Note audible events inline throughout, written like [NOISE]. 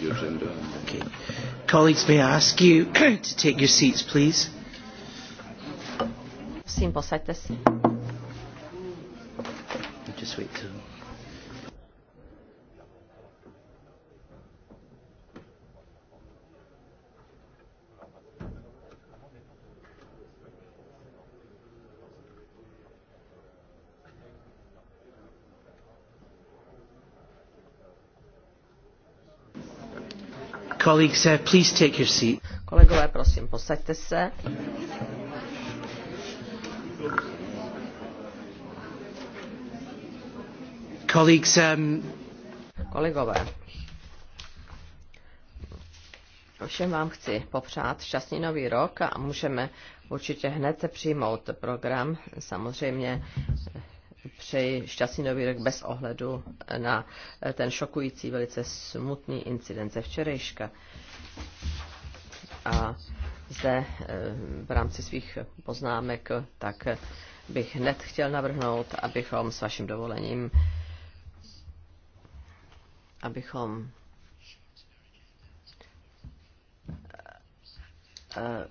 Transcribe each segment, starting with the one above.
amending the agenda. Okay. Colleagues, may I ask you [CLEARS THROAT] to take your seats, please? Prosím, posaďte se. Just wait till... Colleagues, uh, please take your seat. Kolegové, prosím, posaďte se. Colleagues, um... Kolegové, všem vám chci popřát šťastný nový rok a můžeme určitě hned přijmout program. Samozřejmě přeji šťastný nový rok bez ohledu na ten šokující, velice smutný incident ze včerejška. A zde eh, v rámci svých poznámek tak bych hned chtěl navrhnout, abychom s vaším dovolením abychom eh,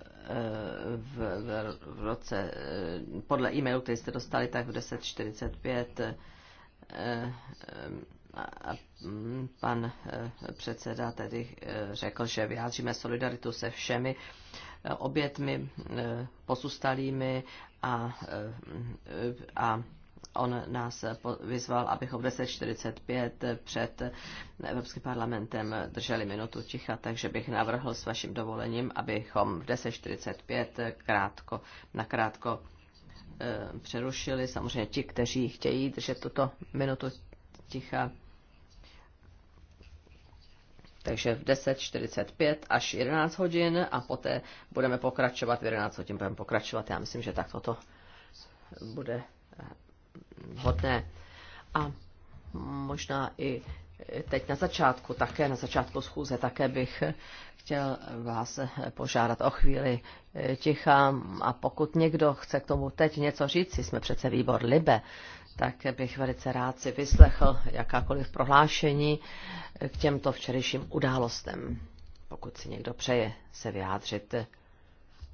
v, v, v roce, eh, podle e-mailu, který jste dostali, tak v 10.45 eh, eh, a pan předseda tedy řekl, že vyjádříme solidaritu se všemi obětmi, posustalými a, a On nás vyzval, abychom v 10.45 před Evropským parlamentem drželi minutu ticha, takže bych navrhl s vaším dovolením, abychom v 10.45 krátko, nakrátko e, eh, přerušili. Samozřejmě ti, kteří chtějí držet tuto minutu ticha. Takže v 10.45 až 11 hodin a poté budeme pokračovat, v 11 hodin budeme pokračovat. Já myslím, že tak toto bude vhodné. A možná i e, teď na začátku, také na začátku schůze, také bych chtěl vás požádat o chvíli e, ticha a pokud někdo chce k tomu teď něco říct, jsme přece výbor Libe, tak bych velice rád si vyslechl jakákoliv prohlášení k těmto včerejším událostem. Pokud si někdo přeje se vyjádřit,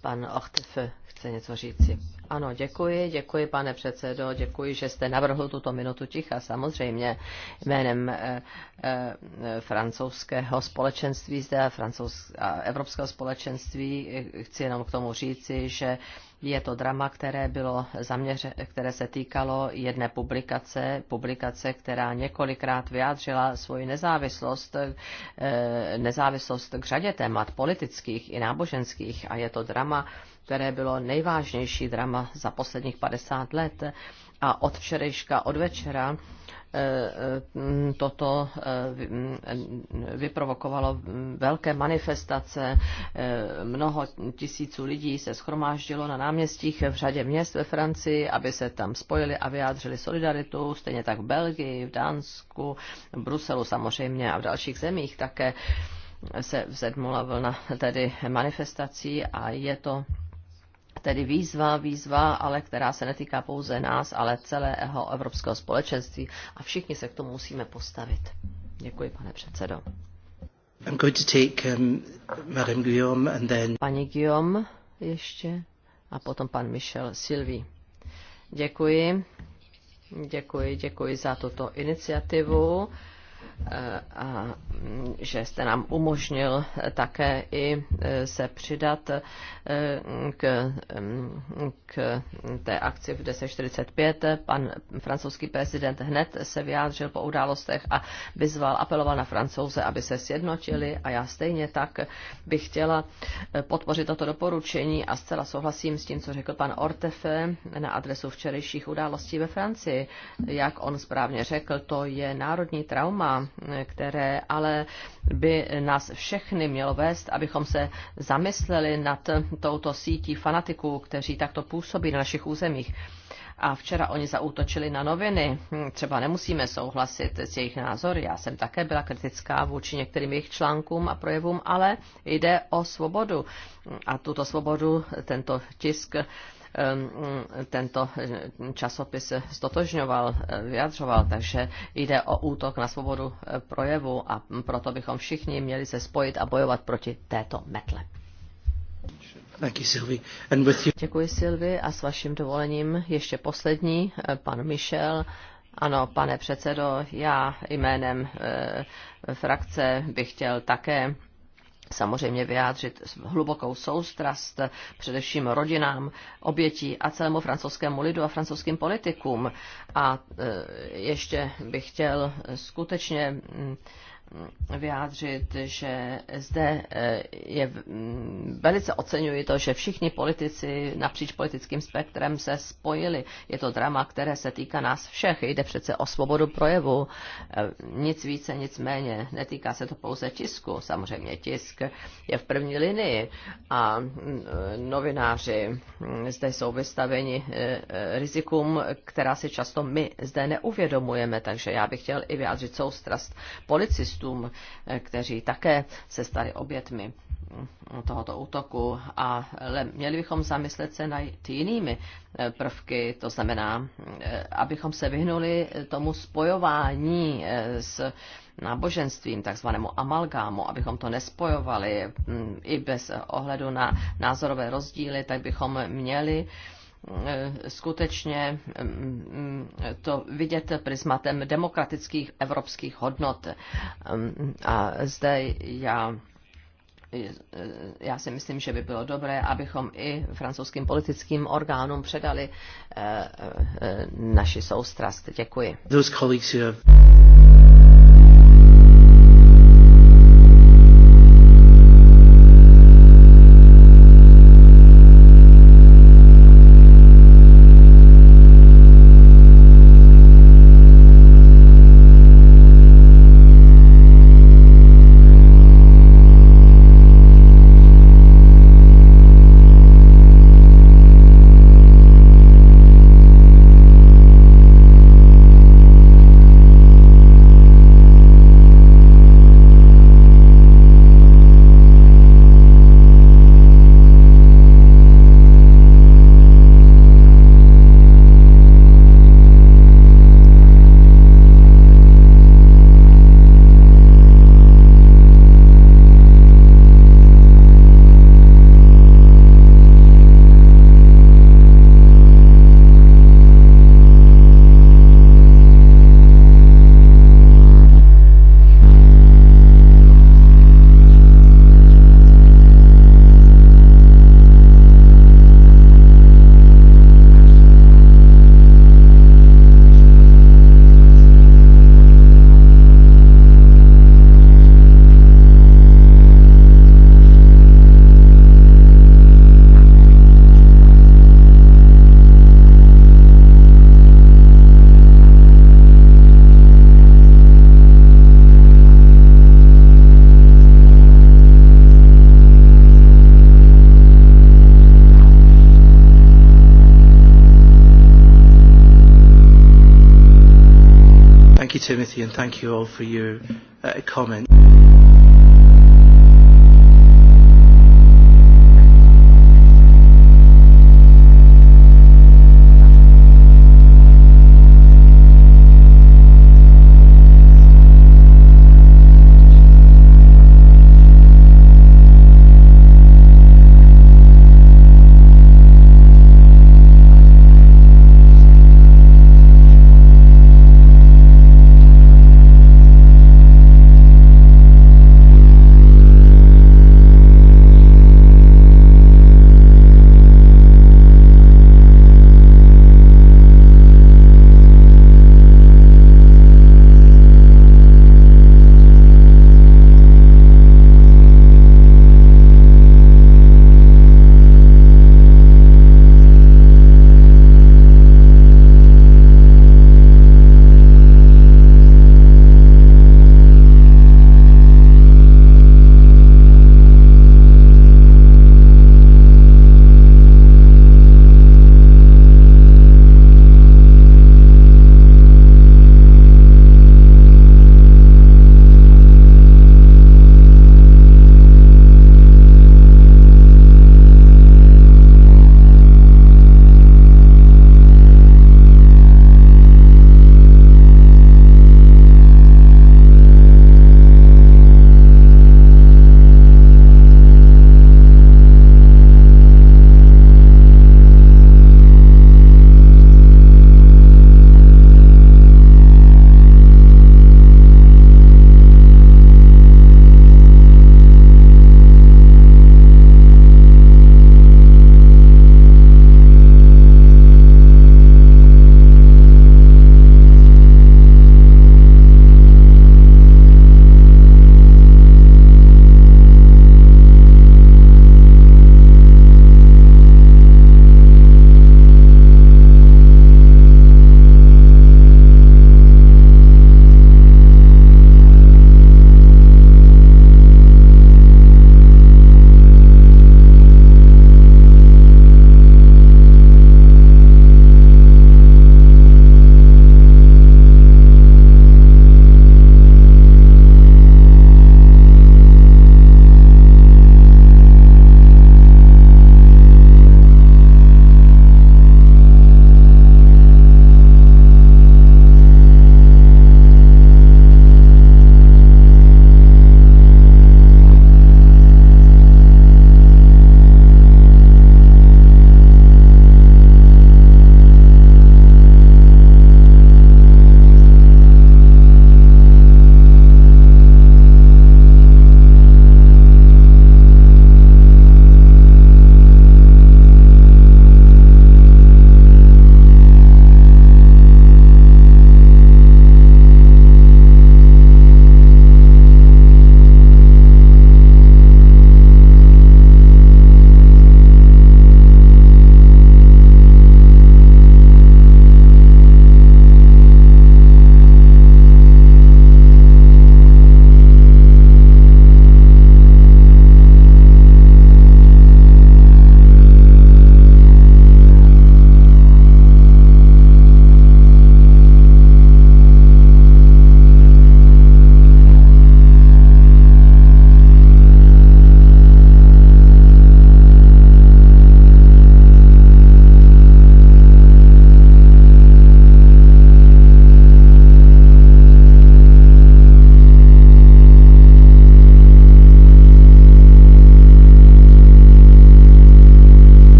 pan Ochtef chce něco říci. Ano, děkuji, děkuji pane předsedo, děkuji, že jste navrhl tuto minutu ticha. Samozřejmě jménem e, e, francouzského společenství zde francouz, a evropského společenství eh, chci jenom k tomu říci, že je to drama, které, bylo zaměře, které se týkalo jedné publikace, publikace, která několikrát vyjádřila svoji nezávislost, nezávislost k řadě témat politických i náboženských. A je to drama, které bylo nejvážnější drama za posledních 50 let. A od včerejška, od večera eh, eh, toto eh, vyprovokovalo velké manifestace. Mnoho tisíců lidí se schromáždilo na náměstích v řadě měst ve Francii, aby se tam spojili a vyjádřili solidaritu, stejně tak v Belgii, v Dánsku, v Bruselu samozřejmě a v dalších zemích také se vzedmula vlna tedy manifestací a je to tedy výzva, výzva, ale která se netýká pouze nás, ale celého evropského společenství a všichni se k tomu musíme postavit. Děkuji, pane předsedo. I'm going to take, um, Madame Guillaume and then... Pani Guillaume ještě a potom pan Michel Silvi. Děkuji. Děkuji, děkuji za tuto iniciativu a že jste nám umožnil také i e, se přidat e, k, k té akci v 1045. Pan francouzský prezident hned se vyjádřil po událostech a vyzval, apeloval na francouze, aby se sjednotili a já stejně tak bych chtěla e, podpořit toto doporučení a zcela souhlasím s tím, co řekl pan Ortefe na adresu včerejších událostí ve Francii. Jak on správně řekl, to je národní trauma které ale by nás všechny mělo vést, abychom se zamysleli nad touto sítí fanatiků, kteří takto působí na našich územích a včera oni zautočili na noviny. Třeba nemusíme souhlasit s jejich názory, já jsem také byla kritická vůči některým jejich článkům a projevům, ale jde o svobodu. A tuto svobodu tento tisk tento časopis stotožňoval, eh, vyjadřoval, takže jde o útok na svobodu eh, projevu a proto bychom všichni měli se spojit a bojovat proti této metle. Děkuji Silvi a s vaším dovolením ještě poslední, eh, pan Michel. Ano, pane předsedo, já jménem e, frakce bych chtěl také samozřejmě vyjádřit hlubokou soustrast především rodinám obětí a celému francouzskému lidu a francouzským politikům. A e, ještě bych chtěl skutečně mm, vyjádřit, že zde eh, je, mm, velice oceňuji to, že všichni politici napříč politickým spektrem se spojili. Je to drama, které se týká nás všech. Jde přece o svobodu projevu. Eh, nic více, nic méně. Netýká se to pouze tisku. Samozřejmě tisk je v první linii a mm, novináři mm, zde jsou vystaveni eh, rizikům, která si často my zde neuvědomujeme. Takže já bych chtěl i vyjádřit soustrast policistů civilistům, eh, kteří také se stali obětmi mm, tohoto útoku a měli bychom zamyslet se nad jinými eh, prvky, to znamená, eh, abychom se vyhnuli tomu spojování s náboženstvím, takzvanému amalgámu, abychom to nespojovali mm, i bez ohledu na názorové rozdíly, tak bychom měli uh, Eh, skutečně mm, to vidět prismatem demokratických evropských hodnot. Eh, a zde já eh, já si myslím, že by bylo dobré, abychom i francouzským politickým orgánům předali naši soustrast. Děkuji. Those colleagues thank you all for your uh, comments.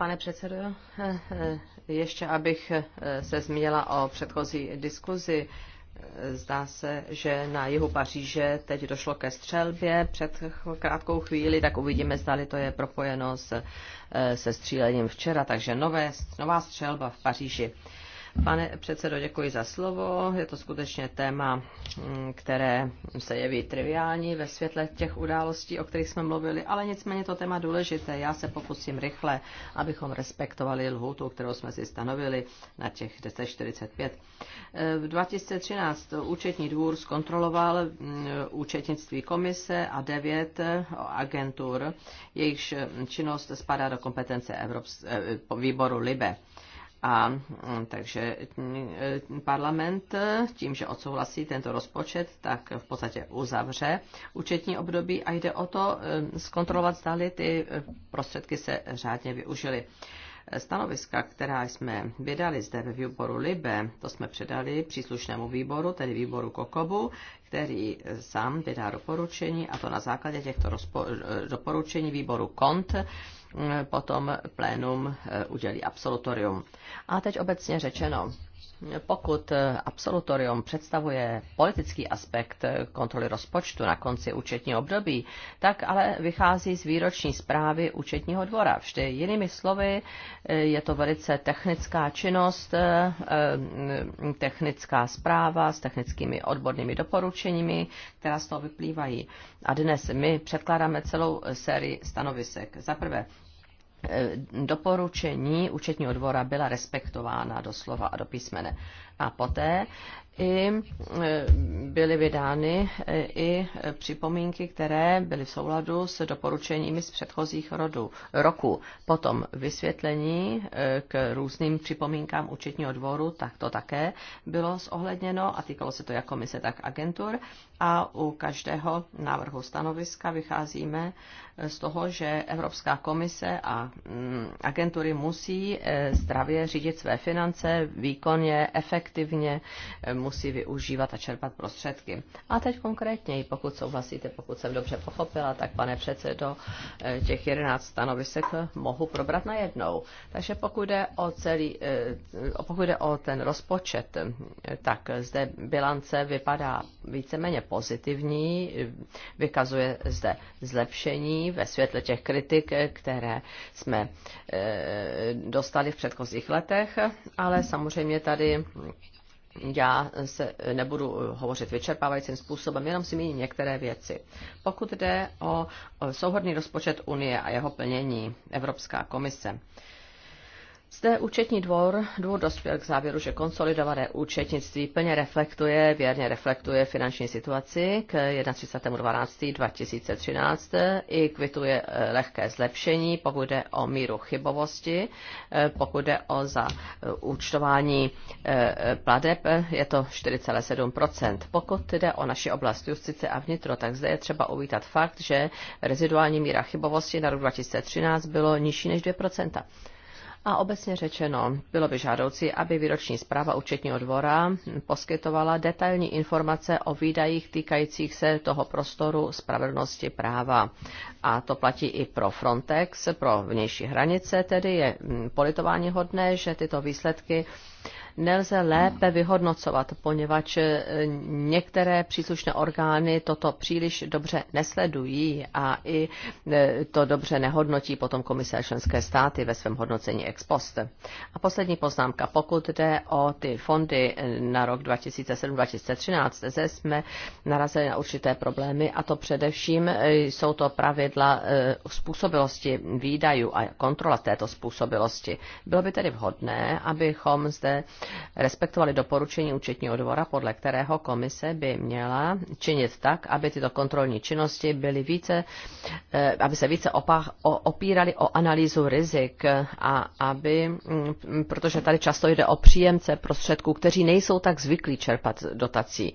pane předsedo. Eh, eh, ještě abych eh, se zmínila o předchozí diskuzi. Zdá se, že na jihu Paříže teď došlo ke střelbě před krátkou chvíli, tak uvidíme, zda to je propojeno s, se střílením včera, takže nové, nová střelba v Paříži. Pane předsedo, děkuji za slovo. Je to skutečně téma, mm, které se jeví triviální ve světle těch událostí, o kterých jsme mluvili, ale nicméně to téma důležité. Já se pokusím rychle, abychom respektovali lhůtu, kterou jsme si stanovili na těch 1045. E, v 2013 účetní dvůr zkontroloval mm, účetnictví komise a devět e, agentur, jejichž činnost spadá do kompetence Evrops- e, výboru LIBE. A mm, takže mm, parlament tím, že odsouhlasí tento rozpočet, tak v podstatě uzavře účetní období a jde o to mm, zkontrolovat, zda ty prostředky se řádně využily stanoviska, která jsme vydali zde ve výboru Libe, to jsme předali příslušnému výboru, tedy výboru Kokobu, který sám vydá doporučení, a to na základě těchto doporučení výboru KONT potom plénum eh, udělí absolutorium. A teď obecně řečeno, pokud eh, absolutorium představuje politický aspekt eh, kontroly rozpočtu na konci účetního období, tak ale vychází z výroční zprávy účetního dvora. Vždy jinými slovy, eh, je to velice technická činnost, technická zpráva s technickými odbornými doporučeními, která z toho vyplývají. A dnes my předkládáme celou sérii stanovisek. Za prvé, Eh, doporučení účetního dvora byla respektována doslova a do písmene. A poté i e, byly vydány e, i připomínky, které byly v souladu s doporučeními z předchozích rodu, roku. Potom vysvětlení e, k různým připomínkám účetního dvoru, tak to také bylo zohledněno a týkalo se to jak komise, tak agentur. A u každého návrhu stanoviska vycházíme z toho, že Evropská komise a mm, agentury musí zdravě řídit své finance, výkonně, efektivně efektivně eh, musí využívat a čerpat prostředky. A teď konkrétně, pokud souhlasíte, pokud jsem dobře pochopila, tak pane předsedo, eh, těch 11 stanovisek mohu probrat najednou. Takže pokud jde o, celý, eh, pokud jde o ten rozpočet, tak zde bilance vypadá víceméně pozitivní, vykazuje zde zlepšení ve světle těch kritik, které jsme dostali v předchozích letech, ale samozřejmě tady já se eh, nebudu eh, hovořit vyčerpávajícím způsobem, jenom si míním některé věci. Pokud jde o souhodný rozpočet Unie a jeho plnění, Evropská komise, zde účetní dvor, dvor dospěl k závěru, že konsolidované účetnictví plně reflektuje, věrně reflektuje finanční situaci k 31.12.2013 i kvituje eh, lehké zlepšení, pokud jde o míru chybovosti, eh, pokud jde o za eh, účtování pladeb, je to 4,7%. Pokud jde o naši oblast justice a vnitro, tak zde je třeba uvítat fakt, že reziduální míra chybovosti na rok 2013 bylo nižší než 2%. A obecně řečeno, bylo by žádoucí, aby výroční zpráva účetního dvora poskytovala detailní informace o výdajích týkajících se toho prostoru spravedlnosti práva. A to platí i pro Frontex, pro vnější hranice, tedy je mm, politování hodné, že tyto výsledky nelze lépe vyhodnocovat, poněvadž e, některé příslušné orgány toto příliš dobře nesledují a i e, to dobře nehodnotí potom komise a členské státy ve svém hodnocení ex post. A poslední poznámka. Pokud jde o ty fondy na rok 2007-2013, zde jsme narazili na určité problémy a to především e, jsou to pravidla způsobilosti výdajů a kontrola této způsobilosti. Bylo by tedy vhodné, abychom zde respektovali doporučení účetního dvora, podle kterého komise by měla činit tak, aby tyto kontrolní činnosti byly více, eh, aby se více opíraly opírali o analýzu rizik a aby, mm, protože tady často jde o příjemce prostředků, kteří nejsou tak zvyklí čerpat dotací.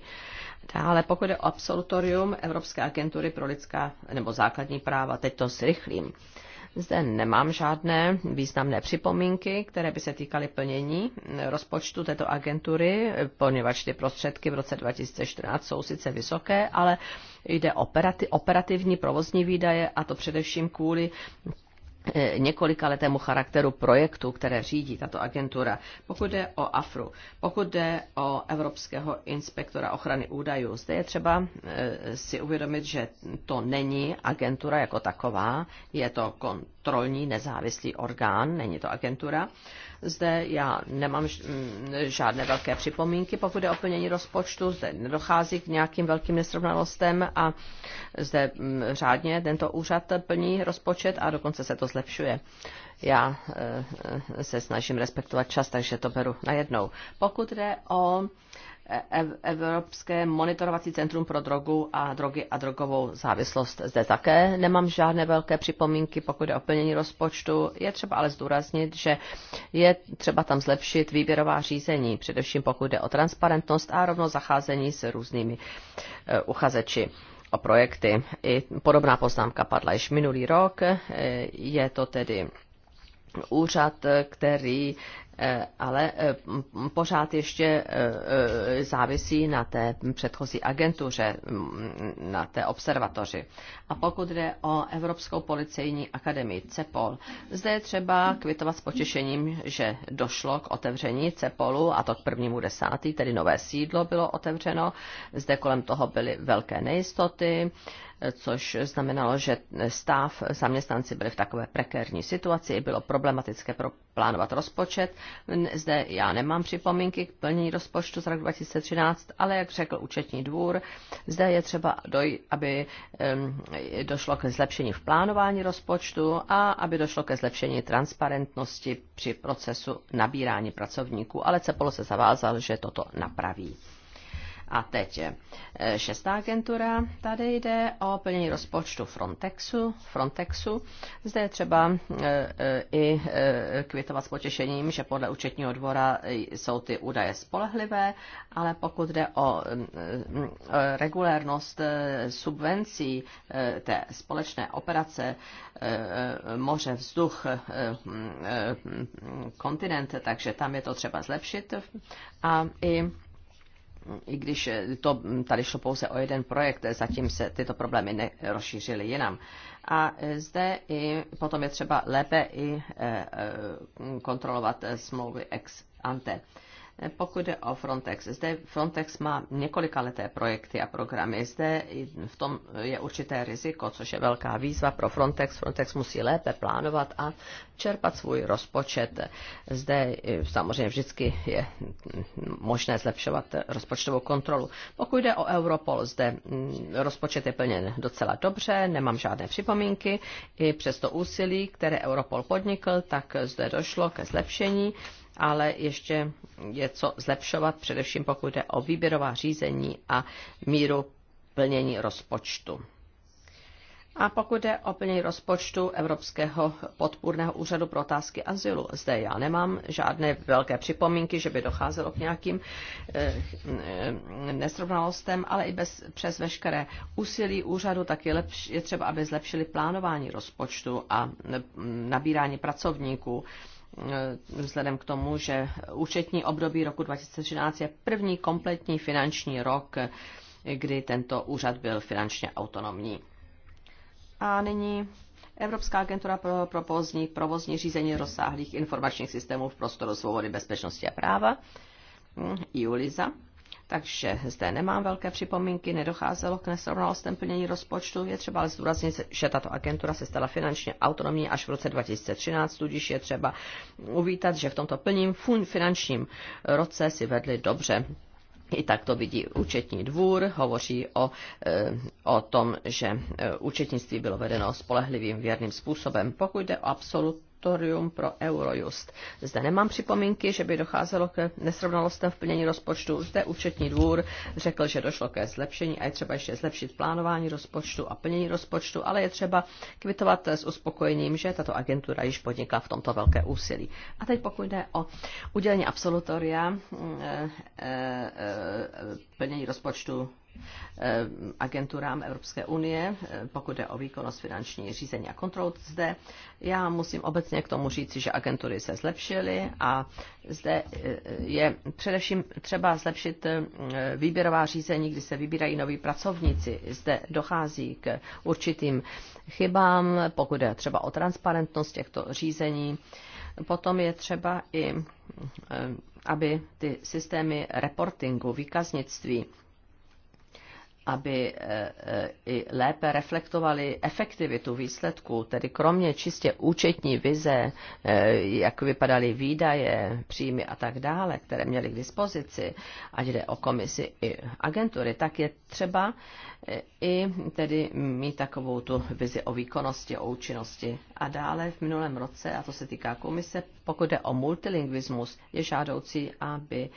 Dále, pokud je o absolutorium Evropské agentury pro lidská nebo základní práva, teď to zrychlím. Zde nemám žádné významné připomínky, které by se týkaly plnění rozpočtu této agentury, poněvadž ty prostředky v roce 2014 jsou sice vysoké, ale jde o operativní provozní výdaje a to především kvůli E, několikaletému charakteru projektu, které řídí tato agentura. Pokud jde o AFRU, pokud jde o Evropského inspektora ochrany údajů, zde je třeba e, si uvědomit, že to není agentura jako taková, je to kontrolní nezávislý orgán, není to agentura. Zde já nemám žádné velké připomínky, pokud je o plnění rozpočtu, zde nedochází k nějakým velkým nesrovnalostem a zde řádně tento úřad plní rozpočet a dokonce se to zlepšuje. Já e, e, se snažím respektovat čas, takže to beru najednou. Pokud jde o Evropské monitorovací centrum pro drogu a drogy a drogovou závislost. Zde také nemám žádné velké připomínky, pokud je o plnění rozpočtu. Je třeba ale zdůraznit, že je třeba tam zlepšit výběrová řízení, především pokud jde o transparentnost a rovno zacházení s různými eh, uchazeči o projekty. I podobná poznámka padla již minulý rok. Eh, je to tedy úřad, který Eh, ale eh, pořád ještě eh, závisí na té předchozí agentuře, mm, na té observatoři. A pokud jde o Evropskou policejní akademii CEPOL, zde je třeba kvitovat s potěšením, že došlo k otevření CEPOLu a to k prvnímu desátý, tedy nové sídlo bylo otevřeno. Zde kolem toho byly velké nejistoty což znamenalo, že stav zaměstnanci byli v takové prekérní situaci, bylo problematické pro plánovat rozpočet. Zde já nemám připomínky k plnění rozpočtu z roku 2013, ale jak řekl účetní dvůr, zde je třeba, doj, aby došlo ke zlepšení v plánování rozpočtu a aby došlo ke zlepšení transparentnosti při procesu nabírání pracovníků, ale Cepolo se zavázal, že toto napraví. A teď eh, šestá agentura, tady jde o plnění rozpočtu Frontexu. Frontexu. Zde je třeba eh, eh, i kvitovat s potěšením, že podle účetního dvora jsou ty údaje spolehlivé, ale pokud jde o mm, regulérnost subvencí té společné operace moře, vzduch, mm, kontinent, takže tam je to třeba zlepšit a i i když to, tady šlo pouze o jeden projekt, zatím se tyto problémy nerozšířily jinam. A zde i potom je třeba lépe i e, e, kontrolovat smlouvy ex ante. Pokud jde o Frontex, zde Frontex má několika leté projekty a programy. Zde v tom je určité riziko, což je velká výzva pro Frontex. Frontex musí lépe plánovat a čerpat svůj rozpočet. Zde samozřejmě vždycky je možné zlepšovat rozpočtovou kontrolu. Pokud jde o Europol, zde mm, rozpočet je plněn docela dobře, nemám žádné připomínky. I přes to úsilí, které Europol podnikl, tak zde došlo ke zlepšení ale ještě je co zlepšovat, především pokud jde o výběrová řízení a míru plnění rozpočtu. A pokud jde o plnění rozpočtu Evropského podpůrného úřadu pro otázky azylu, zde já nemám žádné velké připomínky, že by docházelo k nějakým eh, eh, nesrovnalostem, ale i bez, přes veškeré úsilí úřadu tak je, lepš, je třeba, aby zlepšili plánování rozpočtu a eh, nabírání pracovníků. Eh, vzhledem k tomu, že účetní období roku 2013 je první kompletní finanční rok, kdy tento úřad byl finančně autonomní. A nyní Evropská agentura pro provozní, provozní řízení rozsáhlých informačních systémů v prostoru svobody, bezpečnosti a práva, hm, IULISA, takže zde nemám velké připomínky, nedocházelo k nesrovnalostem plnění rozpočtu. Je třeba ale zdůraznit, že tato agentura se stala finančně autonomní až v roce 2013, tudíž je třeba uvítat, že v tomto plním finančním roce si vedli dobře. I tak to vidí účetní dvůr, hovoří o, eh, o tom, že eh, účetnictví bylo vedeno spolehlivým věrným způsobem. Pokud jde o absolut, moratorium pro Eurojust. Zde nemám připomínky, že by docházelo k nesrovnalostem v plnění rozpočtu. Zde účetní dvůr řekl, že došlo ke zlepšení a je třeba ještě zlepšit plánování rozpočtu a plnění rozpočtu, ale je třeba kvitovat s uspokojením, že tato agentura již podnikla v tomto velké úsilí. A teď pokud jde o udělení absolutoria, mm, eh, eh, eh, plnění rozpočtu Eh, agenturám Evropské unie, eh, pokud jde o výkonnost finanční řízení a kontrolu zde. Já musím obecně k tomu říci, že agentury se zlepšily a zde eh, je především třeba zlepšit výběrová řízení, kdy se vybírají noví pracovníci. Zde dochází k určitým chybám, pokud je třeba o transparentnost těchto řízení. Potom je třeba i, aby ty systémy reportingu, výkaznictví aby eh, eh, i lépe reflektovali efektivitu výsledků, tedy kromě čistě účetní vize, eh, jak vypadaly výdaje, příjmy a tak dále, které měli k dispozici, ať jde o komisi i agentury, tak je třeba i tedy mít takovou tu vizi o výkonnosti, o účinnosti. A dále v minulém roce, a to se týká komise, pokud jde o multilingvismus, je žádoucí, aby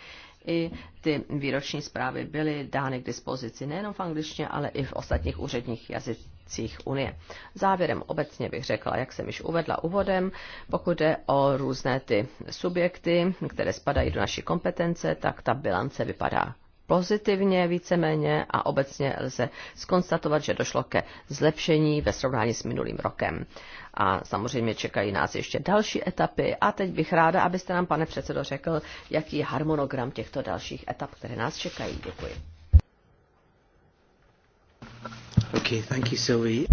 i ty výroční zprávy byly dány k dispozici nejenom v angličtině, ale i v ostatních úředních jazycích Unie. Závěrem obecně bych řekla, jak jsem již uvedla úvodem, pokud jde o různé ty subjekty, které spadají do naší kompetence, tak ta bilance vypadá pozitivně víceméně a obecně lze skonstatovat, že došlo ke zlepšení ve srovnání s minulým rokem a samozřejmě čekají nás ještě další etapy. A teď bych ráda, abyste nám, pane předsedo, řekl, jaký je harmonogram těchto dalších etap, které nás čekají. Děkuji. Okay, thank you, Sylvie.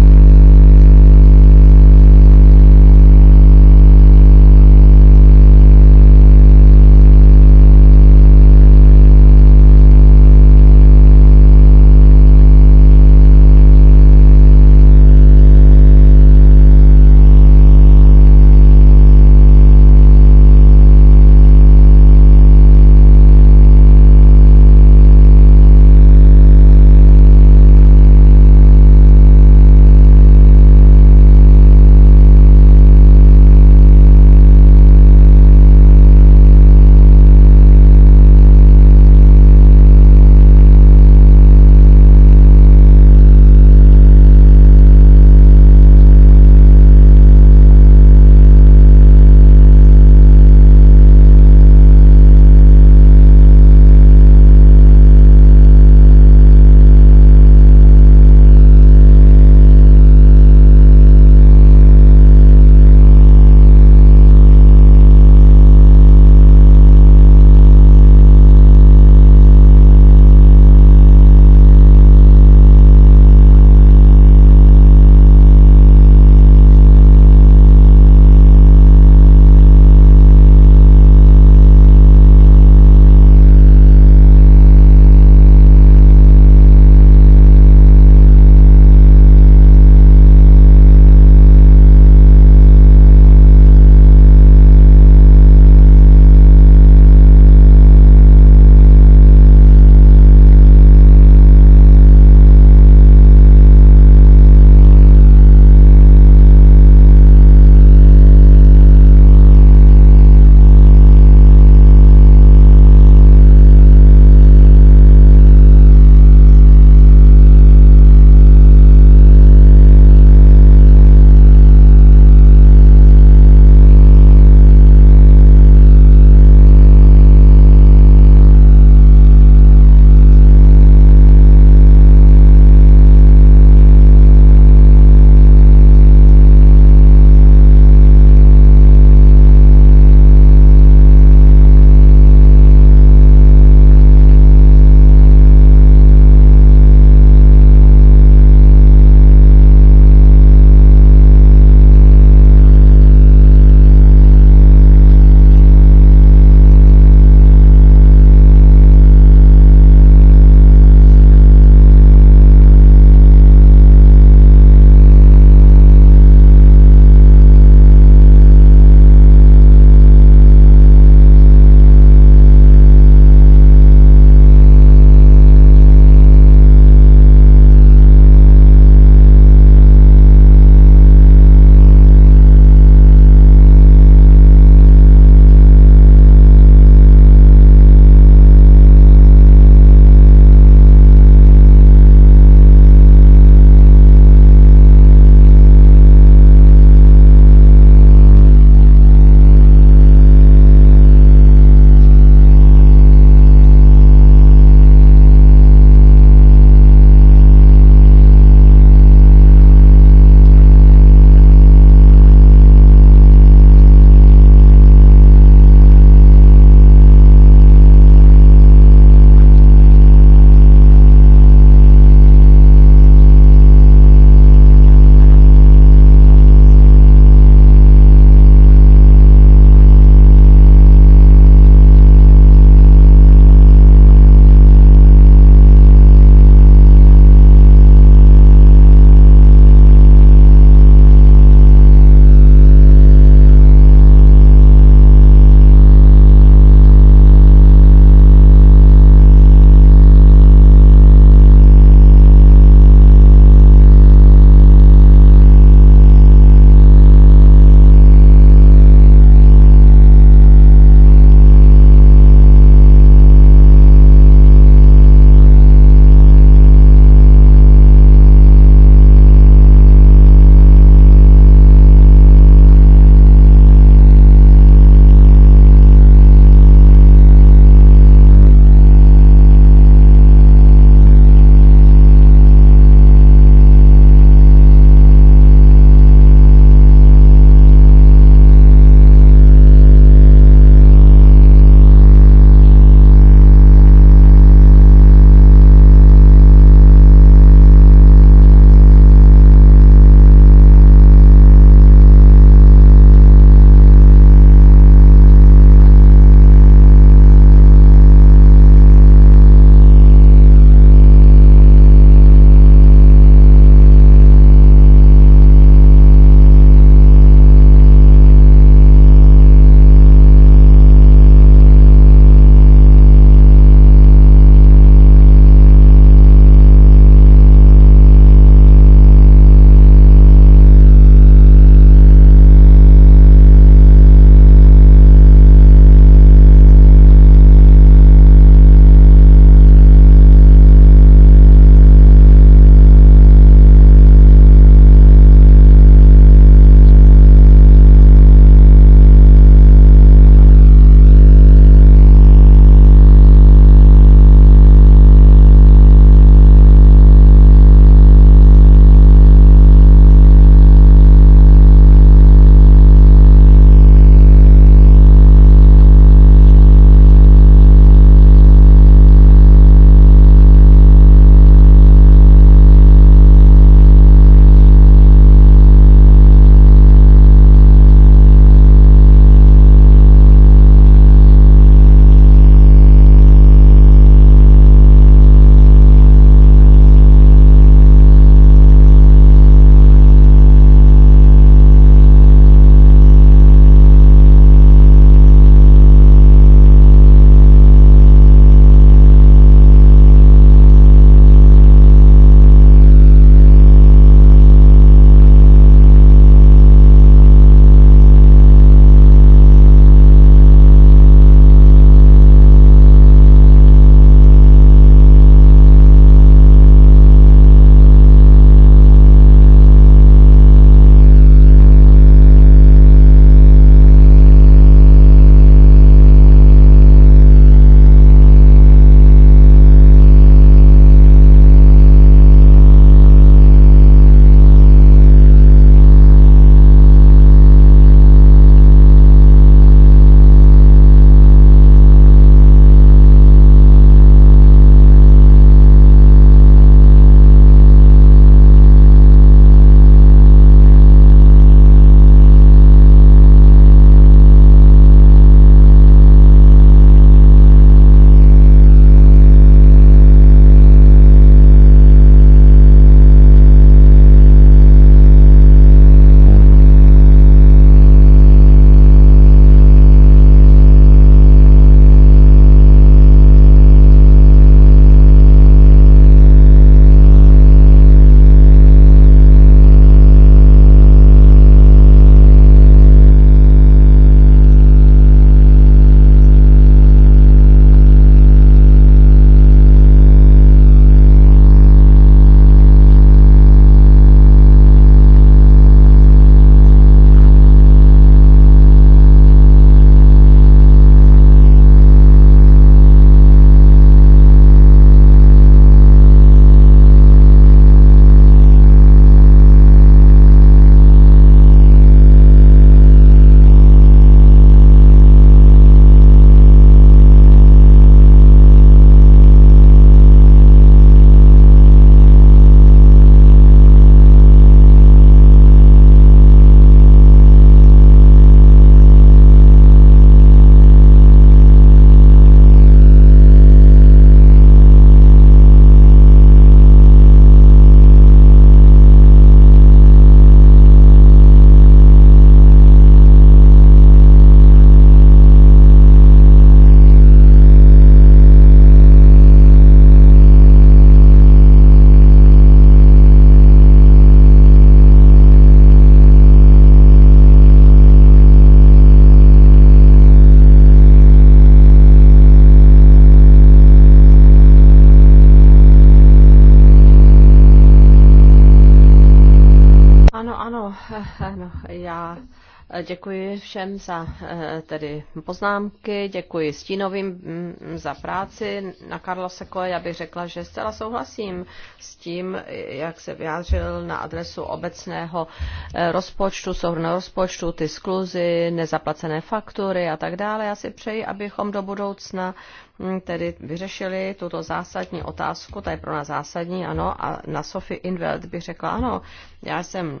Eh, tedy poznámky. Děkuji Stínovým mm, za práci. Na Karla Sekole já bych řekla, že zcela souhlasím s tím, jak se vyjádřil na adresu obecného eh, rozpočtu, souhrnného rozpočtu, ty skluzy, nezaplacené faktury a tak dále. Já si přeji, abychom do budoucna mm, tedy vyřešili tuto zásadní otázku, ta je pro nás zásadní, ano, a na Sophie Inveld bych řekla, ano, já jsem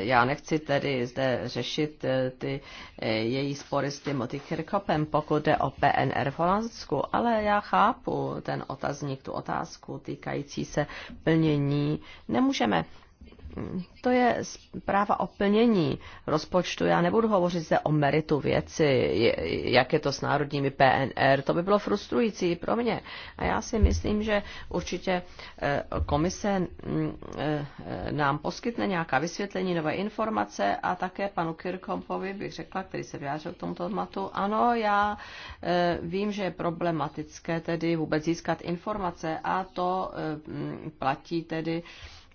já nechci tedy zde řešit eh, ty eh, její spory s Timothy Kirkopem, pokud jde o PNR v Holandsku, ale já chápu ten otazník, tu otázku týkající se plnění. Nemůžeme to je zpráva o plnění rozpočtu. Já nebudu hovořit zde o meritu věci, jak je to s národními PNR. To by bylo frustrující pro mě. A já si myslím, že určitě eh, komise mm, eh, nám poskytne nějaká vysvětlení, nové informace a také panu Kirkompovi bych řekla, který se vyjádřil k tomuto matu. Ano, já eh, vím, že je problematické tedy vůbec získat informace a to platí tedy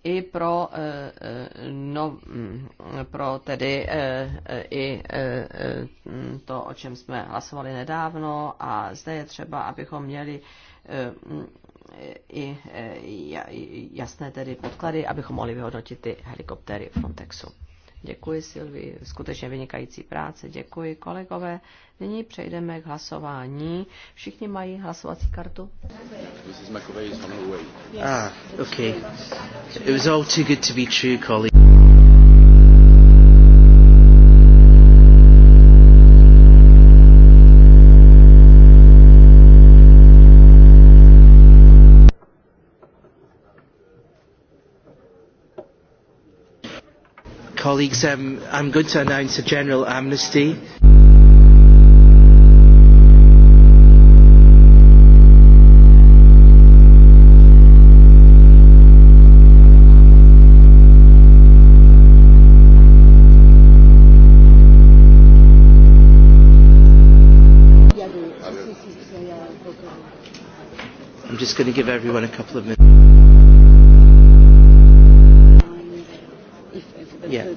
i pro, eh, eh, no, mm, pro tedy eh, i to, o čem jsme hlasovali nedávno a zde je třeba, abychom měli i jasné tedy podklady, abychom mohli vyhodnotit ty helikoptéry Frontexu. Děkuji Silvi, skutečně vynikající práce, děkuji kolegové. Nyní přejdeme k hlasování. Všichni mají hlasovací kartu? Ah, okay. It was all too good to be true, colleagues. colleagues, um, I'm going to announce a general amnesty. I'm just going to give everyone a couple of minutes. Yeah,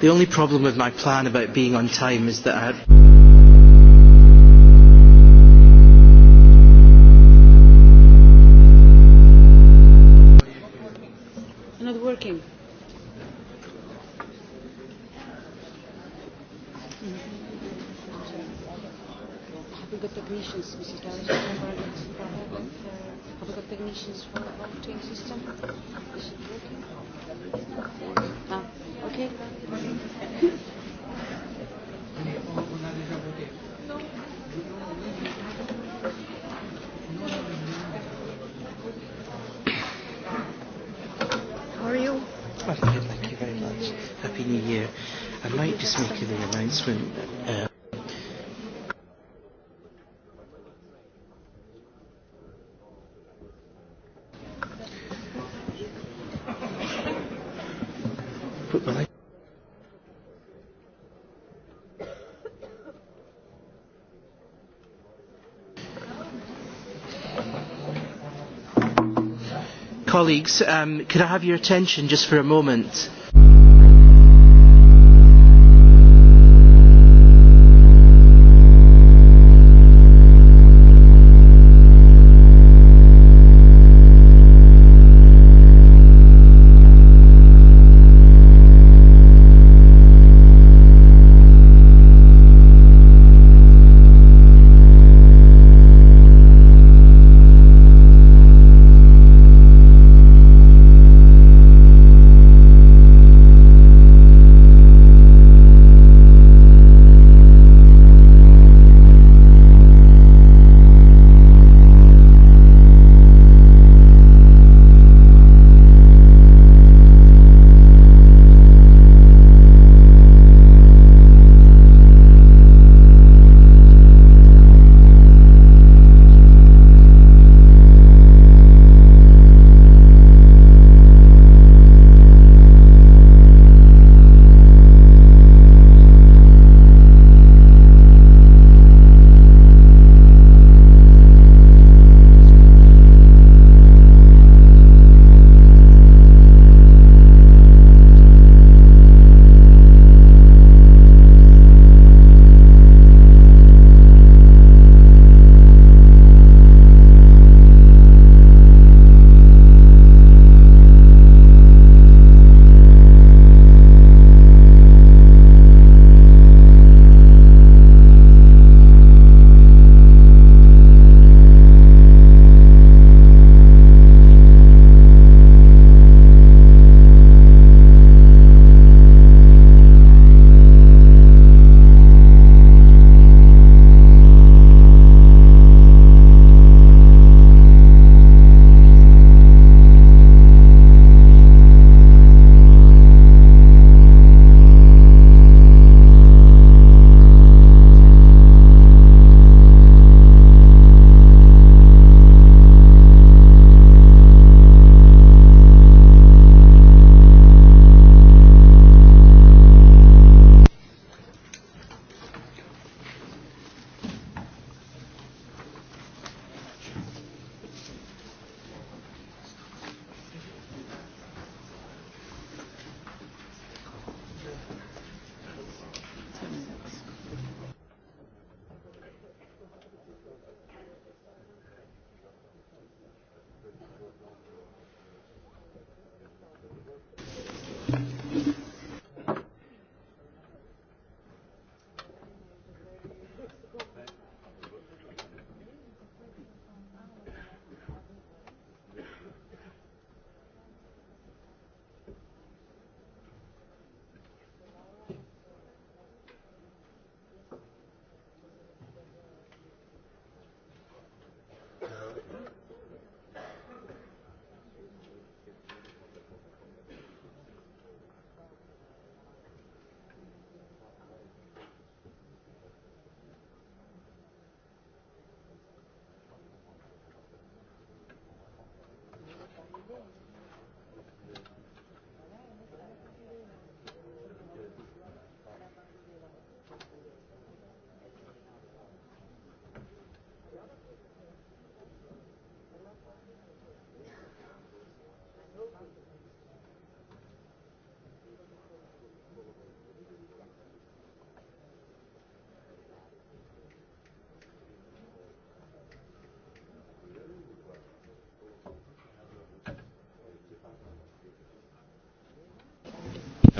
The only problem with my plan about being on time is that I colleagues um, could i have your attention just for a moment?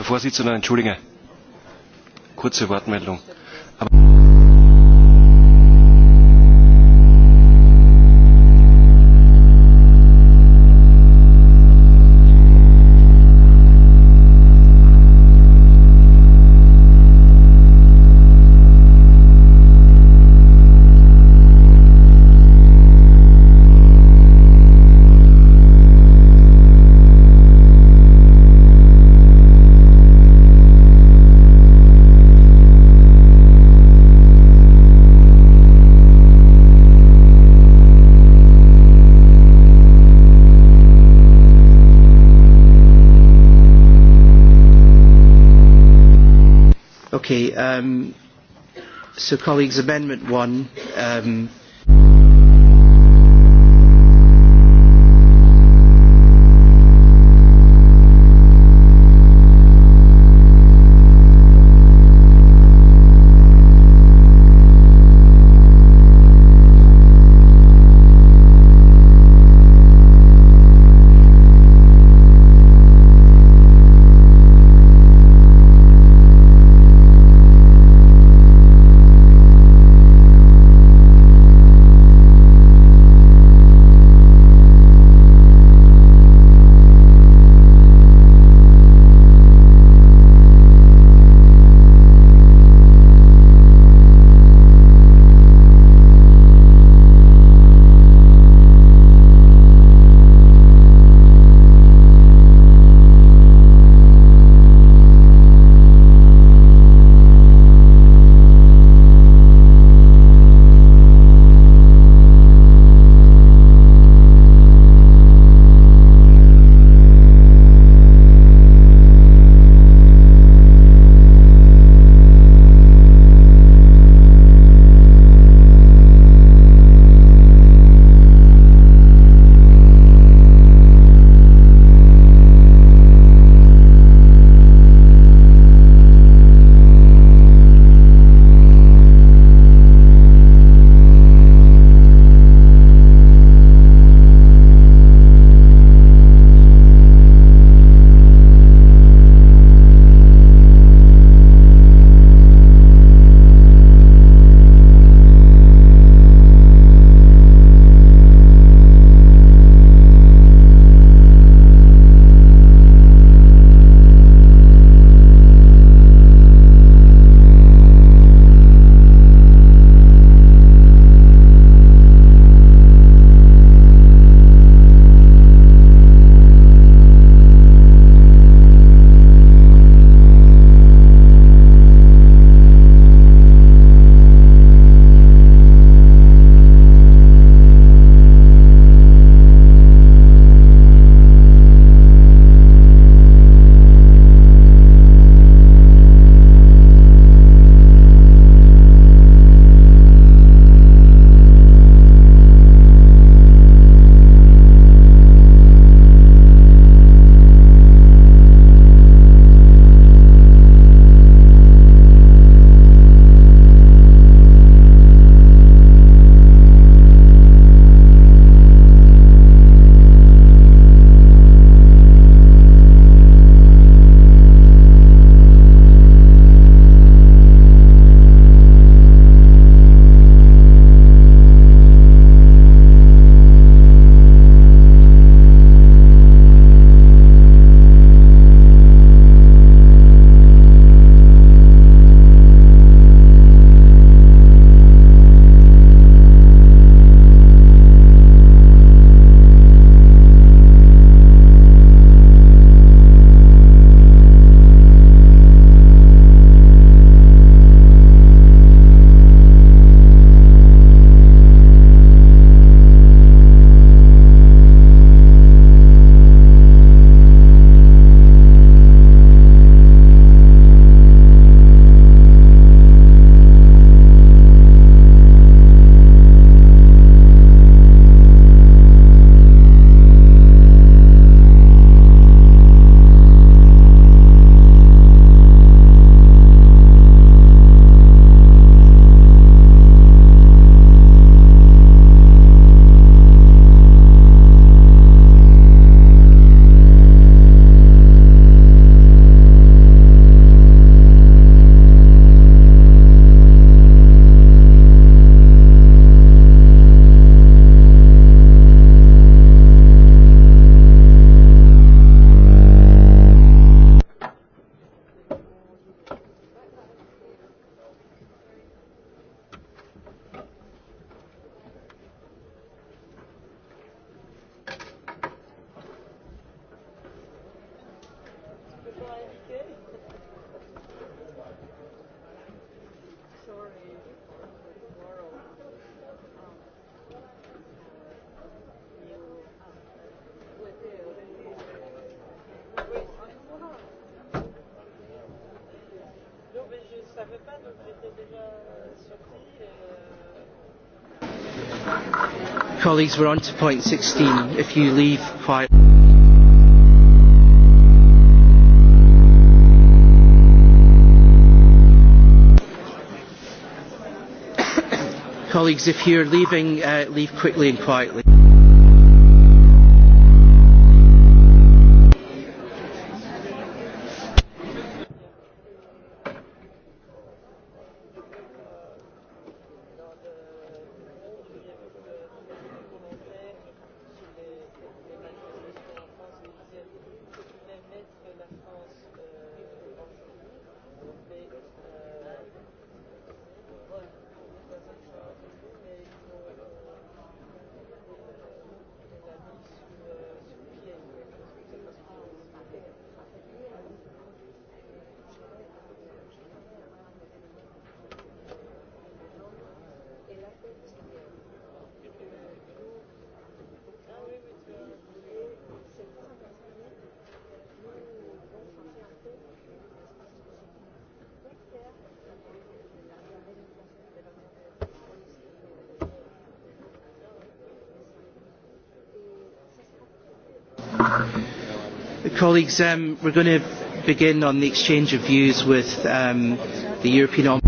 Herr Vorsitzender, entschuldige. Kurze Wortmeldung. um, so colleagues, Amendment one um, Colleagues, we're on to point 16. If you leave quietly, [COUGHS] Colleagues, if you're leaving, uh, leave quickly and quietly. Colleagues, um, we're going to begin on the exchange of views with um, the European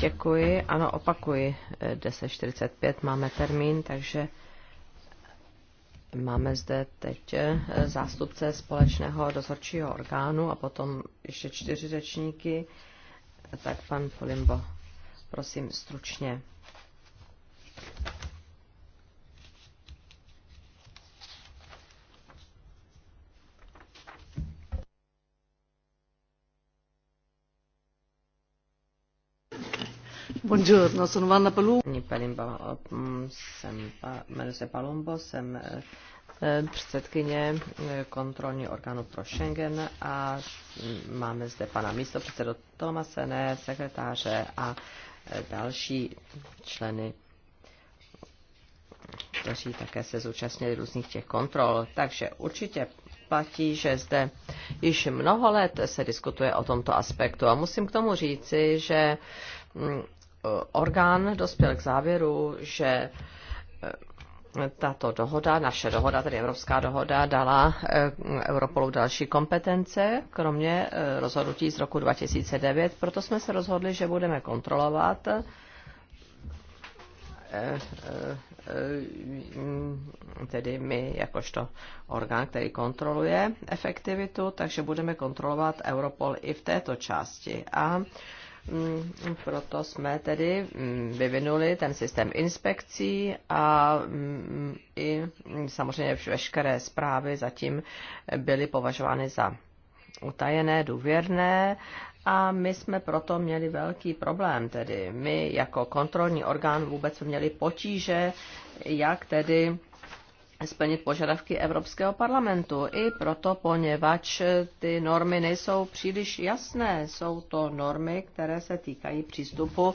Děkuji, ano, opakuji. 10.45 máme termín, takže máme zde teď eh, zástupce společného dozorčího orgánu a potom ještě čtyři řečníky. Tak pan Folimbo, prosím stručně. Buongiorno, sono Vanna Palumbo. Jsem, jmenuji se Palumbo, jsem eh, předsedkyně eh, kontrolní orgánu pro Schengen a máme zde pana místo předsedu Tomasene, sekretáře a eh, další členy kteří také se zúčastnili různých těch kontrol. Takže určitě platí, že zde již mnoho let se diskutuje o tomto aspektu a musím k tomu říci, že mm, Eh, orgán dospěl k závěru, že eh, tato dohoda, naše dohoda, tedy evropská dohoda, dala eh, Europolu další kompetence, kromě rozhodnutí z roku 2009. Proto jsme se rozhodli, že budeme kontrolovat tedy my jakožto orgán, který kontroluje efektivitu, takže budeme kontrolovat Europol i v této části. A Mm, proto jsme tedy mm, vyvinuli ten systém inspekcí a mm, i samozřejmě veškeré zprávy zatím byly považovány za utajené, důvěrné a my jsme proto měli velký problém, tedy my jako kontrolní orgán vůbec měli potíže, jak tedy splnit požadavky Evropského parlamentu. I proto, poněvadž ty normy nejsou příliš jasné, jsou to normy, které se týkají přístupu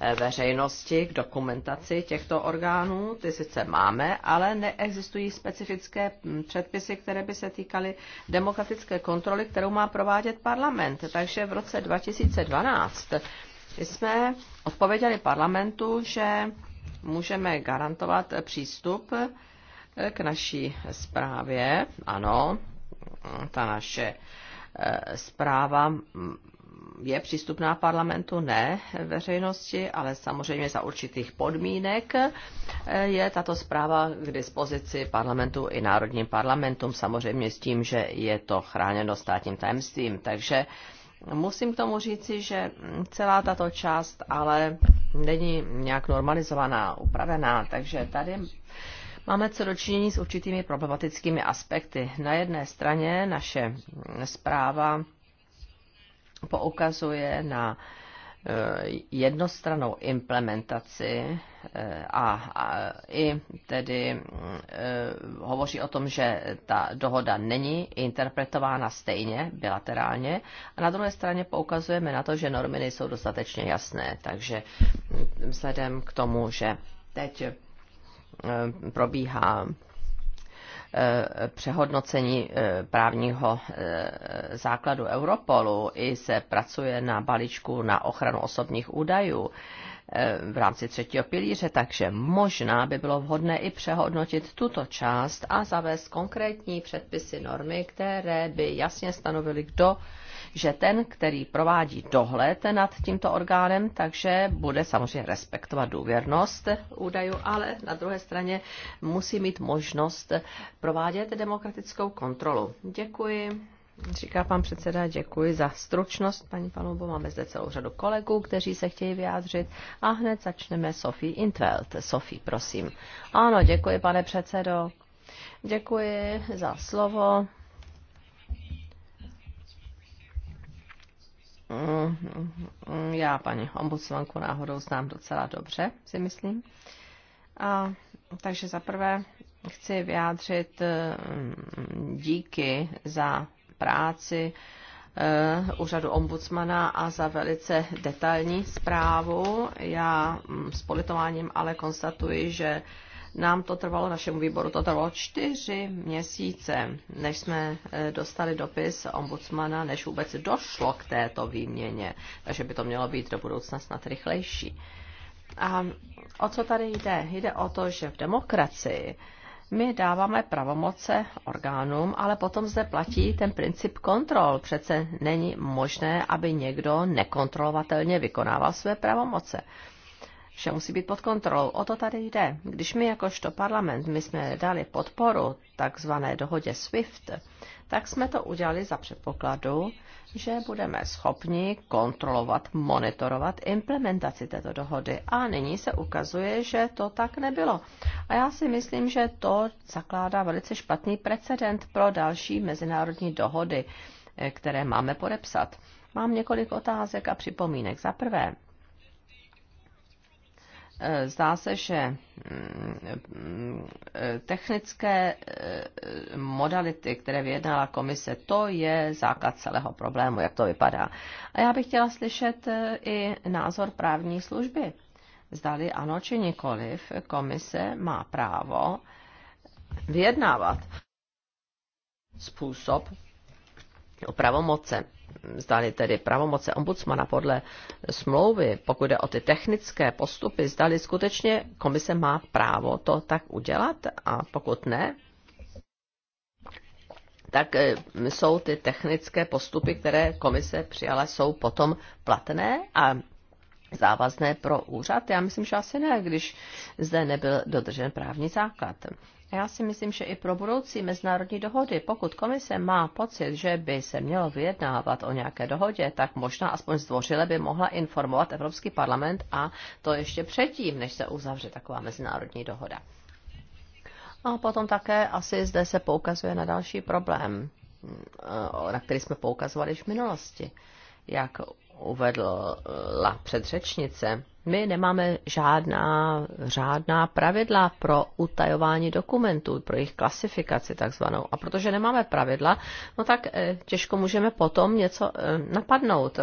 eh, veřejnosti k dokumentaci těchto orgánů. Ty sice máme, ale neexistují specifické hm, předpisy, které by se týkaly demokratické kontroly, kterou má provádět parlament. Takže v roce 2012 jsme odpověděli parlamentu, že můžeme garantovat přístup k naší zprávě, ano, ta naše e, zpráva je přístupná parlamentu, ne veřejnosti, ale samozřejmě za určitých podmínek e, je tato zpráva k dispozici parlamentu i národním parlamentům, samozřejmě s tím, že je to chráněno státním tajemstvím. Takže musím k tomu říci, že celá tato část ale není nějak normalizovaná, upravená, takže tady Máme co dočinění s určitými problematickými aspekty. Na jedné straně naše zpráva poukazuje na eh, jednostranou implementaci eh, a, a i tedy eh, hovoří o tom, že ta dohoda není interpretována stejně bilaterálně a na druhé straně poukazujeme na to, že normy nejsou dostatečně jasné. Takže vzhledem k tomu, že teď Eh, probíhá eh, přehodnocení eh, právního základu Europolu i se pracuje na balíčku na ochranu osobních údajů v rámci třetího pilíře, takže možná by bylo vhodné i přehodnotit tuto část a zavést konkrétní předpisy normy, které by jasně stanovily, kdo že ten, který provádí dohled nad tímto orgánem, takže bude samozřejmě respektovat důvěrnost údajů, ale na druhé straně musí mít možnost provádět demokratickou kontrolu. Děkuji. Říká pan předseda, děkuji za stručnost, paní Palubo. Máme zde celou řadu kolegů, kteří se chtějí vyjádřit. A hned začneme Sofie Intveld. Sofie, prosím. Ano, děkuji, pane předsedo. Děkuji za slovo. Mm, já paní ombudsmanku náhodou znám docela dobře, si myslím. A, takže zaprvé chci vyjádřit mm, díky za práci eh, úřadu ombudsmana a za velice detailní zprávu. Já mm, s politováním ale konstatuji, že nám to trvalo, našemu výboru to trvalo čtyři měsíce, než jsme e, dostali dopis ombudsmana, než vůbec došlo k této výměně, takže by to mělo být do budoucna snad rychlejší. A o co tady jde? Jde o to, že v demokracii my dáváme pravomoce orgánům, ale potom zde platí ten princip kontrol. Přece není možné, aby někdo nekontrolovatelně vykonával své pravomoce. Vše musí být pod kontrolou. O to tady jde. Když my jakožto parlament, my jsme dali podporu takzvané dohodě SWIFT, tak jsme to udělali za předpokladu, že budeme schopni kontrolovat, monitorovat implementaci této dohody. A nyní se ukazuje, že to tak nebylo. A já si myslím, že to zakládá velice špatný precedent pro další mezinárodní dohody, eh, které máme podepsat. Mám několik otázek a připomínek. Za prvé, Eh, zdá se, že mm, eh, technické eh, modality, které vyjednala komise, to je základ celého problému, jak to vypadá. A já bych chtěla slyšet i názor právní služby. Zdali ano či nikoliv, komise má právo vyjednávat způsob, o pravomoce, zdali tedy pravomoce ombudsmana podle smlouvy, pokud jde o ty technické postupy, zdali skutečně komise má právo to tak udělat a pokud ne, tak e, jsou ty technické postupy, které komise přijala, jsou potom platné a závazné pro úřad? Já myslím, že asi ne, když zde nebyl dodržen právní základ. Já si myslím, že i pro budoucí mezinárodní dohody, pokud komise má pocit, že by se mělo vyjednávat o nějaké dohodě, tak možná aspoň zdvořile by mohla informovat Evropský parlament a to ještě předtím, než se uzavře taková mezinárodní dohoda. A potom také asi zde se poukazuje na další problém, eh, na který jsme poukazovali již v minulosti. Jak uvedla předřečnice, my nemáme žádná řádná pravidla pro utajování dokumentů, pro jejich klasifikaci takzvanou. A protože nemáme pravidla, no tak eh, těžko můžeme potom něco eh, napadnout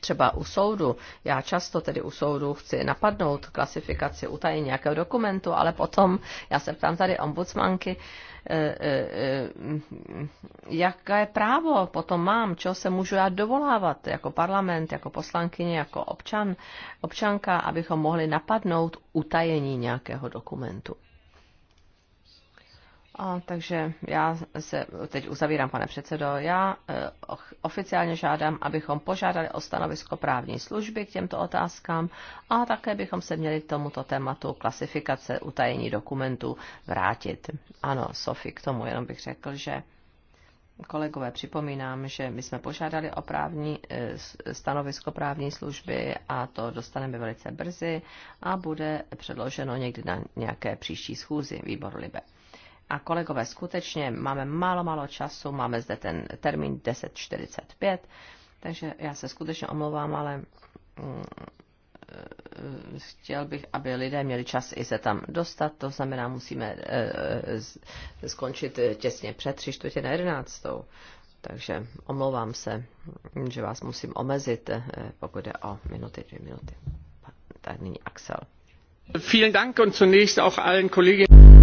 třeba u soudu. Já často tedy u soudu chci napadnout klasifikaci utajení nějakého dokumentu, ale potom já se ptám tady ombudsmanky, eh, eh, eh, jaké právo potom mám, čeho se můžu já dovolávat jako parlament, jako poslankyně, jako občan, občanka, abychom mohli napadnout utajení nějakého dokumentu. A, takže já se teď uzavírám, pane předsedo. Já e, oficiálně žádám, abychom požádali o stanovisko právní služby k těmto otázkám a také bychom se měli k tomuto tématu klasifikace utajení dokumentů vrátit. Ano, Sofi, k tomu jenom bych řekl, že kolegové, připomínám, že my jsme požádali o právní eh, stanovisko právní služby a to dostaneme velice brzy a bude předloženo někdy na nějaké příští schůzi výboru Libe a kolegové, skutečně máme málo, málo času, máme zde ten termín 10.45, takže já se skutečně omlouvám, ale mm, e, e, chtěl bych, aby lidé měli čas i se tam dostat, to znamená, musíme e, skončit těsně před tři čtvrtě na jedenáctou. Takže omlouvám se, že vás musím omezit, pokud jde o minuty, dvě minuty. Tak nyní Axel. Vielen Dank und zunächst auch allen Kolleginnen.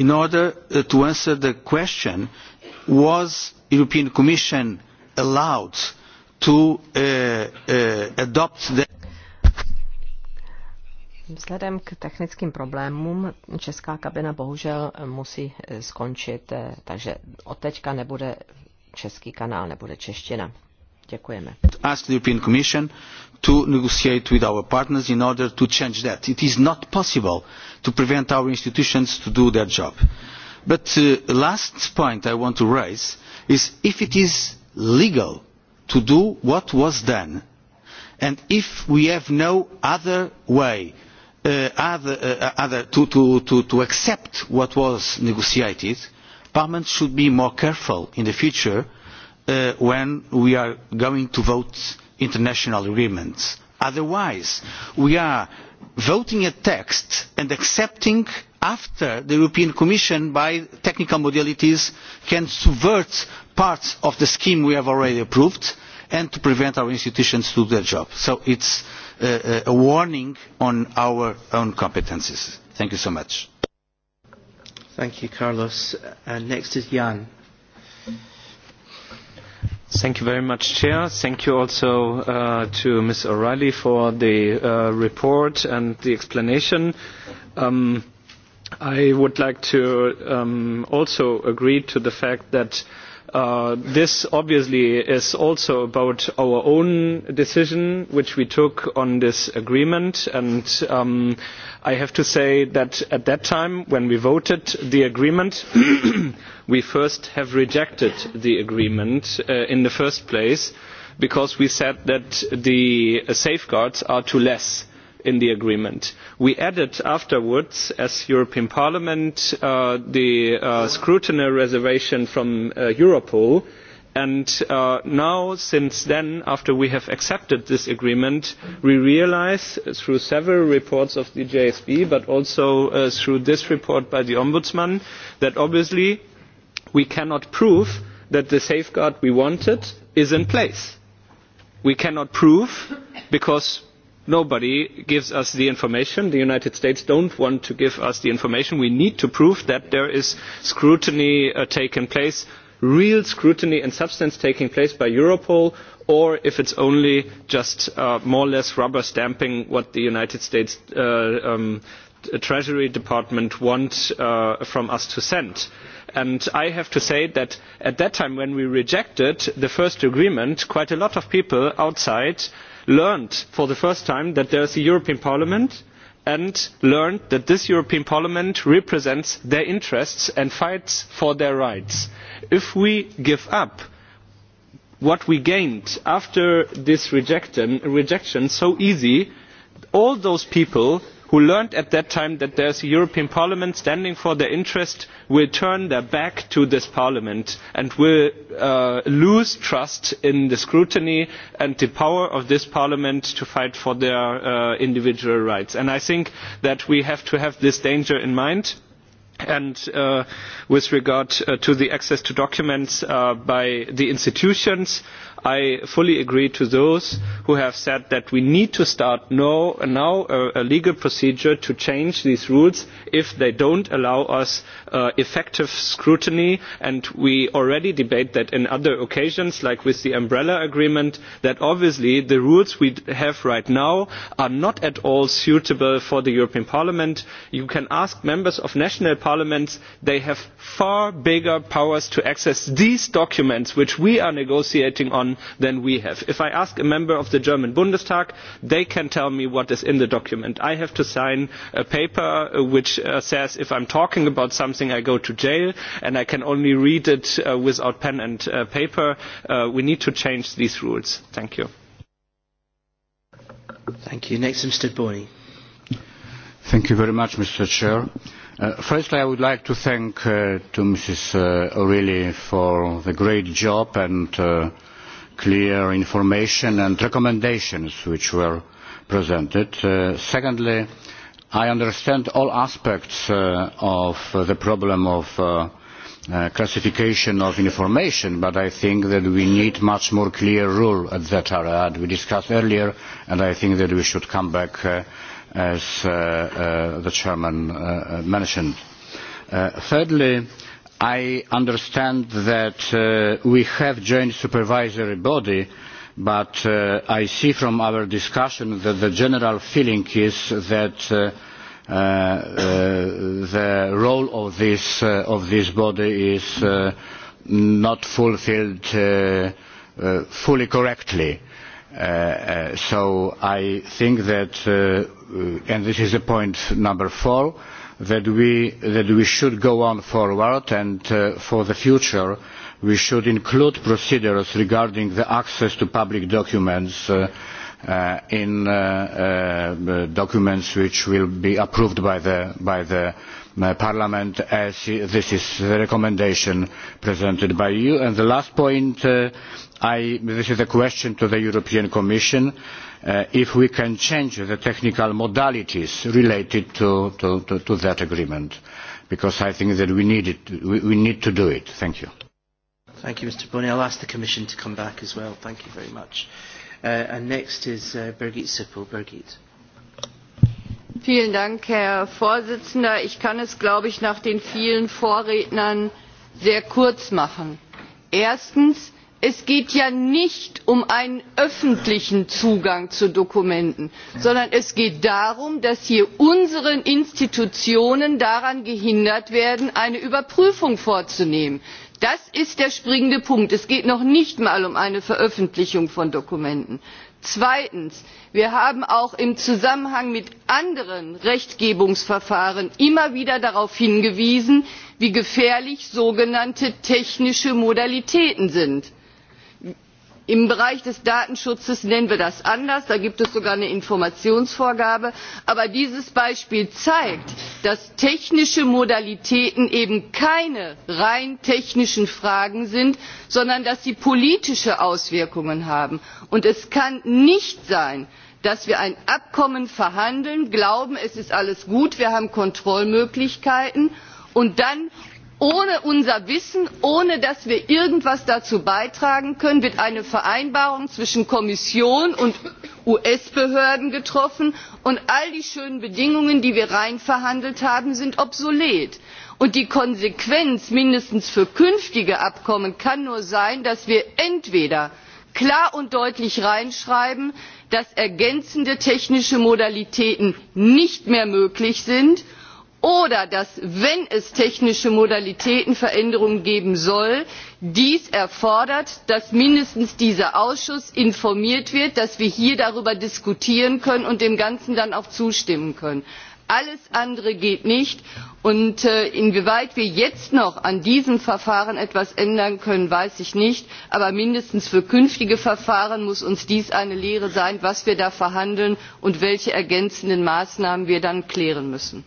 in order uh, to answer the question was the European Commission allowed to uh, uh, adopt the Vzhledem k technickým problémům česká kabina bohužel musí eh, skončit, eh, takže od teďka nebude český kanál, nebude čeština. Děkujeme. Ask the European Commission to negotiate with our partners in order to change that. It is not possible to prevent our institutions from doing their job. But the uh, last point I want to raise is if it is legal to do what was done and if we have no other way uh, other, uh, other to, to, to, to accept what was negotiated, Parliament should be more careful in the future uh, when we are going to vote international agreements. Otherwise, we are voting a text and accepting after the european commission by technical modalities can subvert parts of the scheme we have already approved and to prevent our institutions from doing their job. so it is a warning on our own competences. thank you so much. thank you carlos. Uh, next is jan. Thank you very much, Chair. Thank you also uh, to Ms. O'Reilly for the uh, report and the explanation. Um, I would like to um, also agree to the fact that uh, this obviously is also about our own decision which we took on this agreement and um, I have to say that at that time when we voted the agreement [CLEARS THROAT] we first have rejected the agreement uh, in the first place because we said that the safeguards are too less in the agreement. We added afterwards, as European Parliament, uh, the uh, scrutiny reservation from uh, Europol, and uh, now since then after we have accepted this agreement we realise through several reports of the JSB but also uh, through this report by the ombudsman that obviously we cannot prove that the safeguard we wanted is in place. We cannot prove because nobody gives us the information. The United States don't want to give us the information. We need to prove that there is scrutiny uh, taking place, real scrutiny and substance taking place by Europol, or if it's only just uh, more or less rubber stamping what the United States uh, um, Treasury Department want uh, from us to send. And I have to say that at that time when we rejected the first agreement, quite a lot of people outside learned for the first time that there is a European Parliament and learned that this European Parliament represents their interests and fights for their rights. If we give up what we gained after this rejection, rejection so easy, all those people who learned at that time that there is a european parliament standing for their interests will turn their back to this parliament and will uh, lose trust in the scrutiny and the power of this parliament to fight for their uh, individual rights. i think that we have to have this danger in mind and uh, with regard to access to documents by the institutions i fully agree to those who have said that we need to start now, a, legal procedure to change these rules if they don't allow us uh, effective scrutiny. And we already debate that in other occasions, like with the umbrella agreement, that obviously the rules we have right now are not at all suitable for the European Parliament. You can ask members of national parliaments, they have far bigger powers to access these documents which we are negotiating on common than we have. if i ask a member of the german bundestag they can tell me what is in the document. i have to sign a paper uh, which uh, says if i am talking about something i go to jail and i can only read it uh, without pen and paper. we need to change these rules. thank you. Thank you. Next, Mr. Boni. Thank you very much, Mr. Chair. Uh, firstly, I would like to thank uh, to Mrs. Uh, O'Reilly for the great job and uh, clear information and recommendations which were presented. Uh, secondly, I understand all aspects uh, of the problem of uh, uh, classification of information, but I think that we need much more clear rule at that area. we discussed earlier, and I think that we should come back, uh, as uh, uh, the chairman uh, uh mentioned. Uh, thirdly, uh, i understand that uh, we have a joint supervisory body but uh, i see from our discussion that the general feeling is that uh, the role of this, of this body is not fulfilled fully correctly. so i think that and this is point number four that we, should go on forward and uh, for the future we should include procedures regarding the access to public documents uh, uh, in documents which will be approved by the, parliament as this is the recommendation presented by you. And the last point this is a question to the european commission. Uh, if we can change the technical modalities related to, that agreement, because I think that we need, it, we need to do it. Thank you. Thank you, Mr. Boney. I'll ask the Commission to come back as well. Thank you very much. Uh, and next is uh, Birgit Sippel. Birgit. Vielen Dank, Herr Vorsitzender. Ich kann es, glaube ich, nach den vielen Vorrednern sehr kurz machen. Erstens, es geht ja nicht um einen öffentlichen zugang zu dokumenten sondern es geht darum dass hier unsere institutionen daran gehindert werden eine überprüfung vorzunehmen. das ist der springende punkt. es geht noch nicht einmal um eine veröffentlichung von dokumenten. zweitens wir haben auch im zusammenhang mit anderen rechtgebungsverfahren immer wieder darauf hingewiesen wie gefährlich sogenannte technische modalitäten sind im bereich des datenschutzes nennen wir das anders da gibt es sogar eine informationsvorgabe aber dieses beispiel zeigt dass technische modalitäten eben keine rein technischen fragen sind sondern dass sie politische auswirkungen haben. und es kann nicht sein dass wir ein abkommen verhandeln glauben es ist alles gut wir haben kontrollmöglichkeiten und dann ohne unser wissen ohne dass wir irgendetwas dazu beitragen können wird eine vereinbarung zwischen kommission und us behörden getroffen und all die schönen bedingungen die wir hineinverhandelt haben sind obsolet. die konsequenz mindestens für künftige abkommen kann nur sein dass wir entweder klar und deutlich hineinschreiben dass ergänzende technische modalitäten nicht mehr möglich sind oder dass wenn es technische modalitäten veränderungen geben soll dies erfordert dass mindestens dieser ausschuss informiert wird dass wir hier darüber diskutieren können und dem ganzen dann auch zustimmen können. alles andere geht nicht und äh, inwieweit wir jetzt noch an diesem verfahren etwas ändern können weiß ich nicht aber mindestens für künftige verfahren muss uns dies eine lehre sein was wir da verhandeln und welche ergänzenden maßnahmen wir dann klären müssen.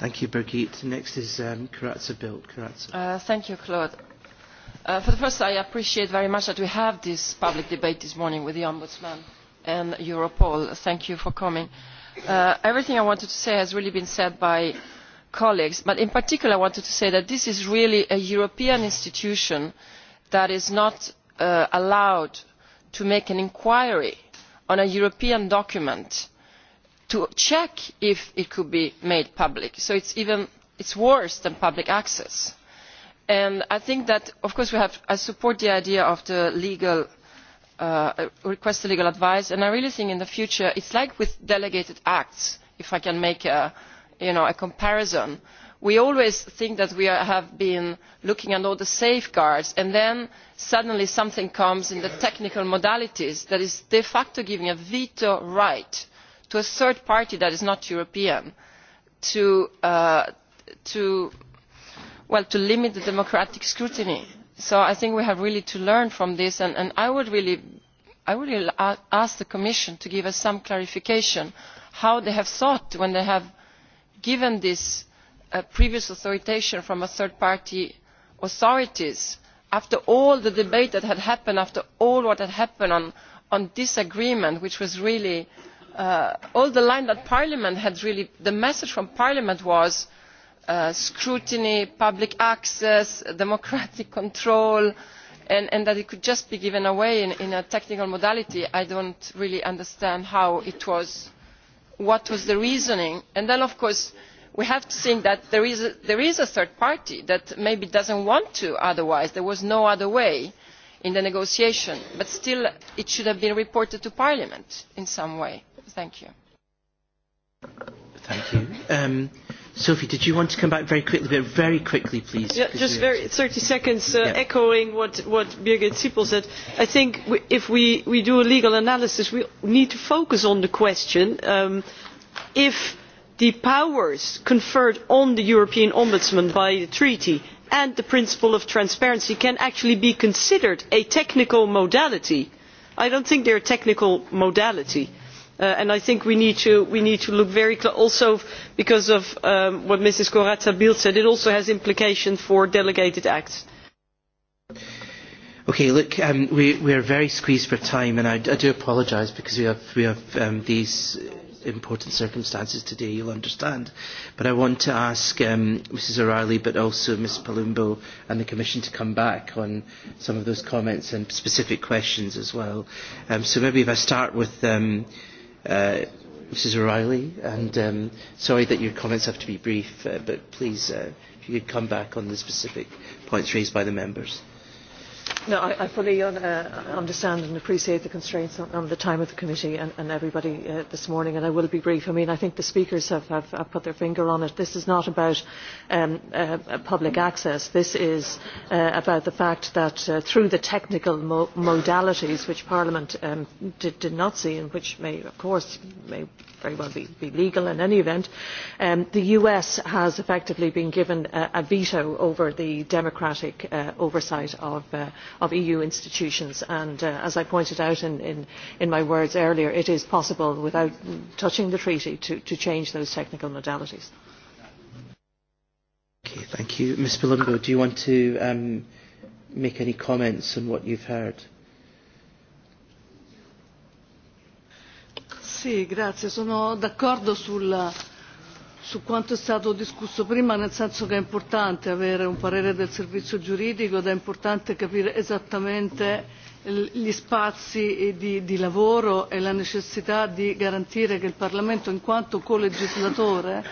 Thank you, Birgit. Next is um, Karatza Bilt. Karatza. Uh, thank you, Claude. Uh, for the first, I appreciate very much that we have this public debate this morning with the Ombudsman and Europol. Thank you for coming. Uh, everything I wanted to say has really been said by colleagues, but in particular I wanted to say that this is really a European institution that is not uh, allowed to make an inquiry on a European document uh, to check if it could be made public so it is worse than public access. i think that of course have, i support the idea of the legal uh, uh, request for legal advice and i really think in the future it is like with delegated acts if i can make a comparison we always think that we have been looking at all the safeguards and then suddenly something comes in the technical modalities that is de facto giving a veto right to a third party that is not european to, uh, to, well, to limit the democratic scrutiny. so i think we have really to learn from this and, and i would really i would really ask the commission to give us some clarification how they have thought when they have given this uh, previous authorisation from a third party authorities after all the debate that had happened after all what had happened on, on disagreement which was really Uh, all the line that parliament had really the message from parliament was uh, scrutiny public access [LAUGHS] democratic control and, that it could just be given away in, a technical modality i do not really understand how it was what was the reasoning and then of course we have to think that there is a third party that maybe does not want to otherwise there was no other way in the negotiation but still it should have been reported to parliament in some way. Thank you. Thank you. Um, Sophie, did you want to come back very quickly, but very quickly, please? Yeah, just very, 30 seconds, uh, yeah. echoing what, what Birgit Sippel said. I think we, if we, we do a legal analysis, we need to focus on the question um, if the powers conferred on the European Ombudsman by the treaty and the principle of transparency can actually be considered a technical modality. I don't think they're a technical modality Uh, and i think we need to, we look very closely also because of um, what ms corazza bildt said it also has implications for delegated acts. Um, we, are very squeezed for time, and I, do apologise because we have, um, these important circumstances today, you will understand. But I want to ask ms O'Reilly, but also Ms Palumbo and the Commission to come back on some of those comments and specific questions as well. so maybe if I start with Uh, Mrs. O'Reilly, and i am um, sorry that your comments have to be brief, uh, but please, uh, if you could come back on the specific points raised by the members. No, I, fully uh, understand and appreciate the constraints on, on the time of the committee and, and everybody uh, this morning, and I will be brief. I mean, I think the speakers have, have, have put their finger on it. This is not about um, uh, public access. This is uh, about the fact that uh, through the technical mo modalities, which Parliament um, did, did not see and which may, of course, may very well be, be legal in any event. Um, the US has effectively been given a, a veto over the democratic uh, oversight of, uh, of, EU institutions. And uh, as I pointed out in, in, in, my words earlier, it is possible without touching the treaty to, to change those technical modalities. Okay, thank you. Ms Palumbo, do you want to um, make any comments on what you've heard? Sì, grazie. Sono d'accordo sul, su quanto è stato discusso prima, nel senso che è importante avere un parere del servizio giuridico ed è importante capire esattamente gli spazi di, di lavoro e la necessità di garantire che il Parlamento, in quanto colegislatore,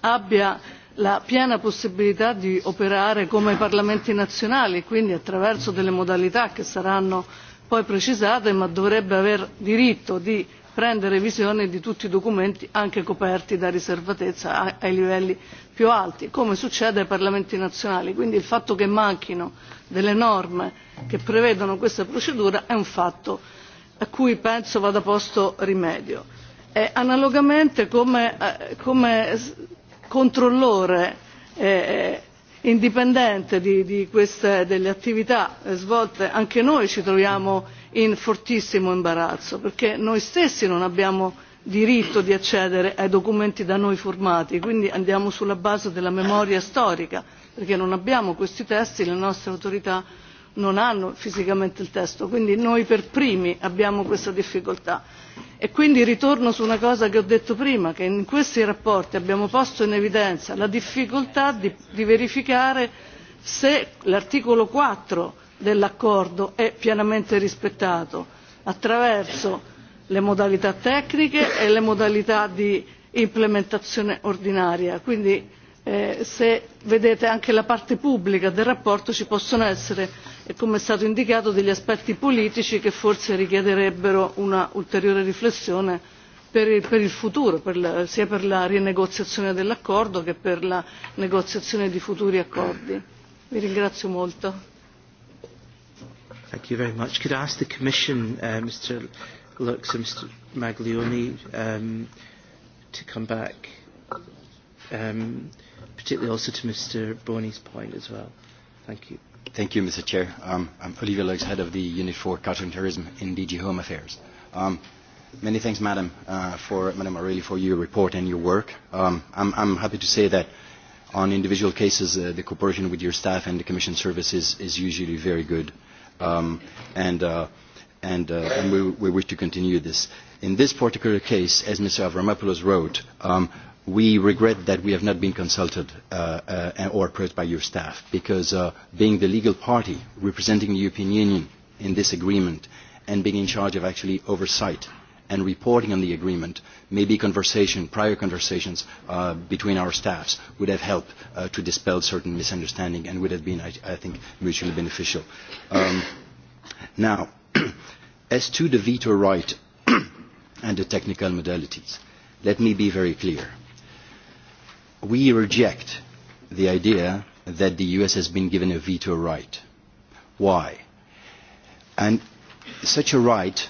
abbia la piena possibilità di operare come Parlamenti nazionali, quindi attraverso delle modalità che saranno poi precisate, ma dovrebbe aver diritto di prende revisione di tutti i documenti anche coperti da riservatezza ai livelli più alti come succede ai parlamenti nazionali quindi il fatto che manchino delle norme che prevedono questa procedura è un fatto a cui penso vada posto rimedio. E analogamente come, eh, come controllore eh, eh, indipendente di, di queste, delle attività eh, svolte anche noi ci troviamo in fortissimo imbarazzo perché noi stessi non abbiamo diritto di accedere ai documenti da noi formati quindi andiamo sulla base della memoria storica perché non abbiamo questi testi le nostre autorità non hanno fisicamente il testo quindi noi per primi abbiamo questa difficoltà e quindi ritorno su una cosa che ho detto prima che in questi rapporti abbiamo posto in evidenza la difficoltà di, di verificare se l'articolo quattro dell'accordo è pienamente rispettato attraverso le modalità tecniche e le modalità di implementazione ordinaria. Quindi eh, se vedete anche la parte pubblica del rapporto ci possono essere, come è stato indicato, degli aspetti politici che forse richiederebbero una ulteriore riflessione per il, per il futuro, per la, sia per la rinegoziazione dell'accordo che per la negoziazione di futuri accordi. Vi ringrazio molto. Thank you very much. Could I ask the Commission, uh, Mr. Lux and Mr. Maglioni, um, to come back, um, particularly also to Mr. Boney's point as well? Thank you. Thank you, Mr. Chair. Um, I'm Olivia Lux, head of the Unit for Counterterrorism in DG Home Affairs. Um, many thanks, Madam, uh, for Madam O'Reilly for your report and your work. Um, I'm, I'm happy to say that on individual cases, uh, the cooperation with your staff and the Commission services is, is usually very good. Uh, um, and, uh, and, uh, and we, we wish to continue this. In this particular case, as Mr. Avramopoulos wrote, um, we regret that we have not been consulted uh, uh, or approached by your staff because uh, being the legal party representing the European Union in this agreement and being in charge of actually oversight and reporting on the agreement, maybe conversation, prior conversations uh, between our staffs would have helped uh, to dispel certain misunderstanding and would have been, I, I think, mutually beneficial. Um, now, [CLEARS THROAT] as to the veto right [CLEARS THROAT] and the technical modalities, let me be very clear. We reject the idea that the US has been given a veto right. Why? And such a right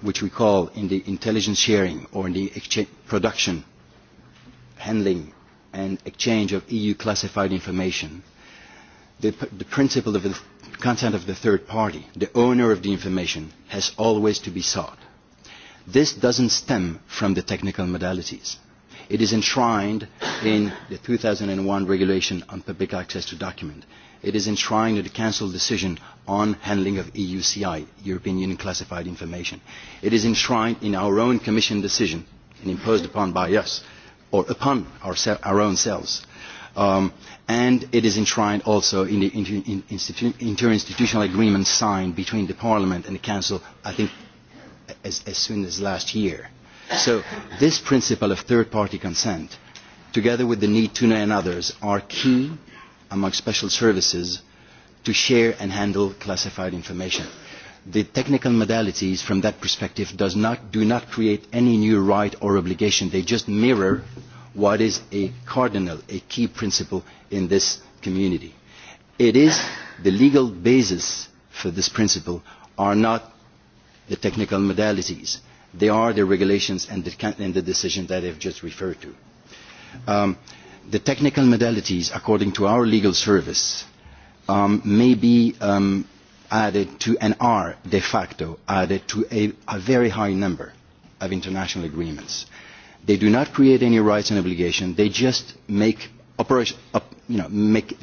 which we call in the intelligence sharing or in the exchange, production, handling and exchange of EU classified information, the, the principle of the content of the third party, the owner of the information, has always to be sought. This doesn't stem from the technical modalities. It is enshrined in the 2001 regulation on public access to documents it is enshrined in the Council decision on handling of EUCI, European Union classified information. It is enshrined in our own Commission decision and imposed upon by us or upon our, our own selves. Um, and it is enshrined also in the inter, in, institu, interinstitutional agreement signed between the Parliament and the Council, I think, as, as soon as last year. So this principle of third-party consent, together with the need to know and others, are key among special services to share and handle classified information. The technical modalities from that perspective does not, do not create any new right or obligation. They just mirror what is a cardinal, a key principle in this community. It is the legal basis for this principle are not the technical modalities. They are the regulations and the, and the decision that I've just referred to. Um, the technical modalities, according to our legal service, um, may be um, added to and are de facto added to a, a very high number of international agreements. They do not create any rights and obligations. They just make, operation, you know, make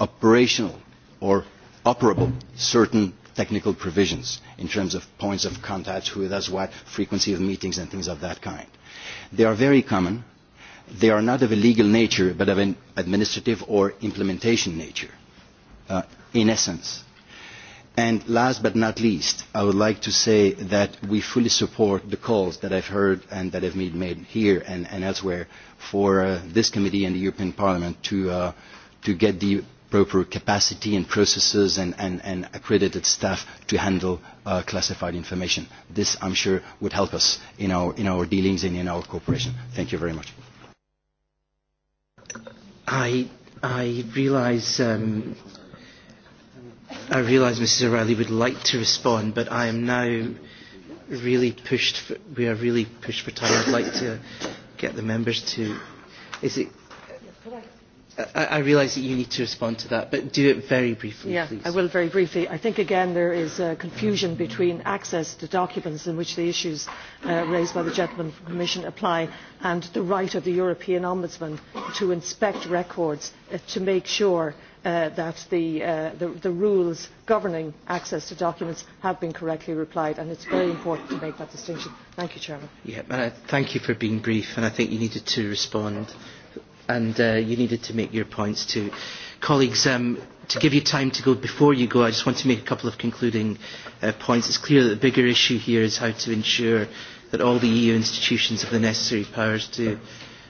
operational or operable certain technical provisions in terms of points of contact, who does what, frequency of meetings, and things of that kind. They are very common they are not of a legal nature but of an administrative or implementation nature uh, in essence. And last but not least, I would like to say that we fully support the calls that I've heard and that have been made here and, and elsewhere for uh, this committee and the European Parliament to, uh, to get the proper capacity and processes and, and, and accredited staff to handle uh, classified information. This, I'm sure, would help us in our, in our dealings and in our cooperation. Thank you very much. I I realise um, I realise Mrs O'Reilly would like to respond, but I am now really pushed. For, we are really pushed for time. I'd like to get the members to. Is it i, realise that you need to respond to that, but do it very briefly, yeah, please. I will very briefly. I think, again, there is uh, confusion between access to documents in which the issues uh, raised by the gentleman from the Commission apply and the right of the European Ombudsman to inspect records uh, to make sure Uh, that the, uh, the, the rules governing access to documents have been correctly replied and it is very important to make that distinction. Thank you, Chairman. Yeah, uh, thank you for being brief and I think you needed to respond and uh, you needed to make your points to Colleagues, um, to give you time to go before you go, I just want to make a couple of concluding uh, points. It's clear that the bigger issue here is how to ensure that all the EU institutions have the necessary powers to.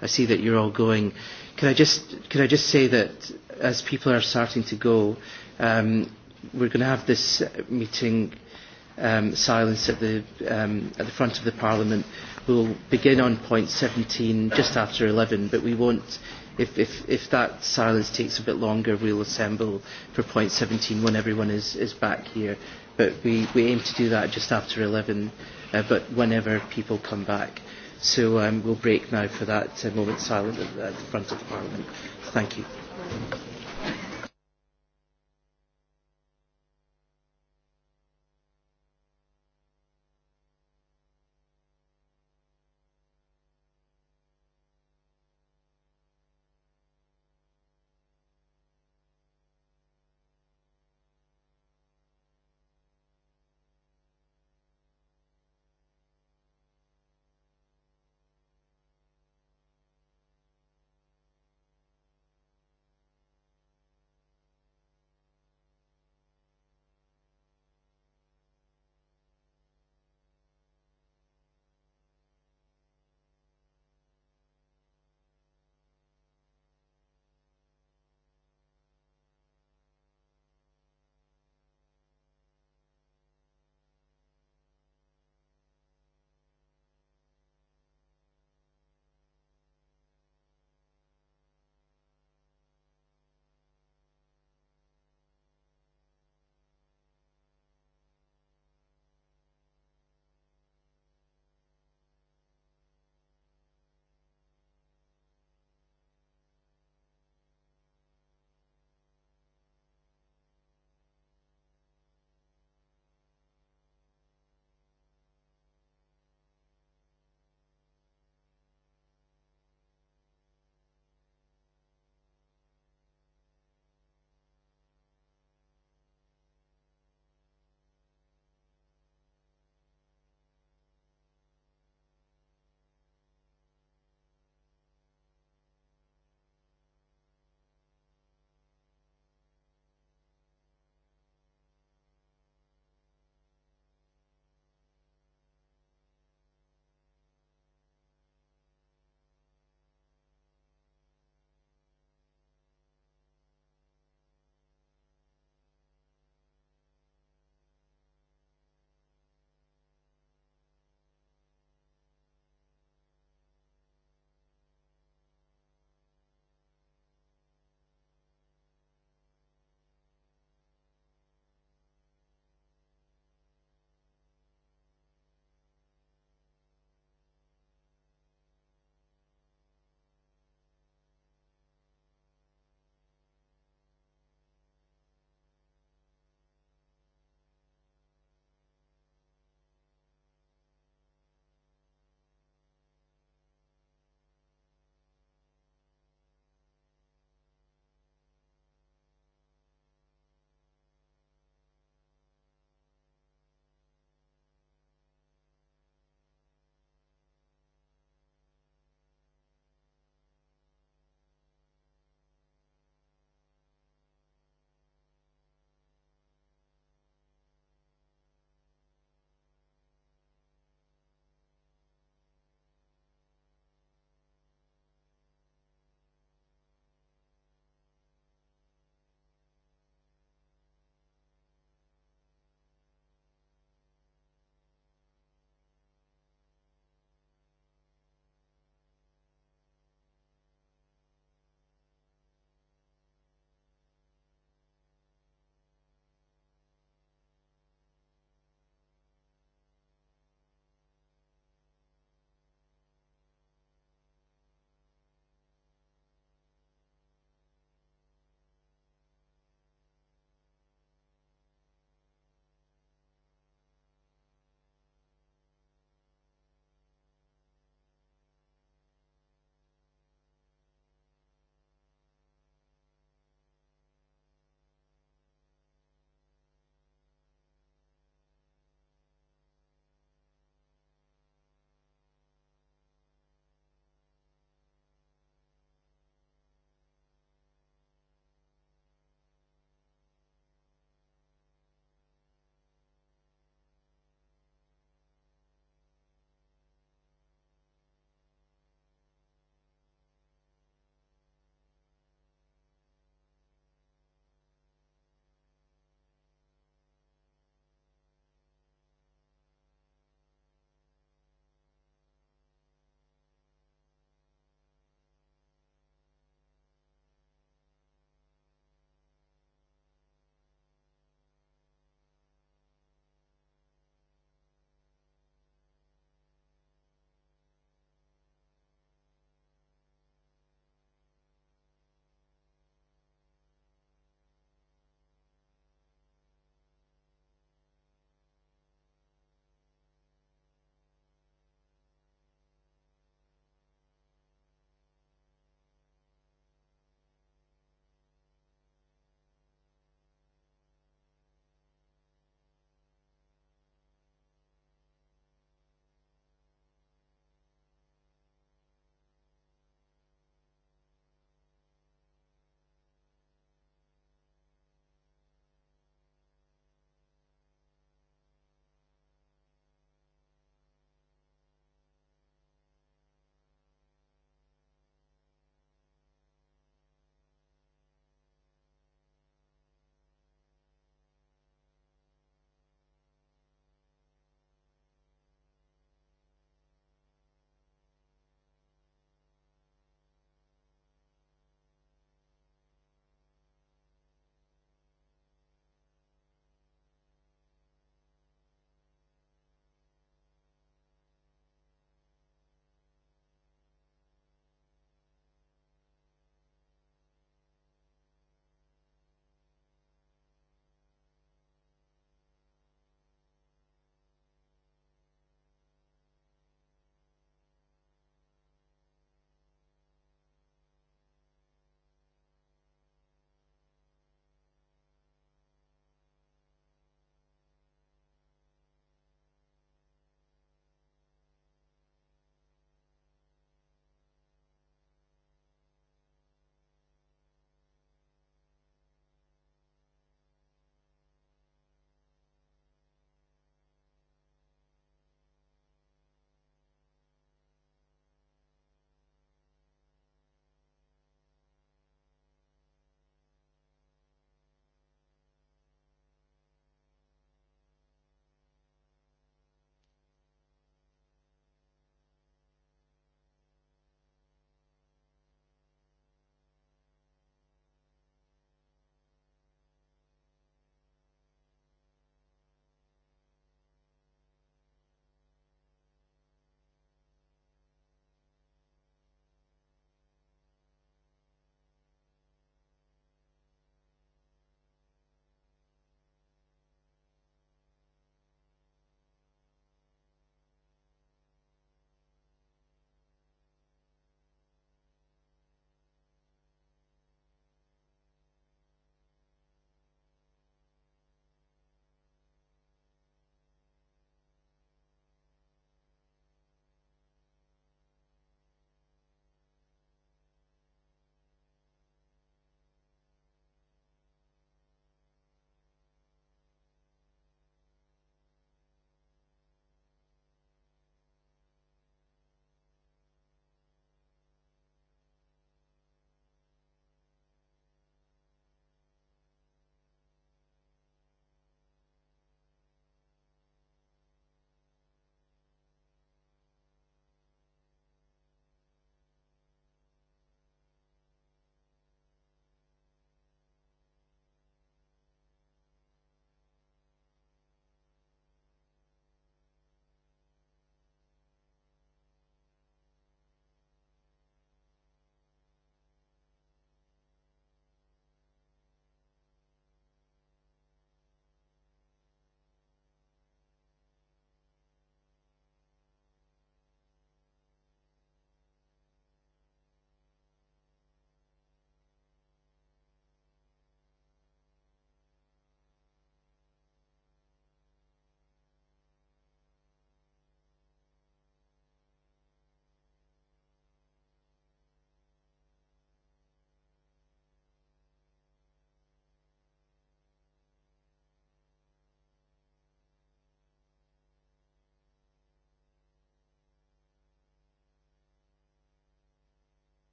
I see that you're all going. Can I just, can I just say that as people are starting to go, um, we're going to have this meeting um, silence at the, um, at the front of the Parliament will begin on point 17 just after 11, but we won't, if, if, if that silence takes a bit longer, we'll assemble for point 17 when everyone is, is back here. But we, we aim to do that just after 11, uh, but whenever people come back. So um, we'll break now for that uh, moment silent at, at the front of the Parliament. Thank you.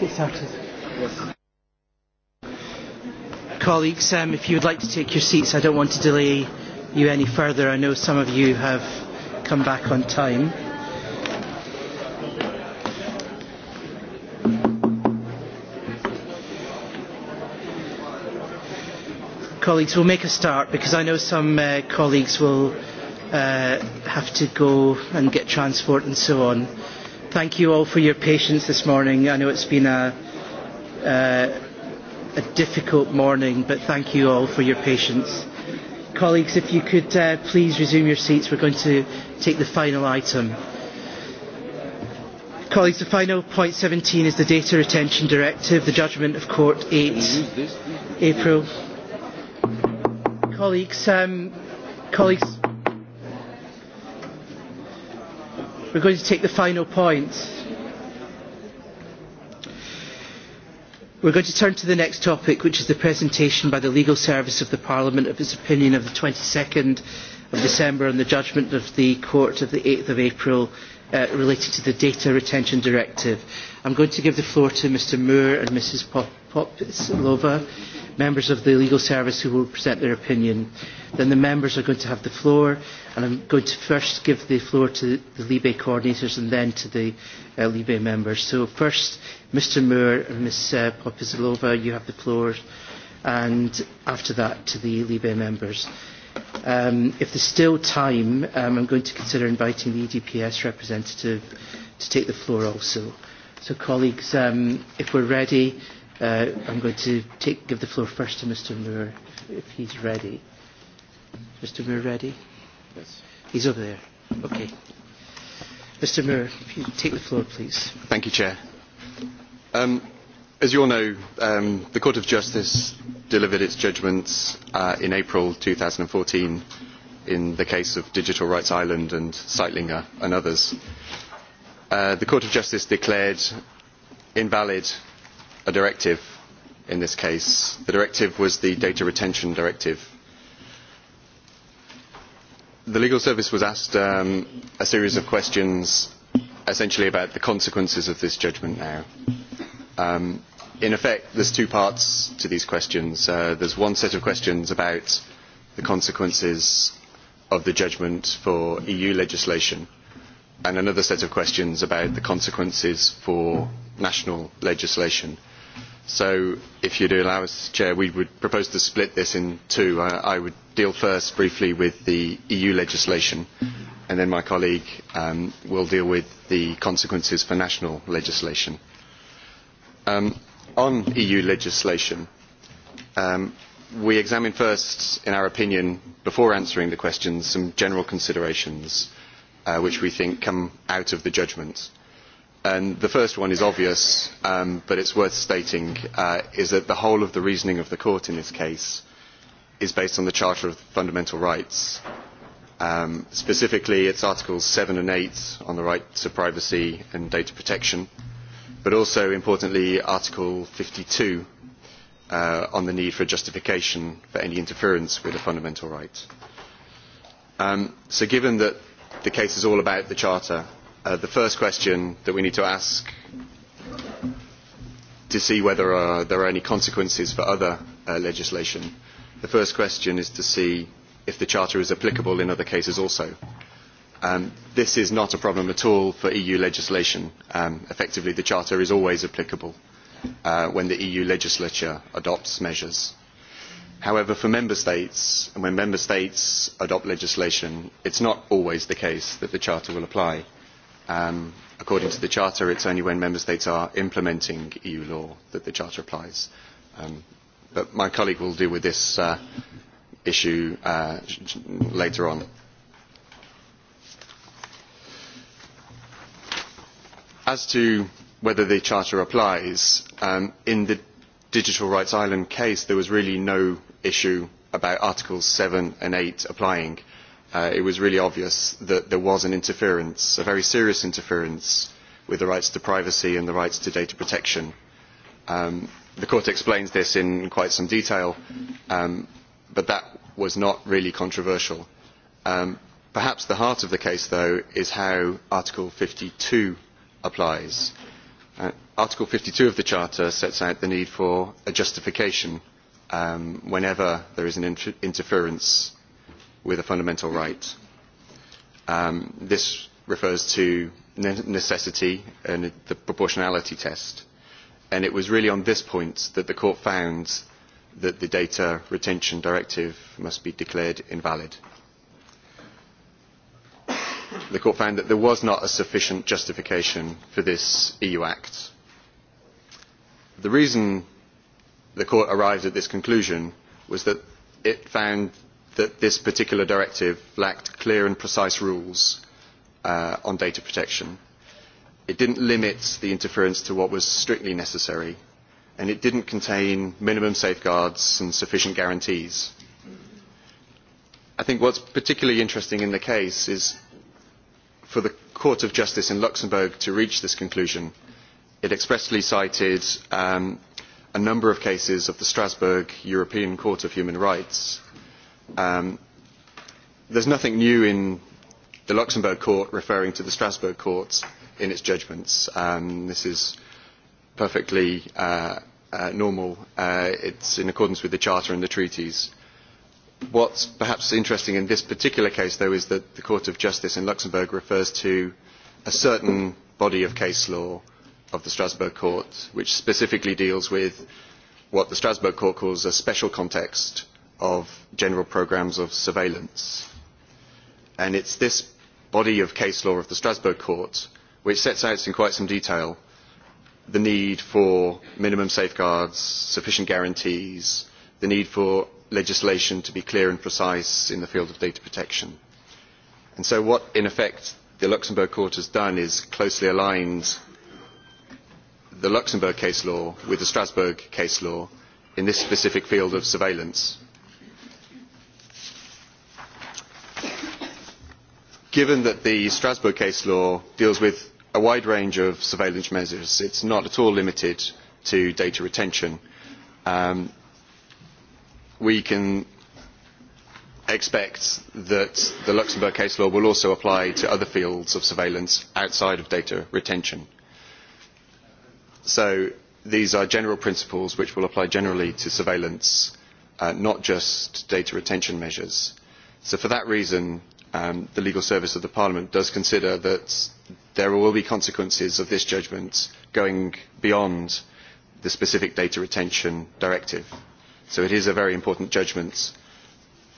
let's started. Yes. Colleagues, um, if you would like to take your seats, I don't want to delay you any further. I know some of you have come back on time. Colleagues, we'll make a start because I know some uh, colleagues will uh, have to go and get transport and so on. Thank you all for your patience this morning. I know it's been a, uh, a difficult morning, but thank you all for your patience. Colleagues, if you could uh, please resume your seats, we're going to take the final item. Colleagues, the final point 17 is the Data Retention Directive, the judgment of Court 8, April. Colleagues, um, colleagues, We're going to take the final point. We're going to turn to the next topic, which is the presentation by the Legal Service of the Parliament of its opinion of the 22nd of December on the judgment of the Court of the 8th of April uh, related to the Data Retention Directive. I'm going to give the floor to Mr Moore and Mrs Popslova, members of the legal service who will present their opinion. Then the members are going to have the floor And I'm going to first give the floor to the Libe coordinators and then to the uh, Libe members. So first, Mr Moore and Ms uh, Popizilova, you have the floor, and after that to the Libe members. Um, if there's still time, um, I'm going to consider inviting the EDPS representative to take the floor also. So colleagues, um, if we're ready, uh, I'm going to take, give the floor first to Mr Moore, if he's ready. Mr Moore, ready? as you all know, um, the Court of Justice delivered its judgments uh, in April two thousand and fourteen in the case of Digital Rights Ireland and zeitlinger and others. Uh, the Court of Justice declared invalid a directive in this case. The directive was the Data Retention Directive the legal service was asked um, a series of questions essentially about the consequences of this judgment now. Um, in effect, there's two parts to these questions. Uh, there's one set of questions about the consequences of the judgment for EU legislation and another set of questions about the consequences for national legislation. So if you'd allow us, Chair, we would propose to split this in two. I, I would deal first briefly with the EU legislation, and then my colleague um, will deal with the consequences for national legislation. Um, on EU legislation, um, we examine first, in our opinion, before answering the questions, some general considerations uh, which we think come out of the judgment the first one is obvious, um, but it's worth stating, uh, is that the whole of the reasoning of the court in this case is based on the Charter of Fundamental Rights. Um, specifically, it's Articles 7 and 8 on the right to privacy and data protection, but also, importantly, Article 52 uh, on the need for justification for any interference with a fundamental right. Um, so given that the case is all about the Charter Uh, the first question that we need to ask to see whether uh, there are any consequences for other uh, legislation. The first question is to see if the Charter is applicable in other cases also. Um, this is not a problem at all for EU legislation. Um, effectively, the Charter is always applicable uh, when the EU legislature adopts measures. However, for member states, and when member states adopt legislation, it's not always the case that the Charter will apply. Um, according to the Charter, it's only when Member States are implementing EU law that the Charter applies. Um, but my colleague will deal with this uh, issue uh, later on. As to whether the Charter applies, um, in the Digital Rights Island case, there was really no issue about Articles 7 and 8 applying Uh, it was really obvious that there was an interference, a very serious interference, with the rights to privacy and the rights to data protection. Um, the court explains this in quite some detail, um, but that was not really controversial. Um, perhaps the heart of the case, though, is how Article 52 applies. Uh, Article 52 of the Charter sets out the need for a justification um, whenever there is an inter interference with a fundamental right. Um, this refers to necessity and the proportionality test. And it was really on this point that the court found that the data retention directive must be declared invalid. The court found that there was not a sufficient justification for this EU act. The reason the court arrived at this conclusion was that it found that this particular directive lacked clear and precise rules uh, on data protection. It didn't limit the interference to what was strictly necessary, and it didn't contain minimum safeguards and sufficient guarantees. I think what's particularly interesting in the case is for the Court of Justice in Luxembourg to reach this conclusion, it expressly cited um, a number of cases of the Strasbourg European Court of Human Rights Um, there's nothing new in the Luxembourg court referring to the Strasbourg courts in its judgments. Um, this is perfectly uh, uh, normal. Uh, it's in accordance with the Charter and the treaties. What's perhaps interesting in this particular case, though, is that the Court of Justice in Luxembourg refers to a certain body of case law of the Strasbourg Court, which specifically deals with what the Strasbourg Court calls a special context of general programmes of surveillance. And it's this body of case law of the Strasbourg Court which sets out in quite some detail the need for minimum safeguards, sufficient guarantees, the need for legislation to be clear and precise in the field of data protection. And so what, in effect, the Luxembourg Court has done is closely aligned the Luxembourg case law with the Strasbourg case law in this specific field of surveillance given that the strasbourg case law deals with a wide range of surveillance measures it is not at all limited to data retention um, we can expect that the luxembourg case law will also apply to other fields of surveillance outside of data retention. so these are general principles which will apply generally to surveillance uh, not just data retention measures. so for that reason um, the legal service of the Parliament does consider that there will be consequences of this judgment going beyond the specific data retention directive. So it is a very important judgment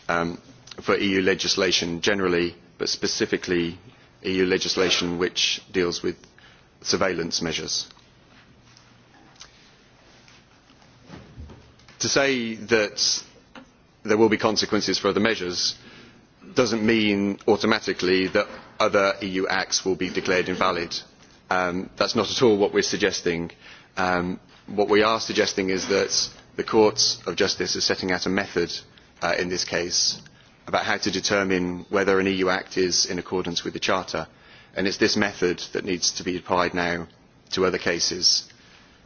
um, for EU legislation generally, but specifically EU legislation which deals with surveillance measures. To say that there will be consequences for other measures doesn't mean automatically that other EU acts will be declared invalid. that um, that's not at all what we're suggesting. Um, what we are suggesting is that the courts of justice are setting out a method uh, in this case about how to determine whether an EU act is in accordance with the Charter. And it's this method that needs to be applied now to other cases.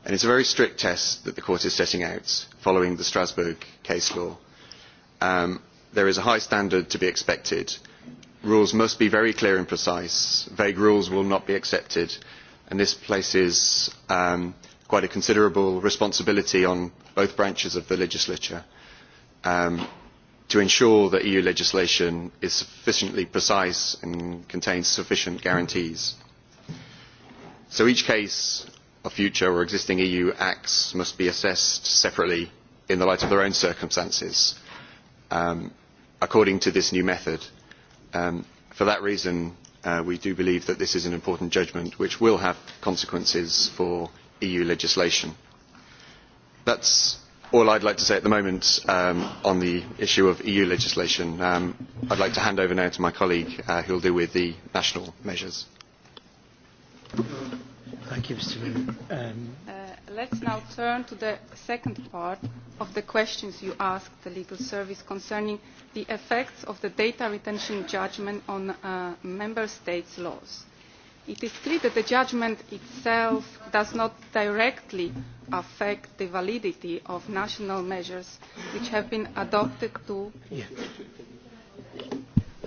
And it's a very strict test that the court is setting out following the Strasbourg case law. Um, there is a high standard to be expected. Rules must be very clear and precise. Vague rules will not be accepted. And this places um, quite a considerable responsibility on both branches of the legislature um, to ensure that EU legislation is sufficiently precise and contains sufficient guarantees. So each case of future or existing EU acts must be assessed separately in the light of their own circumstances. Um, according to this new method. Um, for that reason, uh, we do believe that this is an important judgment which will have consequences for EU legislation. That's all I'd like to say at the moment um, on the issue of EU legislation. Um, I'd like to hand over now to my colleague uh, who will deal with the national measures. Thank you, Mr. Um, uh, Let's now turn to the second part of the questions you asked the legal service concerning the effects of the data retention judgment on uh, member states' laws. It is clear that the judgment itself does not directly affect the validity of national measures which have been adopted to yeah.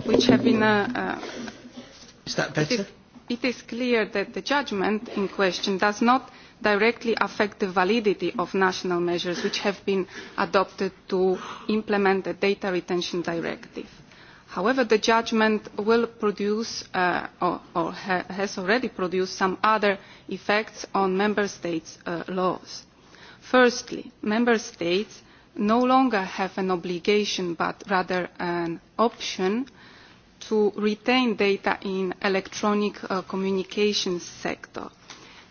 which have been uh, uh, Is that better? It is, it is clear that the judgment in question does not directly affect the validity of national measures which have been adopted to implement the data retention directive. However, the judgment will produce uh, or, or ha has already produced some other effects on Member States' uh, laws. Firstly, Member States no longer have an obligation but rather an option to retain data in electronic uh, communications sector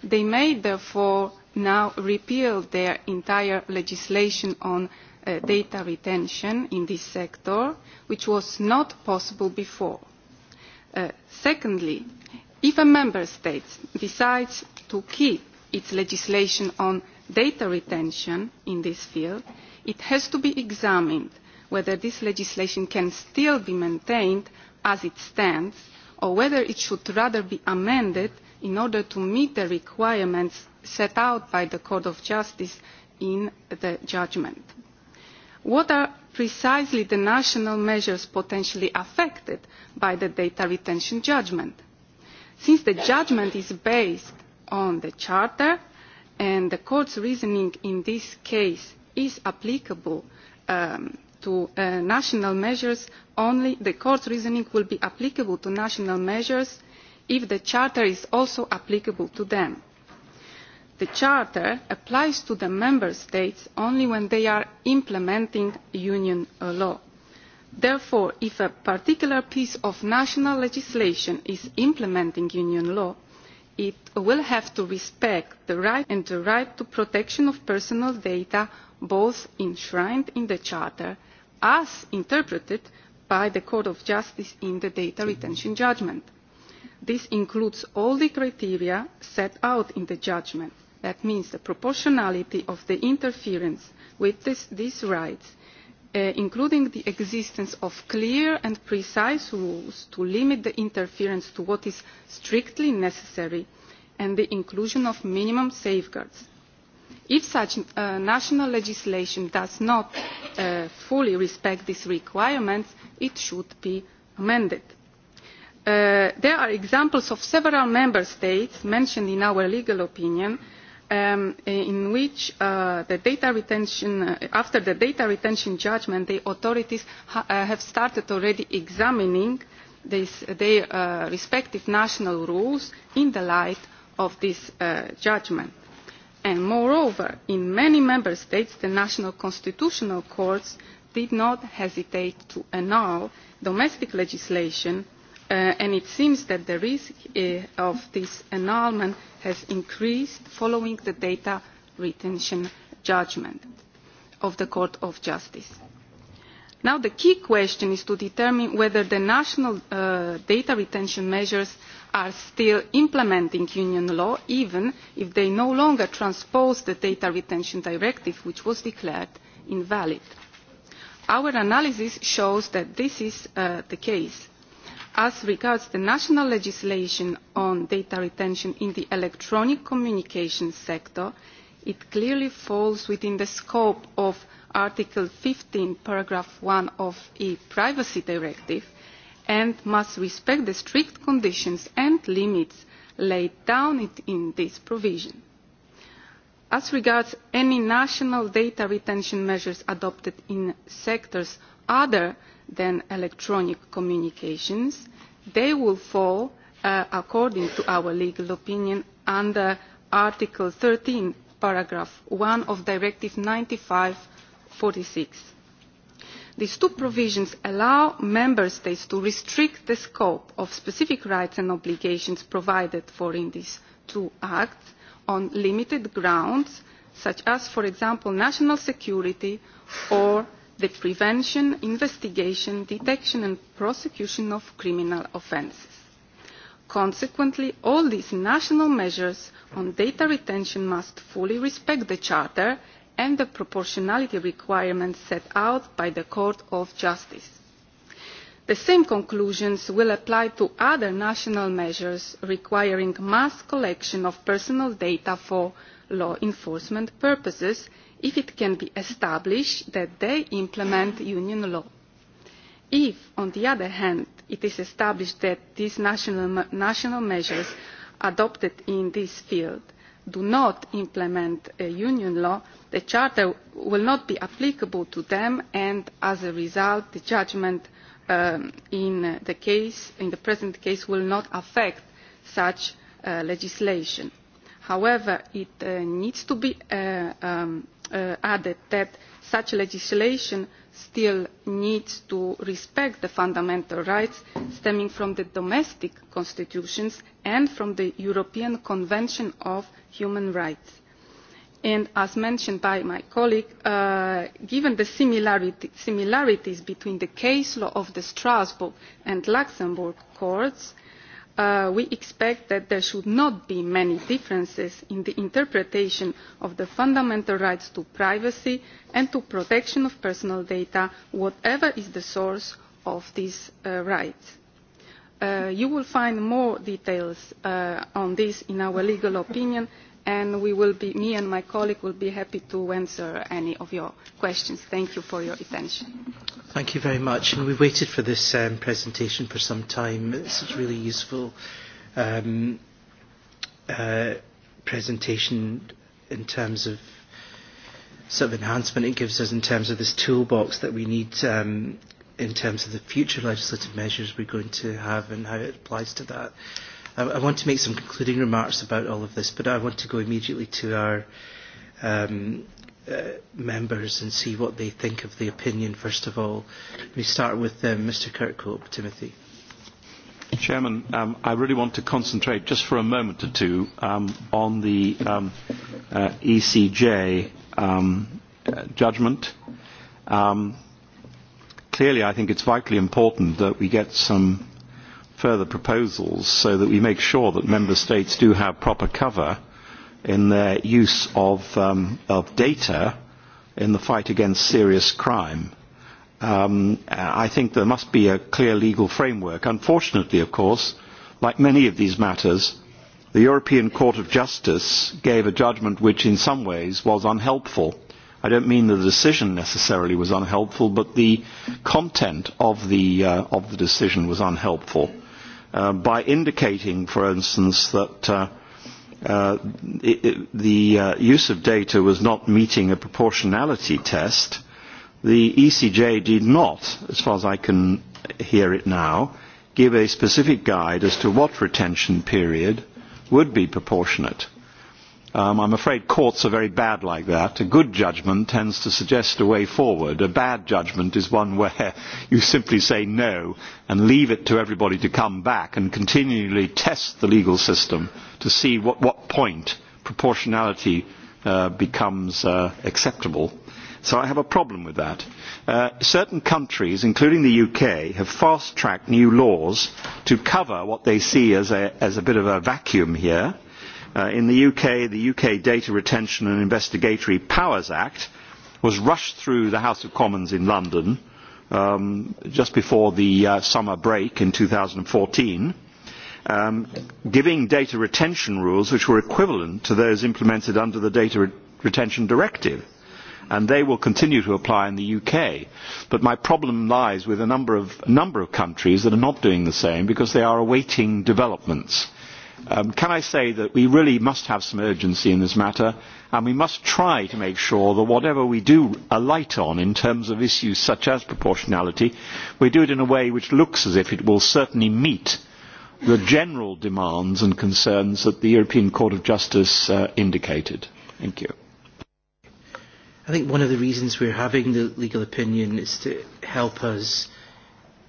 They may therefore now repeal their entire legislation on uh, data retention in this sector, which was not possible before. Uh, secondly, if a member state decides to keep its legislation on data retention in this field, it has to be examined whether this legislation can still be maintained as it stands or whether it should rather be amended in order to meet the requirements set out by the Court of Justice in the judgment. What are precisely the national measures potentially affected by the data retention judgment? Since the judgment is based on the Charter and the Court's reasoning in this case is applicable um, to uh, national measures, only the Court's reasoning will be applicable to national measures if the Charter is also applicable to them. The Charter applies to the Member States only when they are implementing Union law. Therefore, if a particular piece of national legislation is implementing Union law, it will have to respect the right and the right to protection of personal data both enshrined in the Charter as interpreted by the Court of Justice in the data retention judgment. This includes all the criteria set out in the judgment. That means the proportionality of the interference with these rights, uh, including the existence of clear and precise rules to limit the interference to what is strictly necessary, and the inclusion of minimum safeguards. If such uh, national legislation does not uh, fully respect these requirements, it should be amended Uh, there are examples of several member states mentioned in our legal opinion um, in which uh, uh, after the data retention judgment, the authorities have started already examining their respective national rules in the light of this judgment. And moreover, in many member states, the national constitutional courts did not hesitate to annul domestic legislation Uh, and it seems that the risk uh, of this annulment has increased following the data retention judgment of the Court of Justice. Now the key question is to determine whether the national uh, data retention measures are still implementing union law even if they no longer transpose the data retention directive which was declared invalid. Our analysis shows that this is uh, the case as regards the national legislation on data retention in the electronic communications sector it clearly falls within the scope of article fifteen paragraph one of the e privacy directive and must respect the strict conditions and limits laid down in this provision. as regards any national data retention measures adopted in sectors other than electronic communications, they will fall, uh, according to our legal opinion, under Article 13, paragraph 1 of Directive 95/46. These two provisions allow member states to restrict the scope of specific rights and obligations provided for in these two acts on limited grounds, such as, for example, national security or the prevention, investigation, detection and prosecution of criminal offences. Consequently, all these national measures on data retention must fully respect the Charter and the proportionality requirements set out by the Court of Justice. The same conclusions will apply to other national measures requiring mass collection of personal data for law enforcement purposes if it can be established that they implement union law. If, on the other hand, it is established that these national, national measures adopted in this field do not implement uh, union law, the Charter will not be applicable to them and, as a result, the judgment um, in, the case, in the present case will not affect such uh, legislation. However, it uh, needs to be uh, um, Uh, added that such legislation still needs to respect the fundamental rights stemming from the domestic constitutions and from the European Convention of Human Rights. And as mentioned by my colleague, uh, given the similarity, similarities between the case law of the Strasbourg and Luxembourg courts, uh, Uh, we expect that there should not be many differences in the interpretation of the fundamental rights to privacy and to protection of personal data whatever is the source of these uh, rights. Uh, you will find more details on this in our legal opinion and we will be, me and my colleague will be happy to answer any of your questions. Thank you for your attention. Thank you very much. And we waited for this um, presentation for some time. It's, it's really useful um, uh, presentation in terms of sort of enhancement it gives us in terms of this toolbox that we need um, in terms of the future legislative measures we're going to have and how it applies to that. I, I want to make some concluding remarks about all of this, but I want to go immediately to our um, Uh, members and see what they think of the opinion first of all. We start with uh, Mr Kirkhope, Timothy. Chairman, um, I really want to concentrate just for a moment or two um, on the um, uh, ECJ um, uh, judgment. Um, clearly, I think it's vitally important that we get some further proposals so that we make sure that member states do have proper cover in their use of, um, of data in the fight against serious crime. Um, I think there must be a clear legal framework. Unfortunately, of course, like many of these matters, the European Court of Justice gave a judgment which in some ways was unhelpful. I don't mean the decision necessarily was unhelpful, but the content of the, uh, of the decision was unhelpful uh, by indicating, for instance, that uh, Uh, it, the uh, use of data was not meeting a proportionality test, the ECJ did not, as far as I can hear it now, give a specific guide as to what retention period would be proportionate. Um, I'm afraid courts are very bad like that. A good judgment tends to suggest a way forward. A bad judgment is one where [LAUGHS] you simply say no and leave it to everybody to come back and continually test the legal system to see what, what point proportionality uh, becomes uh, acceptable. So I have a problem with that. Uh, certain countries, including the UK, have fast-tracked new laws to cover what they see as a, as a bit of a vacuum here Uh, in the UK, the UK Data Retention and Investigatory Powers Act was rushed through the House of Commons in London um, just before the uh, summer break in 2014, um, giving data retention rules which were equivalent to those implemented under the Data Re Retention Directive and they will continue to apply in the UK. But my problem lies with a number of, a number of countries that are not doing the same because they are awaiting developments. Um, can I say that we really must have some urgency in this matter, and we must try to make sure that whatever we do alight on in terms of issues such as proportionality, we do it in a way which looks as if it will certainly meet the general demands and concerns that the European Court of Justice uh, indicated. Thank you. I think one of the reasons we're having the legal opinion is to help us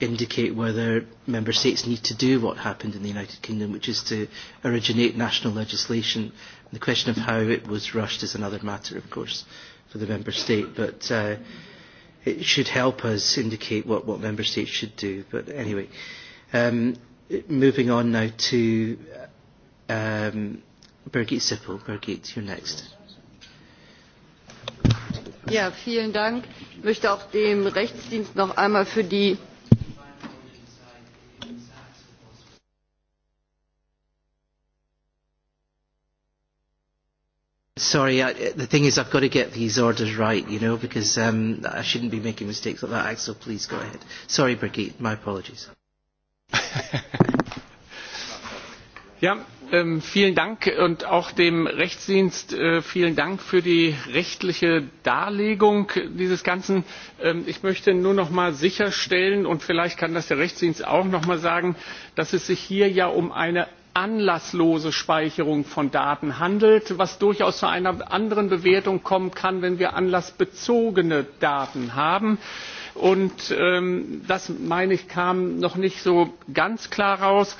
indicate whether member states need to do what happened in the United Kingdom, which is to originate national legislation. And the question of how it was rushed is another matter, of course, for the member state, but uh, it should help us indicate what, what member states should do. But anyway, um, moving on now to um, Birgit Sippel. Birgit, you're next. Ja, vielen Dank. Ich möchte auch dem Rechtsdienst noch einmal für die Sorry, I, the thing is I've got to get these orders right, you know, because um, I shouldn't be making mistakes like that. Axel, please go ahead. Sorry, Brigitte, my apologies. [LAUGHS] ja, ähm, vielen Dank und auch dem Rechtsdienst äh, vielen Dank für die rechtliche Darlegung dieses Ganzen. Ähm, ich möchte nur noch mal sicherstellen und vielleicht kann das der Rechtsdienst auch noch mal sagen, dass es sich hier ja um eine anlasslose Speicherung von Daten handelt, was durchaus zu einer anderen Bewertung kommen kann, wenn wir anlassbezogene Daten haben. Und ähm, das, meine ich, kam noch nicht so ganz klar raus.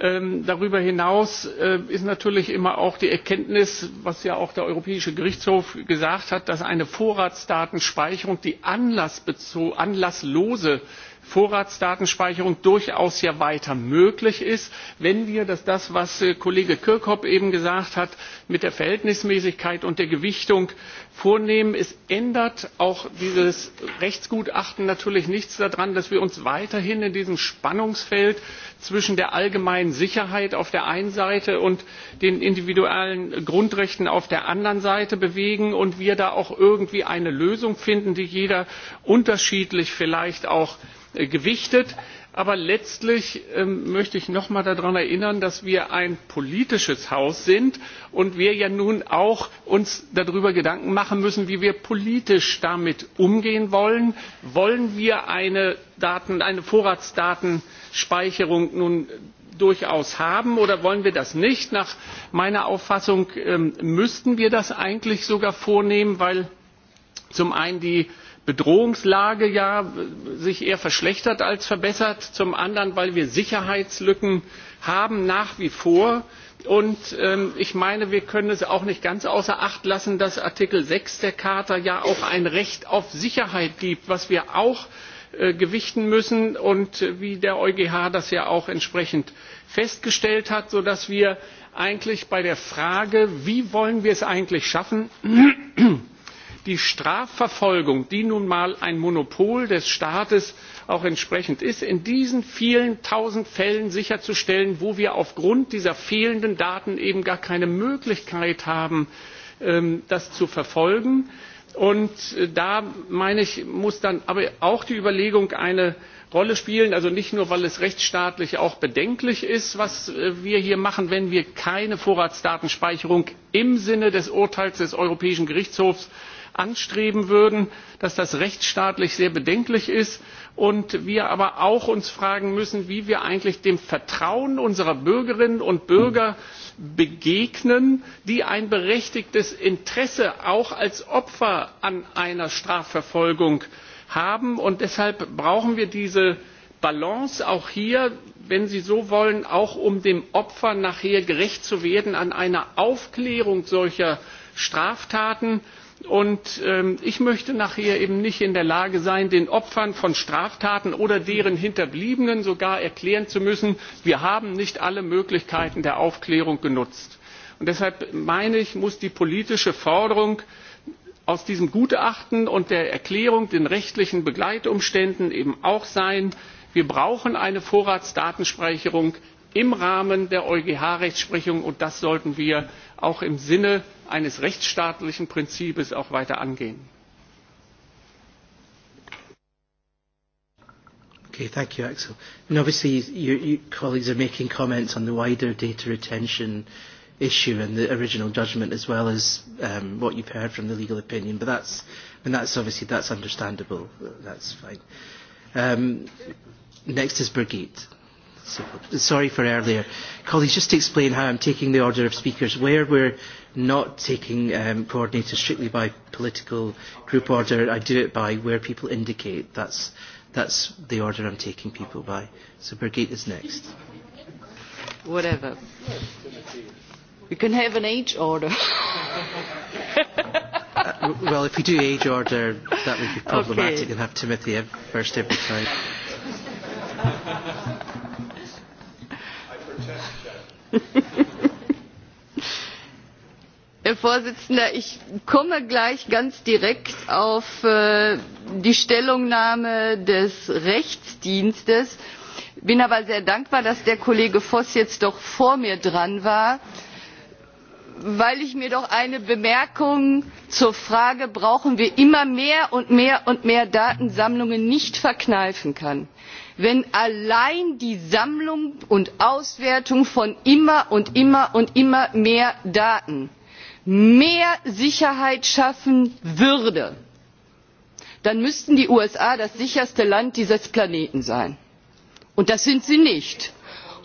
Ähm, darüber hinaus äh, ist natürlich immer auch die erkenntnis was ja auch der europäische gerichtshof gesagt hat dass eine vorratsdatenspeicherung die anlasslose vorratsdatenspeicherung durchaus ja weiter möglich ist wenn wir das was äh, kollege kirkhope eben gesagt hat mit der verhältnismäßigkeit und der gewichtung vornehmen. es ändert auch dieses rechtsgutachten natürlich nichts daran dass wir uns weiterhin in diesem spannungsfeld zwischen der allgemeinen sicherheit auf der einen seite und den individuellen grundrechten auf der anderen seite bewegen und wir da auch irgendwie eine lösung finden die jeder unterschiedlich vielleicht auch Äh, gewichtet. aber letztlich ähm, möchte ich noch einmal daran erinnern dass wir ein politisches haus sind und wir uns ja nun auch darüber gedanken machen müssen wie wir politisch damit umgehen wollen. wollen wir eine vorratsdatenspeicherung nun durchaus haben oder wollen wir das nicht? nach meiner auffassung ähm, müssten wir das eigentlich sogar vornehmen weil zum einen bedrohungslage sich eher verschlechtert als verbessert zum anderen weil wir sicherheitslücken haben nach wie vor und ähm, ich meine wir können es auch nicht ganz außer acht lassen dass artikel sechs der charta ja auch ein recht auf sicherheit gibt was wir auch äh, gewichten müssen und äh, wie der eugh das ja auch entsprechend festgestellt hat sodass wir eigentlich bei der frage wie wollen wir es eigentlich schaffen die strafverfolgung die nun mal ein monopol des staates auch entsprechend ist in diesen vielen tausend fällen sicherzustellen wo wir aufgrund dieser fehlenden daten eben gar keine möglichkeit haben ähm, das zu verfolgen. und äh, da meine ich muss dann aber auch die überlegung eine rolle spielen also nicht nur weil es rechtsstaatlich auch bedenklich ist was äh, wir hier machen wenn wir keine vorratsdatenspeicherung im sinne des urteils des europäischen gerichtshofs anstreben würden dass das rechtsstaatlich sehr bedenklich ist und wir aber auch uns fragen müssen wie wir eigentlich dem vertrauen unserer bürgerinnen und bürger begegnen die ein berechtigtes interesse auch als opfer an einer strafverfolgung haben. Und deshalb brauchen wir diese balance auch hier wenn sie so wollen auch um dem opfer nachher gerecht zu werden an einer aufklärung solcher straftaten und ähm, ich möchte nachher eben nicht in der lage sein den opfern von straftaten oder deren hinterbliebenen sogar erklären zu müssen wir haben nicht alle möglichkeiten der aufklärung genutzt. deshalb meine ich muss die politische forderung aus diesem gutachten und der erklärung den rechtlichen begleitumständen eben auch sein wir brauchen eine vorratsdatenspeicherung im rahmen der eugh rechtsprechung und das sollten wir auch im sinne eines rechtsstaatlichen prinzips weiter angehen. Okay, thank you, Axel. And obviously, your, colleagues are making comments on the wider data retention issue and the original judgment, as well as um, what you've heard from the legal opinion. But that's, and that's obviously that's understandable. That's fine. Um, next is Brigitte. So, sorry for earlier. Colleagues, just to explain how I'm taking the order of speakers, where we're not taking um, coordinators strictly by political group order, I do it by where people indicate. That's, that's the order I'm taking people by. So Birgit is next. Whatever. We can have an age order. uh, well, if we do age order, that would be problematic okay. and have Timothy first every time. [LAUGHS] herr präsident! ich komme gleich ganz direkt auf äh, die stellungnahme des rechtsdienstes bin aber sehr dankbar dass der kollege voss jetzt doch vor mir dran war weil ich mir doch eine bemerkung zur frage brauchen wir immer mehr und mehr und mehr datensammlungen nicht verkneifen kann wenn allein die sammlung und auswertung von immer und immer und immer mehr daten mehr sicherheit schaffen würde dann müssten die usa das sicherste land dieses planeten sein. und das sind sie nicht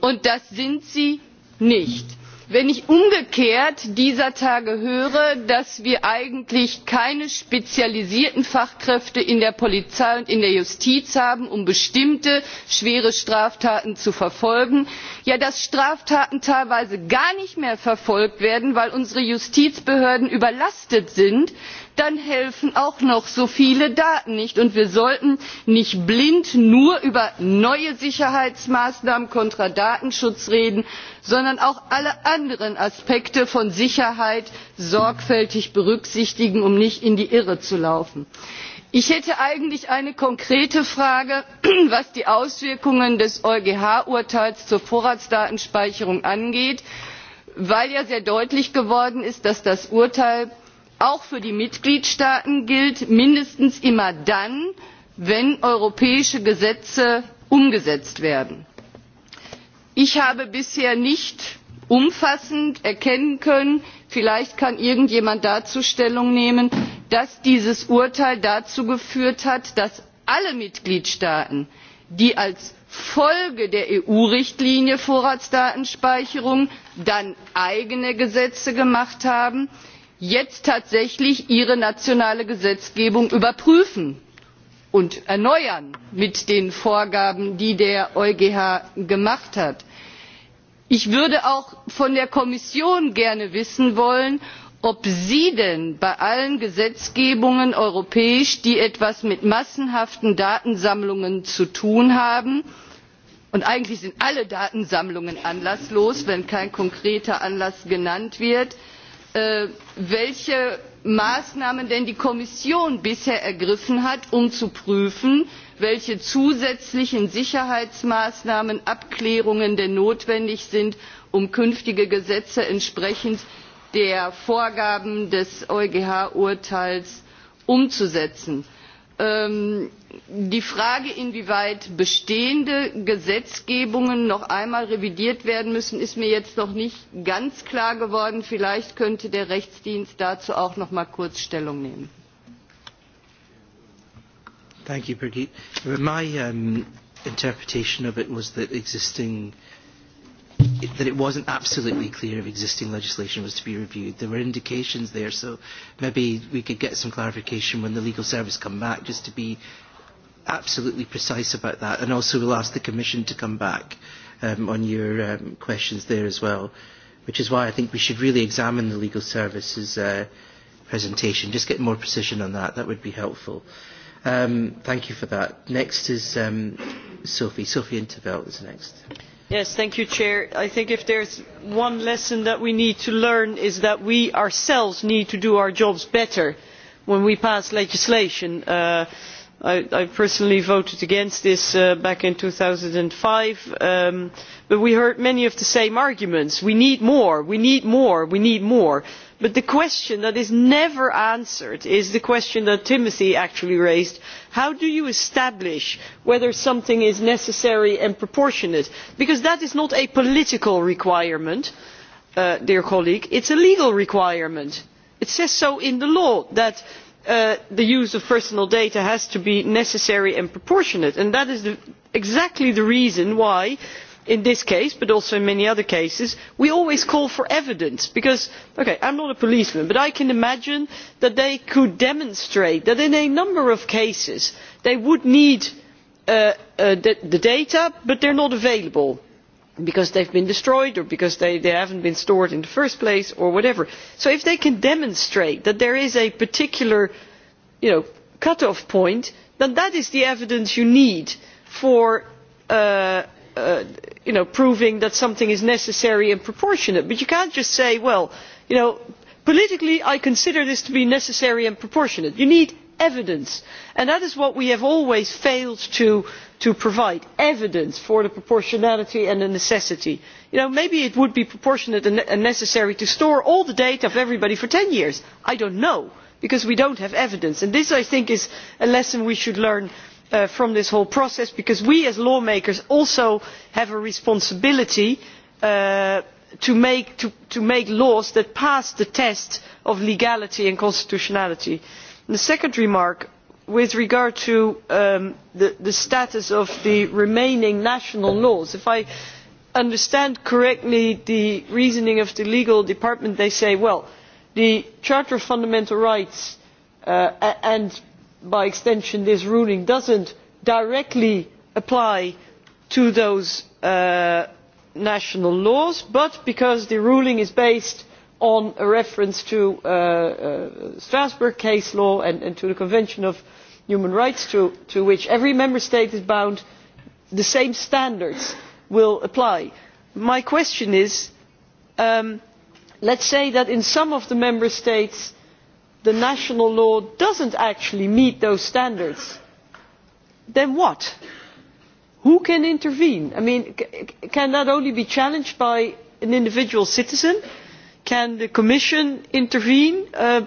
und das sind sie nicht wenn ich umgekehrt dieser tage höre dass wir eigentlich keine spezialisierten fachkräfte in der polizei und in der justiz haben um bestimmte schwere straftaten zu verfolgen ja dass straftaten teilweise gar nicht mehr verfolgt werden weil unsere justizbehörden überlastet sind dann helfen auch noch so viele daten nicht und wir sollten nicht blind nur über neue sicherheitsmaßnahmen kontra datenschutz reden sondern auch alle anderen aspekte von sicherheit sorgfältig berücksichtigen um nicht in die irre zu laufen. ich hätte eigentlich eine konkrete frage [CLEARS THROAT] was die auswirkungen des eugh urteils zur vorratsdatenspeicherung angeht weil ja sehr deutlich geworden ist dass das urteil auch für die mitgliedstaaten gilt mindestens immer dann wenn europäische gesetze umgesetzt werden. ich habe bisher nicht umfassend erkennen können vielleicht kann irgendjemand dazu stellung nehmen dass dieses urteil dazu geführt hat dass alle mitgliedstaaten die als folge der eu richtlinie vorratsdatenspeicherung dann eigene gesetze gemacht haben jetzt tatsächlich ihre nationale gesetzgebung überprüfen und erneuern mit den vorgaben die der eugh gemacht hat. ich würde auch von der kommission gerne wissen wollen ob sie denn bei allen gesetzgebungen europäisch die etwas mit massenhaften datensammlungen zu tun haben und eigentlich sind alle datensammlungen anlasslos wenn kein konkreter anlass genannt wird Äh, welche maßnahmen denn die kommission bisher ergriffen hat um zu prüfen welche zusätzlichen sicherheitsmaßnahmen und abklärungen denn notwendig sind um künftige gesetze entsprechend den vorgaben des eugh urteils umzusetzen. Ähm, die frage inwieweit bestehende gesetzgebungen noch einmal revidiert werden müssen ist mir jetzt noch nicht ganz klar geworden. vielleicht könnte der rechtsdienst dazu auch noch einmal kurz stellung nehmen. Thank My um, interpretation of it was that existing that it wasn't absolutely clear if existing legislation was to be reviewed. There were indications there, so maybe we could get some clarification when the legal service come back, just to be absolutely precise about that. And also we'll ask the Commission to come back um, on your um, questions there as well, which is why I think we should really examine the legal services uh, presentation. Just get more precision on that. That would be helpful. Um, thank you for that. Next is um, Sophie. Sophie Intervelt is next. Yes, thank you, Chair. I think if there is one lesson that we need to learn is that we ourselves need to do our jobs better when we pass legislation. Uh, i, personally voted against this uh, back in two thousand and five um, but we heard many of the same arguments we need more we need more we need more but the question that is never answered is the question that timothy actually raised how do you establish whether something is necessary and proportionate because that is not a political requirement uh, dear colleague it is a legal requirement. it says so in the law that Uh, the use of personal data has to be necessary and proportionate and that is exactly the reason why in this case but also in many other cases we always call for evidence because okay, i am not a policeman but i can imagine that they could demonstrate that in a number of cases they would need uh, uh, the, the data but they are not available because they have been destroyed or because they, they have not been stored in the first place or whatever. so if they can demonstrate that there is a particular cut off point then that is the evidence you need for uh, uh, proving that something is necessary and proportionate. but you cannot just say well politically i consider this to be necessary and proportionate'. you need evidence and that is what we have always failed to, provide evidence for the proportionality and the necessity. maybe it would be proportionate and necessary to store all the data of everybody for ten years i do not know because we do not have evidence and this i think is a lesson we should learn uh, from this whole process because we as lawmakers also have a responsibility uh, to make laws that pass the test of legality and constitutionality the second remark with regard to um, the, status of the remaining national laws if i understand correctly the reasoning of the legal department they say well the charter of fundamental rights uh, and by extension this ruling does not directly apply to those uh, national laws but because the ruling is based on a reference to uh, uh, strasbourg case law and, to the convention of human rights to, which every member state is bound the same standards will apply. my question is um, let us say that in some of the member states the national law does not actually meet those standards then what? who can intervene? I mean, can that only be challenged by an individual citizen? can the commission intervene? Uh,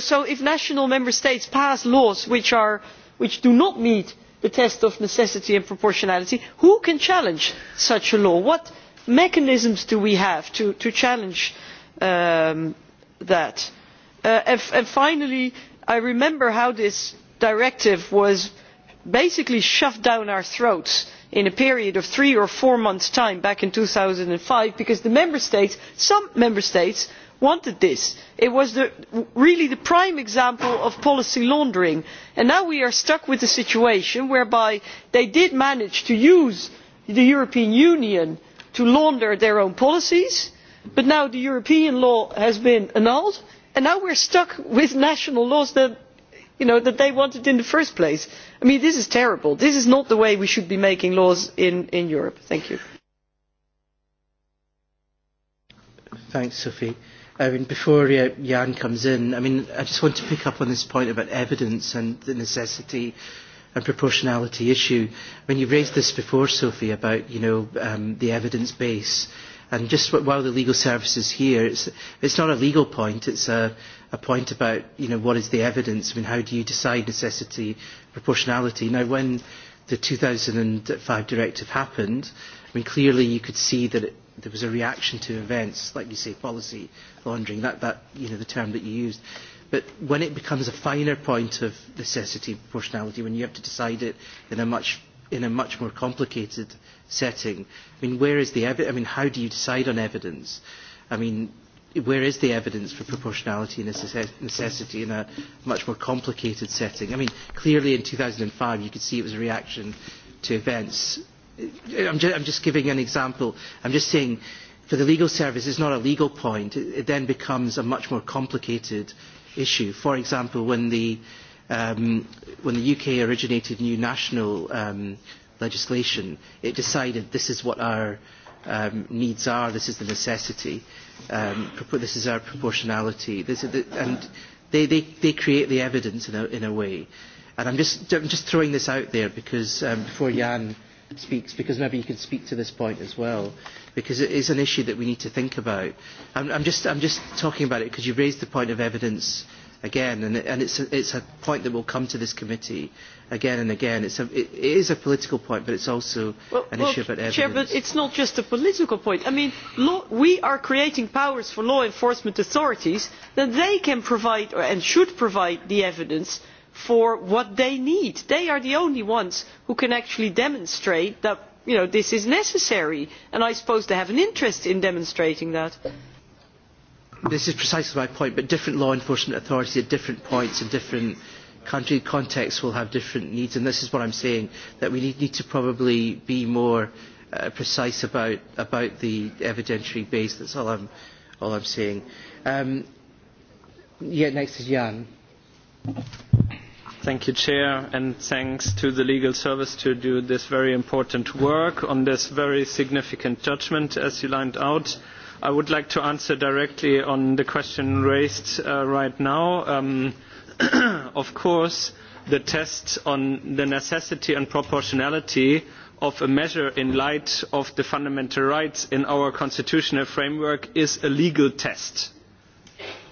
so if national member states pass laws which, do not meet the test of necessity and proportionality who can challenge such a law? what mechanisms do we have to, challenge um, that? Uh, finally i remember how this directive was basically shoved down our throats in a period of three or four months' time back in two thousand and five because member states, some member states wanted this. it was really the prime example of policy laundering and now we are stuck with a situation whereby they did manage to use the european union to launder their own policies but now european law has been annulled and now we are stuck with national laws that that they wanted in the first place. this is terrible. This is not the way we should be making laws in, Europe. Thank you. Thanks, Sophie. I mean, before uh, Jan comes in, I mean, I just want to pick up on this point about evidence and the necessity and proportionality issue. I mean, you raised this before, Sophie, about you know um, the evidence base, and just while the legal service is here, it's it's not a legal point; it's a a point about, you know, what is the evidence? I mean, how do you decide necessity, proportionality? Now, when the 2005 directive happened, I mean, clearly you could see that it, there was a reaction to events, like you say, policy laundering, that, that, you know, the term that you used. But when it becomes a finer point of necessity proportionality, when you have to decide it in a much, in a much more complicated setting, I mean, where is the evidence? I mean, how do you decide on evidence? I mean, where is the evidence for proportionality and necessity in a much more complicated setting? I mean, clearly in 2005 you could see it was a reaction to events. I'm, ju- I'm just giving an example. I'm just saying for the legal service it's not a legal point. It, it then becomes a much more complicated issue. For example, when the, um, when the UK originated new national um, legislation, it decided this is what our um, needs are. This is the necessity. Um, this is our proportionality. This is the, and they, they, they create the evidence in a, in a way. And I'm just, I'm just throwing this out there because um, before Jan speaks, because maybe you can speak to this point as well, because it is an issue that we need to think about. I'm, I'm, just, I'm just talking about it because you raised the point of evidence again, and, it is a, point that will come to this committee again and again. It's a, it, is a political point, but it is also well, an well, issue about evidence. Chair, but is not just a political point. I mean, law, we are creating powers for law enforcement authorities that they can provide and should provide the evidence for what they need. They are the only ones who can actually demonstrate that you know, this is necessary, and I suppose they have an interest in demonstrating that this is precisely my point, but different law enforcement authorities at different points in different country contexts will have different needs, and this is what I'm saying, that we need, need to probably be more uh, precise about, about the evidentiary base. That's all I'm, all I'm saying. Um, yeah, next is Jan. Thank you, Chair, and thanks to the legal service to do this very important work on this very significant judgment as you lined out. I would like to answer directly on the question raised uh, right now. Um, [CLEARS THROAT] of course, the test on the necessity and proportionality of a measure in light of the fundamental rights in our constitutional framework is a legal test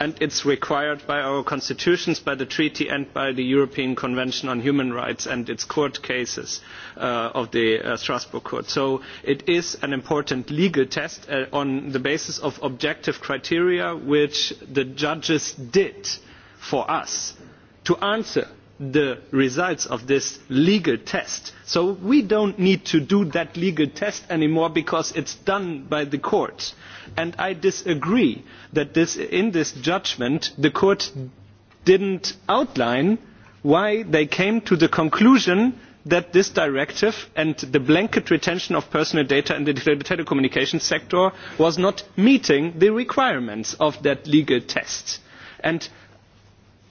and it's required by our constitutions, by the treaty and by the European Convention on Human Rights and its court cases uh, of the uh, Strasbourg Court. So it is an important legal test uh, on the basis of objective criteria which the judges did for us to answer the results of this legal test. So we don't need to do that legal test anymore because it's done by the court. And I disagree that in this judgment the court didn't outline why they came to the conclusion that this directive and the blanket retention of personal data in the telecommunications sector was not meeting the requirements of that legal test. And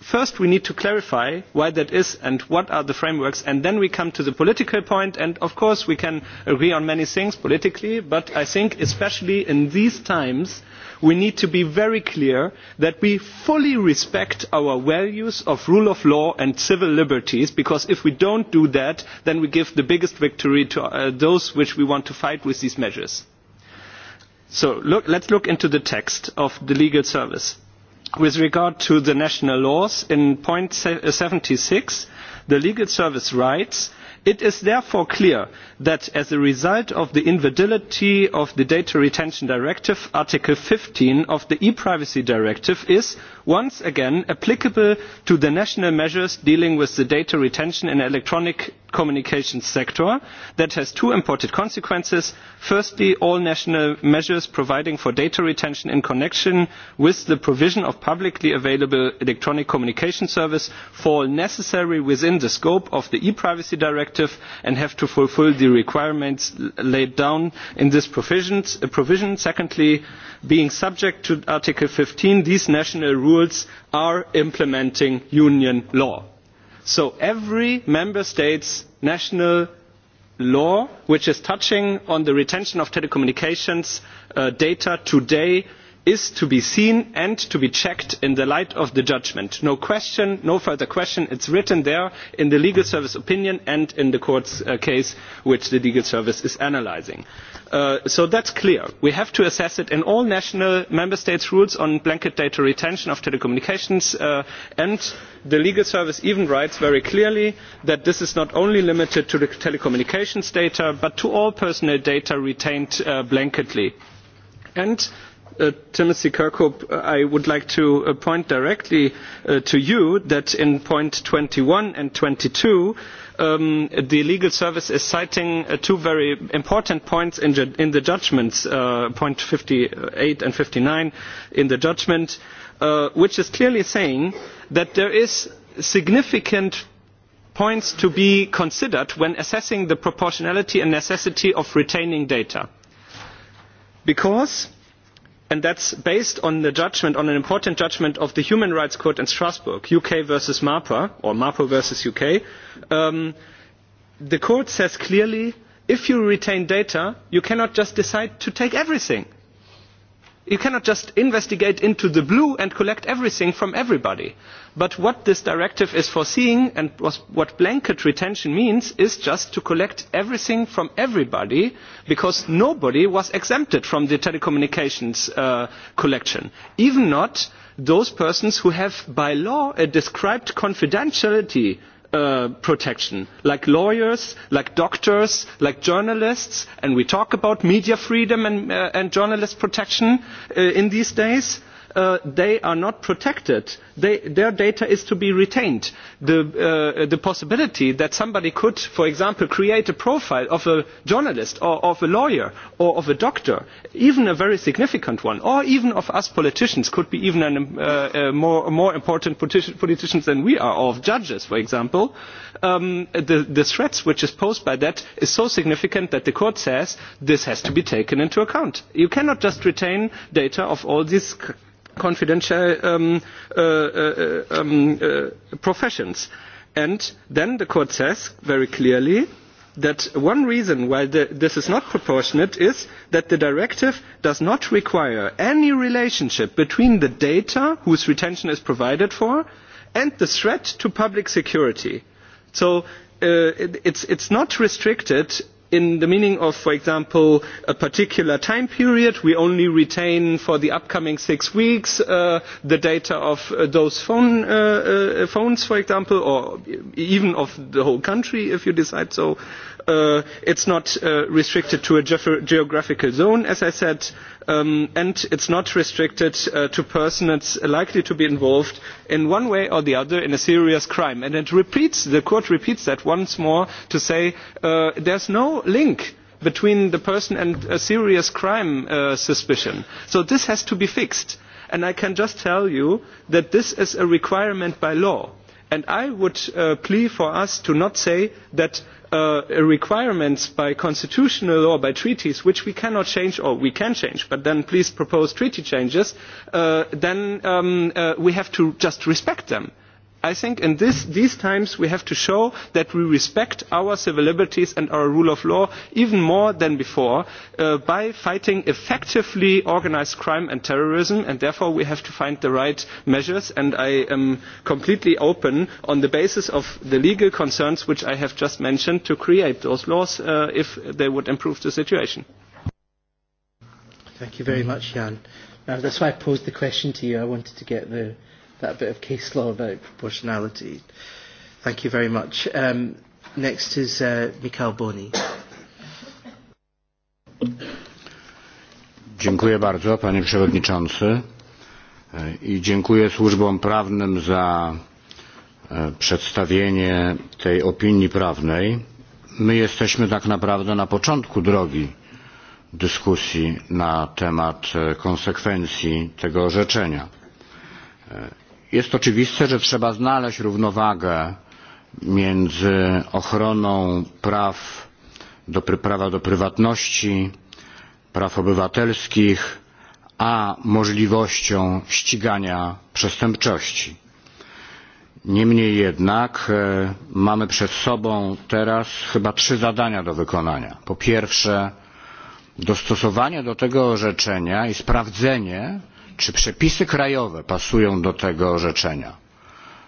first we need to clarify why that is and what the frameworks are and then we come to the political point and of course we can agree on many things politically but i think especially in these times we need to be very clear that we fully respect our values of rule of law and civil liberties because if we do not do that then we give the biggest victory to uh, those which we want to fight with these measures. so let us look into the text of the legal service with regard to the national laws in point uh, seventy six the legal service writes it is therefore clear that as a result of the invalidity of the data retention directive article fifteen of the eprivacy directive is once again applicable to the national measures dealing with the data retention in the electronic communications sector that has two important consequences firstly all national measures providing for data retention in connection with the provision of publicly available electronic communication service fall necessarily within the scope of the eprivacy directive and have to fulfil the requirements laid down in this provision. secondly being subject to article fifteen these national rules are implementing union law. So every member state's national law which is touching on the retention of telecommunications uh, data today is to be seen and to be checked in the light of the judgment. no question no further question it is written there in the legal service opinion and in the court's uh, case which the legal service is analysing. Uh, so that is clear. we have to assess it in all national member states' rules on blanket data retention of telecommunications uh, and the legal service even writes very clearly that this is not only limited to the telecommunications data but to all personal data retained blanketly. And Uh, Timothy Kirkhope, uh, I would like to uh, point directly to you that in point 21 and 22, two um, the legal service is citing two very important points in, the judgments, paragraphs point 58 and 59 in the judgment, which is clearly saying that there is significant points to be considered when assessing the proportionality and necessity of retaining data because and that is based on the judgment, on an important judgment of the Human Rights Court in Strasbourg, UK versus marpa or marpa versus UK. Um, the court says clearly, if you retain data, you cannot just decide to take everything you cannot just investigate into the blue and collect everything from everybody. But what this directive is foreseeing and what blanket retention means is just to collect everything from everybody because nobody was exempted from the telecommunications uh, collection. Even not those persons who have by law a described confidentiality Uh, protection like lawyers like doctors like journalists and we talk about media freedom and, uh, and journalist protection uh, in these days Uh, they are not protected. They, their data is to be retained. The, uh, the possibility that somebody could, for example, create a profile of a journalist or of a lawyer or of a doctor, even a very significant one, or even of us politicians, could be even an, uh, uh more, more important politicians than we are, or of judges, for example, um, the, the threats which is posed by that is so significant that the court says this has to be taken into account. You cannot just retain data of all these confidential um, uh, uh, um, uh, professions. And then the court says very clearly that one reason why the, this is not proportionate is that the directive does not require any relationship between the data whose retention is provided for and the threat to public security. So uh, it, it's, it's not restricted in the meaning of for example a particular time period we only retain for the upcoming six weeks uh, the data of uh, those uh, phones for example or even of the whole country if you decide so it it's not restricted to a geographical zone as i said Um, and it is not restricted uh, to persons likely to be involved in one way or the other in a serious crime. And it repeats, the court repeats that once more to say uh, there is no link between the person and a serious crime uh, suspicion. So this has to be fixed. And I can just tell you that this is a requirement by law. And I would plead for us not to say that Uh, requirements by constitutional law, by treaties, which we cannot change, or we can change, but then please propose treaty changes, uh, then um, uh, we have to just respect them i think in this, these times we have to show that we respect our civil liberties and our rule of law even more than before uh, by fighting effectively organised crime and terrorism and therefore we have to find the right measures and I am completely open on the basis of the legal concerns which I have just mentioned to create those laws uh, if they would improve the situation. Thank you very much, Jan. Now, that's why I posed the question to you. I wanted to get the that bit of case law about proportionality. Thank you very much. Um, next is uh, Mikhail Boni. Dziękuję bardzo, panie przewodniczący. I dziękuję służbom prawnym za e, przedstawienie tej opinii prawnej. My jesteśmy tak naprawdę na początku drogi dyskusji na temat e, konsekwencji tego orzeczenia e, jest oczywiste, że trzeba znaleźć równowagę między ochroną praw do, prawa do prywatności, praw obywatelskich, a możliwością ścigania przestępczości. Niemniej jednak e, mamy przed sobą teraz chyba trzy zadania do wykonania. Po pierwsze, dostosowanie do tego orzeczenia i sprawdzenie, Czy przepisy krajowe pasują do tego orzeczenia?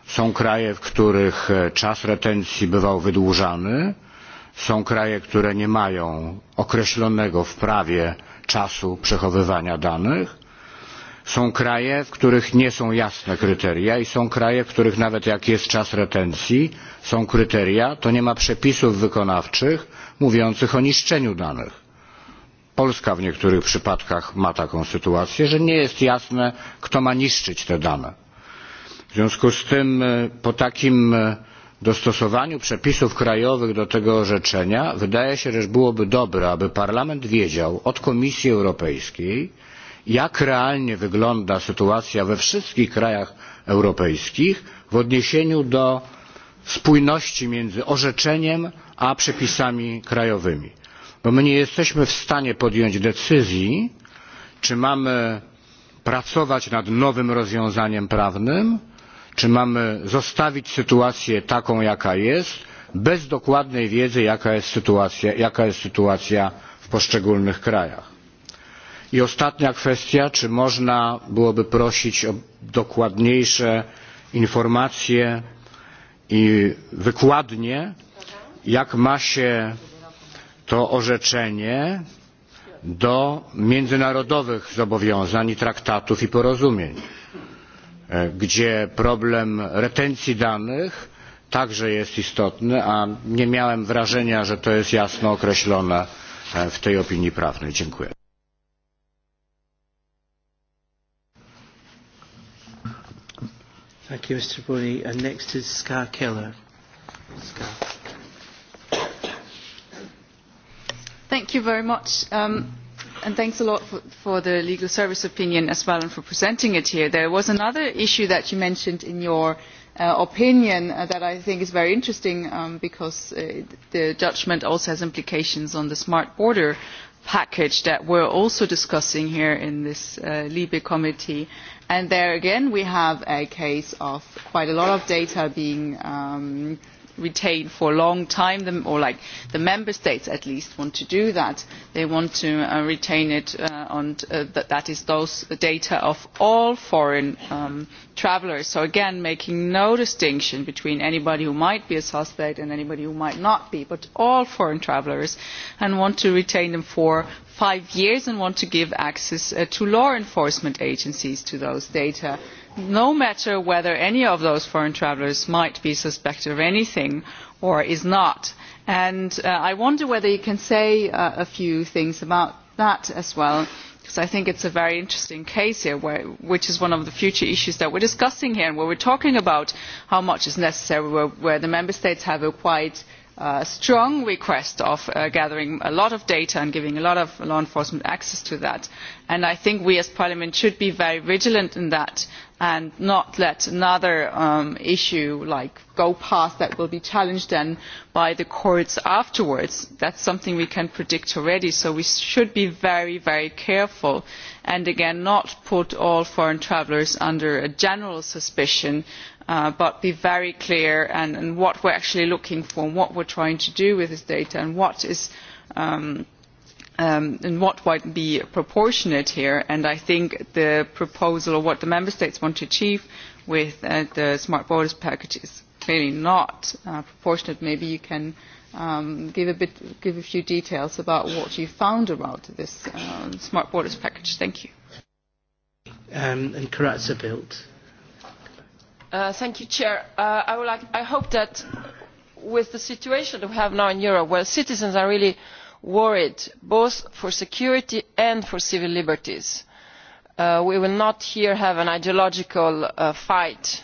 Są kraje, w których e, czas retencji bywał wydłużany, są kraje, które nie mają określonego w prawie czasu przechowywania danych, są kraje, w których nie są jasne kryteria i są kraje, w których nawet jak jest czas retencji, są kryteria, to nie ma przepisów wykonawczych mówiących o niszczeniu danych. Polska w niektórych przypadkach ma taką sytuację, że nie jest jasne, kto ma niszczyć te dane. W związku z tym e, po takim e, dostosowaniu przepisów krajowych do tego orzeczenia wydaje się, że byłoby dobre, aby Parlament wiedział od Komisji Europejskiej, jak realnie wygląda sytuacja we wszystkich krajach europejskich w odniesieniu do spójności między orzeczeniem a przepisami krajowymi bo my nie jesteśmy w stanie podjąć decyzji czy mamy pracować nad nowym rozwiązaniem prawnym czy mamy zostawić sytuację taką jaka jest bez dokładnej wiedzy jaka jest sytuacja, jaka jest sytuacja w poszczególnych krajach. i ostatnia kwestia czy można byłoby prosić o dokładniejsze informacje i wykładnie jak ma się to orzeczenie do międzynarodowych zobowiązań i traktatów i porozumień e, gdzie problem retencji danych także jest istotny a nie miałem wrażenia że to jest jasno określone e, w tej opinii prawnej. dziękuję. Thank you, Mr. Boney. And next is Ska Keller. Ska. Thank you very much. Um, and thanks a lot for, for the legal service opinion as well and for presenting it here. There was another issue that you mentioned in your uh, opinion uh, that I think is very interesting um, because uh, the judgment also has implications on the smart border package that we're also discussing here in this uh, Libe committee. And there again we have a case of quite a lot of data being um, retain for a long time or like the member states at least want to do that they want to uh, retain it and uh, uh, that is those data of all foreign um, travellers so again making no distinction between anybody who might be a suspect and anybody who might not be but all foreign travellers and want to retain them for five years and want to give access to law enforcement agencies to those data no matter whether any of those foreign travellers might be suspected of anything or is not. And uh, I wonder whether you can say uh, a few things about that as well, because I think it's a very interesting case here, where, which is one of the future issues that we're discussing here, and where we're talking about how much is necessary, where, where the member states have a quite strong request of uh, gathering a lot of data and giving a lot of law enforcement access to that. And I think we as Parliament should be very vigilant in that and not let another um, issue like go past that will be challenged then by the courts afterwards. That's something we can predict already, so we should be very, very careful and again not put all foreign travellers under a general suspicion Uh, but be very clear on what we are actually looking for and what we are trying to do with this data um, um, and what might be proportionate here. And I think the proposal of what the member states want to achieve with uh, the smart borders package is clearly not uh, proportionate. Maybe you can um, give a bit, give a few details about what you found about this um, smart borders package. Thank you. Um, and Karatza built. Uh, uh, I, hope that with the situation we have now in Europe, where citizens are really worried both for security and for civil liberties, uh, we will not here have an ideological fight,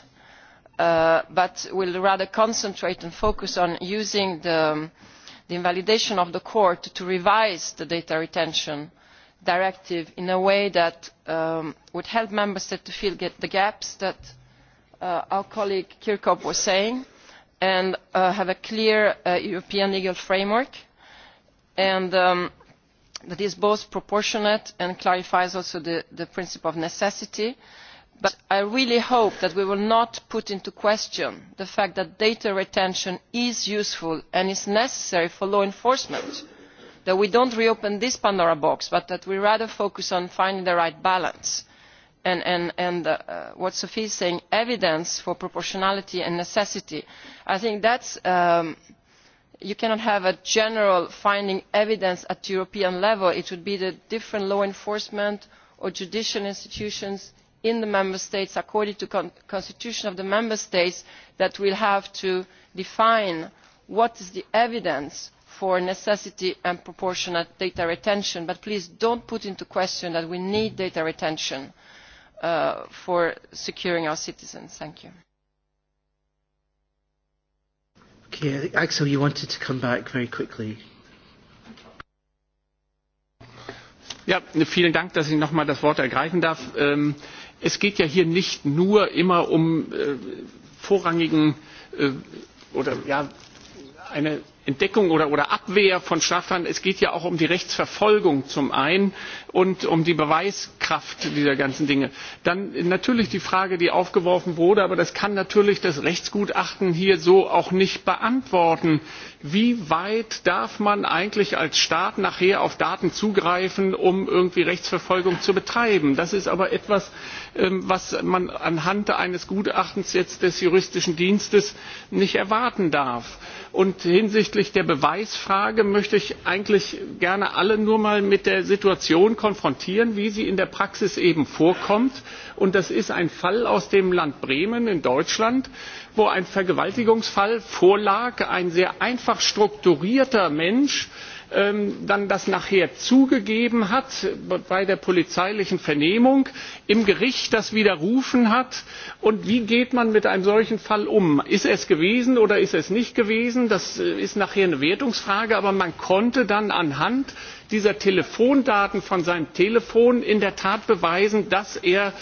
but will rather concentrate and focus on using um, the, invalidation of the court to revise the data retention directive in a way that um, would help member states to fill the gaps that Uh, our colleague kirkhope was saying and uh, have a clear uh, european legal framework um, that is both proportionate and clarifies also the, the principle of necessity but i really hope that we will not call into question the fact that data retention is useful and is necessary for law enforcement that we do not reopen this pandora's box but that we rather focus on finding the right balance and, and, and uh, what sophie is saying evidence for proportionality and necessity i think that um, you cannot have a general finding evidence at european level it would be the different law enforcement or judicial institutions in the member states according to the con constitution of the member states that will have to define what is the evidence for necessity and proportionate data retention but please do not call into question that we need data retention uh, for securing our citizens. Thank you. Okay, Axel, you wanted to come back very quickly. Ja, vielen Dank, dass ich nochmal das Wort ergreifen darf. Ähm, es geht ja hier nicht nur immer um äh, vorrangigen äh, oder ja, eine entdeckung oder, abwehr von straftaten es geht ja auch um die rechtsverfolgung zum einen und um die beweiskraft dieser ganzen dinge. dann natürlich die frage die aufgeworfen wurde aber das kann natürlich das rechtsgutachten hier so auch nicht beantworten wie weit darf man eigentlich als staat nachher auf daten zugreifen um irgendwie rechtsverfolgung zu betreiben? das ist aber etwas ähm, was man anhand eines gutachtens jetzt des juristischen dienstes nicht erwarten darf. und hinsichtlich hinsichtlich der beweisfrage möchte ich eigentlich gerne alle nur mal mit der situation konfrontieren wie sie in der praxis eben vorkommt und das ist ein fall aus dem land bremen in deutschland wo ein vergewaltigungsfall vorlag ein sehr einfach strukturierter mensch Ähm, dann das nachher zugegeben hat bei der polizeilichen vernehmung im gericht das widerrufen hat und wie geht man mit einem solchen fall um? ist er es gewesen oder ist er es nicht gewesen? das äh, ist nachher eine wertungsfrage aber man konnte dann anhand dieser telefondaten von seinem telefon in der tat beweisen dass er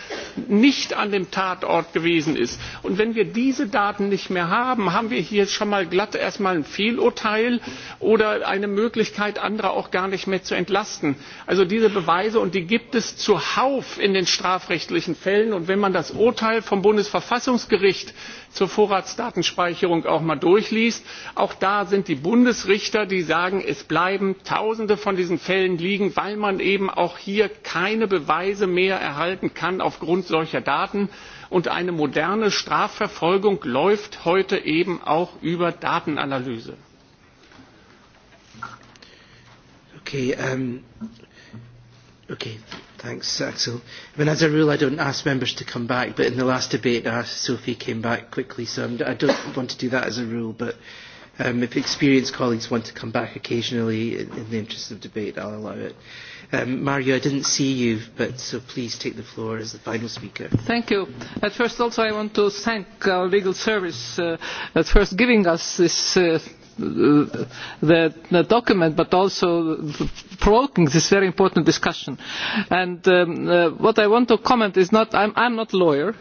nicht an dem tatort gewesen ist. wenn wir diese daten nicht mehr haben haben wir hier schon mal glatt erst mal ein fehlurteil oder eine möglichkeit andere auch gar nicht mehr zu entlasten. also diese beweise und die gibt es zuhauf in den strafrechtlichen fällen und wenn man das urteil vom bundesverfassungsgericht zur vorratsdatenspeicherung auch mal durchliest auch da sind die bundesrichter die sagen es bleiben tausende von diesen fällen liegen weil man eben auch hier keine beweise mehr erhalten kann aufgrund solcher daten und eine moderne strafverfolgung läuft heute eben auch über datenanalyse. Ähm, Thanks, Axel. I mean, as a rule, I don't ask members to come back, but in the last debate, uh, Sophie came back quickly, so I'm, I don't want to do that as a rule. But um, if experienced colleagues want to come back occasionally in, in the interest of debate, I'll allow it. Um, Mario, I didn't see you, but so please take the floor as the final speaker. Thank you. At first, also, I want to thank our legal service uh, at first giving us this uh, Uh, the, the document but also provoking this very important discussion. And um, uh, what I want to comment is not, I'm, I'm not a lawyer,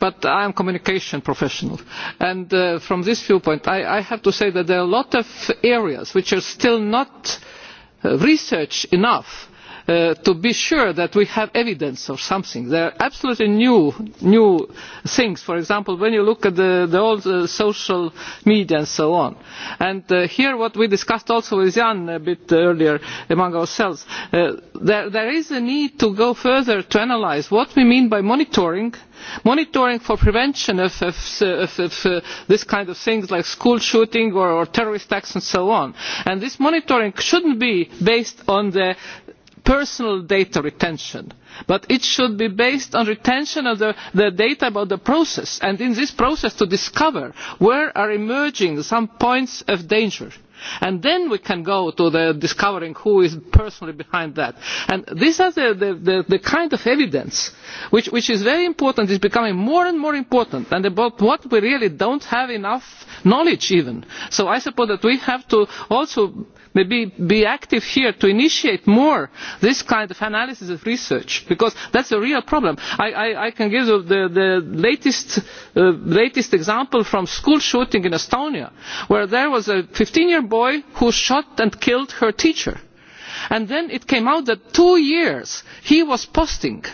but I'm a communication professional. And uh, from this viewpoint, I, I have to say that there are a lot of areas which are still not uh, researched enough Uh, to be sure that we have evidence of something. There are absolutely new, things. For example, when you look at the, old uh, social media and so on. And uh, here what we discussed also with Jan a bit earlier among ourselves, there, is a need to go further to analyse what we mean by monitoring monitoring for prevention of, of, of, of uh, this kind of things like school shooting or, or terrorist attacks and so on. And this monitoring should not be based on the personal data retention but it should be based on retention of the, the data about the process and in this process to discover where are emerging some points of danger and then we can go to the discovering who is personally behind that. And these are the, the, the, the kind of evidence which, which is very important, is becoming more and more important, and about what we really don't have enough knowledge even. So I suppose that we have to also maybe be active here to initiate more this kind of analysis of research, because that's a real problem. I, I, I can give you the, the latest, uh, latest example from school shooting in Estonia, where there was a 15-year boy who shot and killed her teacher and then it came out that for two years he was posting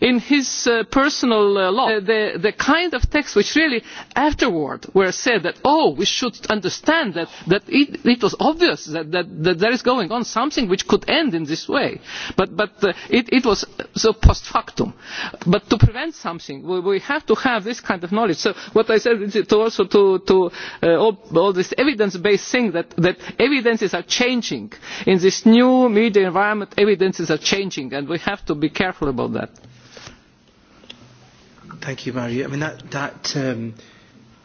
in his uh, personal uh, law uh, the, the kind of texts which really afterward were said that oh we should understand that, that it, it was obvious that, that, that there is going on something which could end in this way but, but uh, it, it was so post factum but to prevent something we, we have to have this kind of knowledge so what I said is to also to, to uh, all, all this evidence based thing that, that evidences are changing in this new media environment evidences are changing and we have to be careful about that. Thank you, Mario. I mean, that, that um,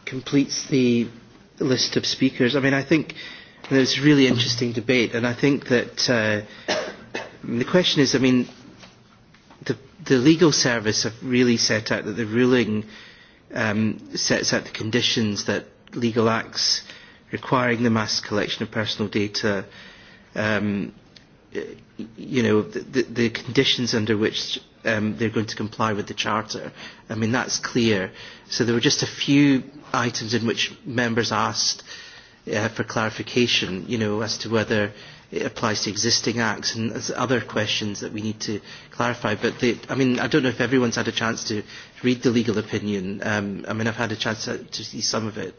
completes the list of speakers. I mean, I think it's a really interesting debate, and I think that uh, I mean, the question is, I mean, the, the legal service have really set out that the ruling um, sets out the conditions that legal acts requiring the mass collection of personal data, um, you know, the, the, the conditions under which um, they're going to comply with the Charter. I mean, that's clear. So there were just a few items in which members asked uh, for clarification, you know, as to whether it applies to existing acts and other questions that we need to clarify. But they, I mean, I don't know if everyone's had a chance to read the legal opinion. Um, I mean, I've had a chance to, to see some of it.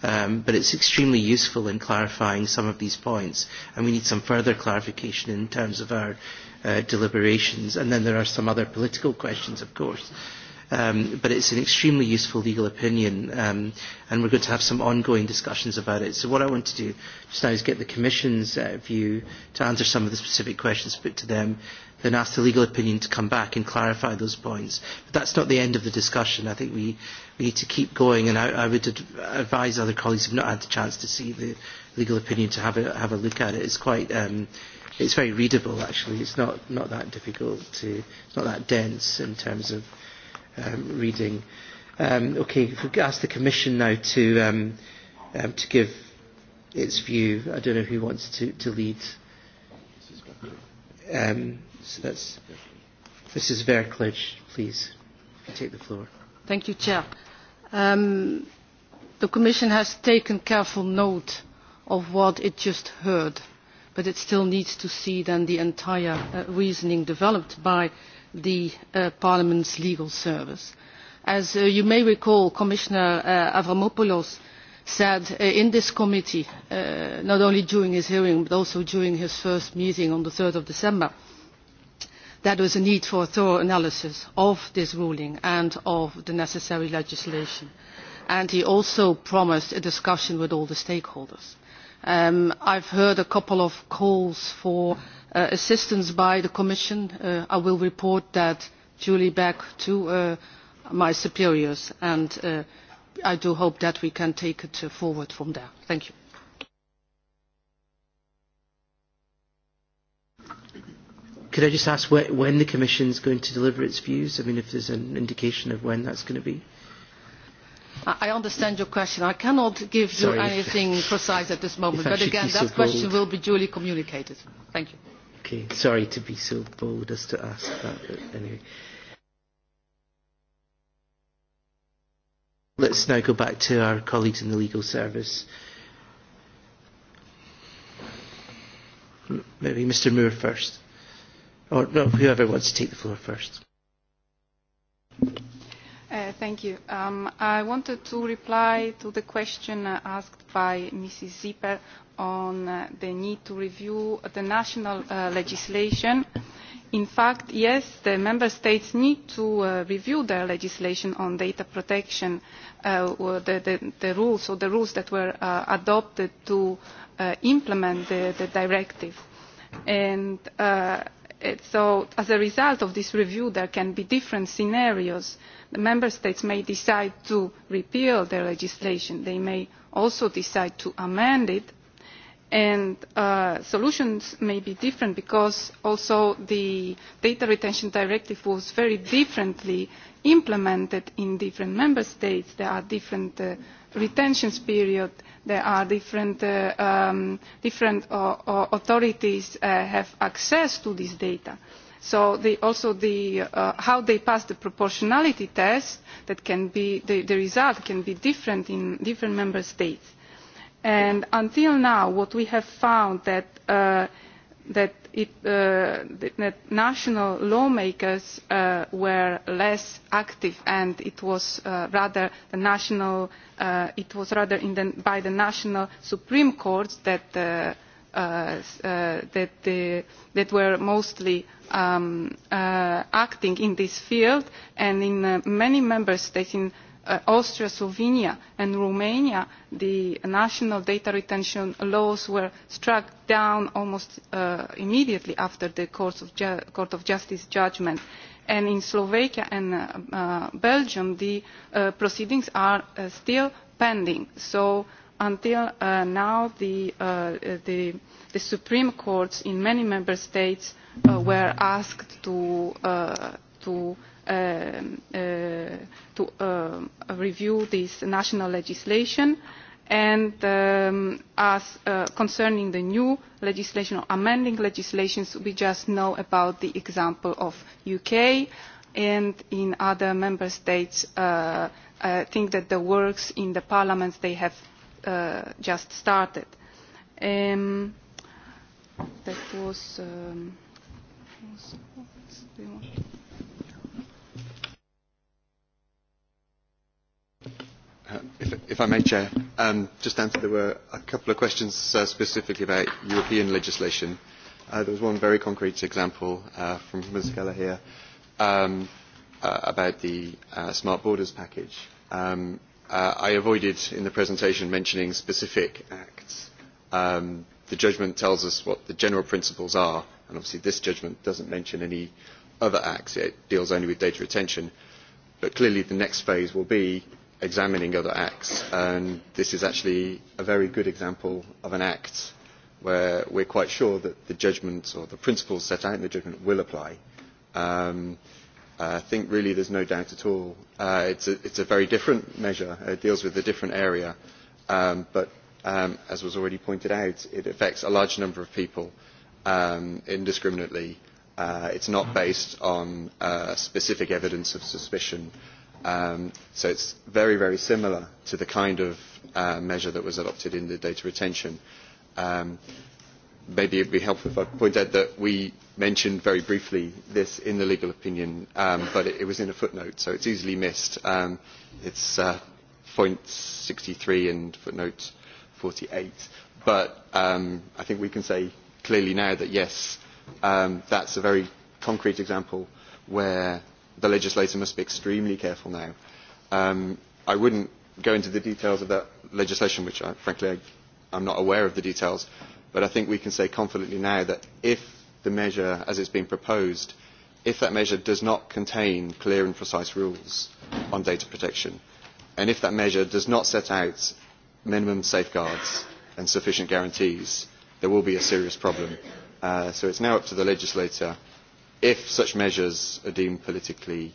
Um, but it's extremely useful in clarifying some of these points, and we need some further clarification in terms of our Uh, deliberations. And then there are some other political questions, of course. Um, but it's an extremely useful legal opinion, um, and we're going to have some ongoing discussions about it. So what I want to do just now is get the Commission's uh, view to answer some of the specific questions put to them, then ask the legal opinion to come back and clarify those points. But that's not the end of the discussion. I think we, we need to keep going, and I, I would ad- advise other colleagues who have not had the chance to see the legal opinion to have a, have a look at it. It's quite... Um, it's very readable actually. It's not, not that difficult to, it's not that dense in terms of um, reading. Um, okay, if we ask the Commission now to, um, um, to give its view, I don't know who wants to, to lead. Um, so that's Mrs. Verkledge, please, if you take the floor. Thank you, Chair. Um, the Commission has taken careful note of what it just heard but it still needs to see then the entire uh, reasoning developed by the uh, Parliament's legal service. As uh, you may recall, Commissioner uh, Avramopoulos said uh, in this committee, uh, not only during his hearing but also during his first meeting on the 3rd of December, that there was a need for a thorough analysis of this ruling and of the necessary legislation. And he also promised a discussion with all the stakeholders. Um, I've heard a couple of calls for uh, assistance by the Commission. Uh, I will report that duly back to uh, my superiors, and uh, I do hope that we can take it uh, forward from there. Thank you. Could I just ask when the Commission is going to deliver its views? I mean, if there's an indication of when that's going to be. I understand your question. I cannot give you anything precise at this [LAUGHS] moment. But again, that so question will be duly communicated. Thank you. Okay. Sorry to be so bold as to ask that. But anyway. Let's now go back to our colleagues in the legal service. Maybe Mr. Moore first. Or no, whoever wants to take the floor first. Uh, thank you. Um, I wanted to reply to the question asked by Mrs. Zipper on uh, the need to review the national uh, legislation. In fact, yes, the member states need to uh, review their legislation on data protection, uh, the, the, the rules, or the rules that were uh, adopted to uh, implement the, the directive. And uh, Eh, so as a result of this review there can be different scenarios. the member states may decide to repeal their legislation they may also decide to amend it and uh, solutions may be different because also the data retention directive was very differently implemented in different member states. there are different uh, retention periods there are different, uh, um, different uh, uh, authorities uh, have access to this data. So the, also the, uh, how they pass the proportionality test, that can be, the, the result can be different in different member states. And until now, what we have found that, uh, that Uh, the national lawmakers uh, were less active and it was uh, rather the national it was rather in the, by the national supreme courts that that, the, that were mostly um, acting in this field and in many member states in uh, Austria, Slovenia, and Romania, the national data retention laws were struck down almost uh, immediately after the Court of, Ju Court of Justice judgment. And in Slovakia and uh, uh, Belgium, the uh, proceedings are uh, still pending. So until uh, now, the, uh, the, the Supreme Courts in many member states uh, were asked to, uh, to Uh, uh, to uh, review this national legislation and um, as uh, concerning the new legislation or amending legislations we just know about the example of UK and in other member states uh, I think that the works in the parliaments they have uh, just started. Um, that was um, if, if I may, Chair, um, just answer, there were a couple of questions uh, specifically about European legislation. Uh, there was one very concrete example uh, from Ms. Keller here um, uh, about the uh, Smart Borders package. Um, uh, I avoided in the presentation mentioning specific acts. Um, the judgment tells us what the general principles are, and obviously this judgment doesn't mention any other acts. It deals only with data retention. But clearly the next phase will be examining other acts. And this is actually a very good example of an act where we're quite sure that the judgment or the principles set out in the judgment will apply. Um, I think really there's no doubt at all. Uh, it's, a, it's a very different measure. Uh, it deals with a different area. Um, but um, as was already pointed out, it affects a large number of people um, indiscriminately. Uh, it's not based on uh, specific evidence of suspicion. Um, so it's very, very similar to the kind of uh, measure that was adopted in the data retention. Um, maybe it would be helpful if I point out that we mentioned very briefly this in the legal opinion, um, but it, it was in a footnote, so it's easily missed. Um, it's uh, point 63 and footnote 48. But um, I think we can say clearly now that yes, um, that's a very concrete example where the legislator must be extremely careful now. Um, I wouldn't go into the details of that legislation, which I, uh, frankly I, I'm not aware of the details, but I think we can say confidently now that if the measure, as it's been proposed, if that measure does not contain clear and precise rules on data protection, and if that measure does not set out minimum safeguards and sufficient guarantees, there will be a serious problem. Uh, so it's now up to the legislator if such measures are deemed politically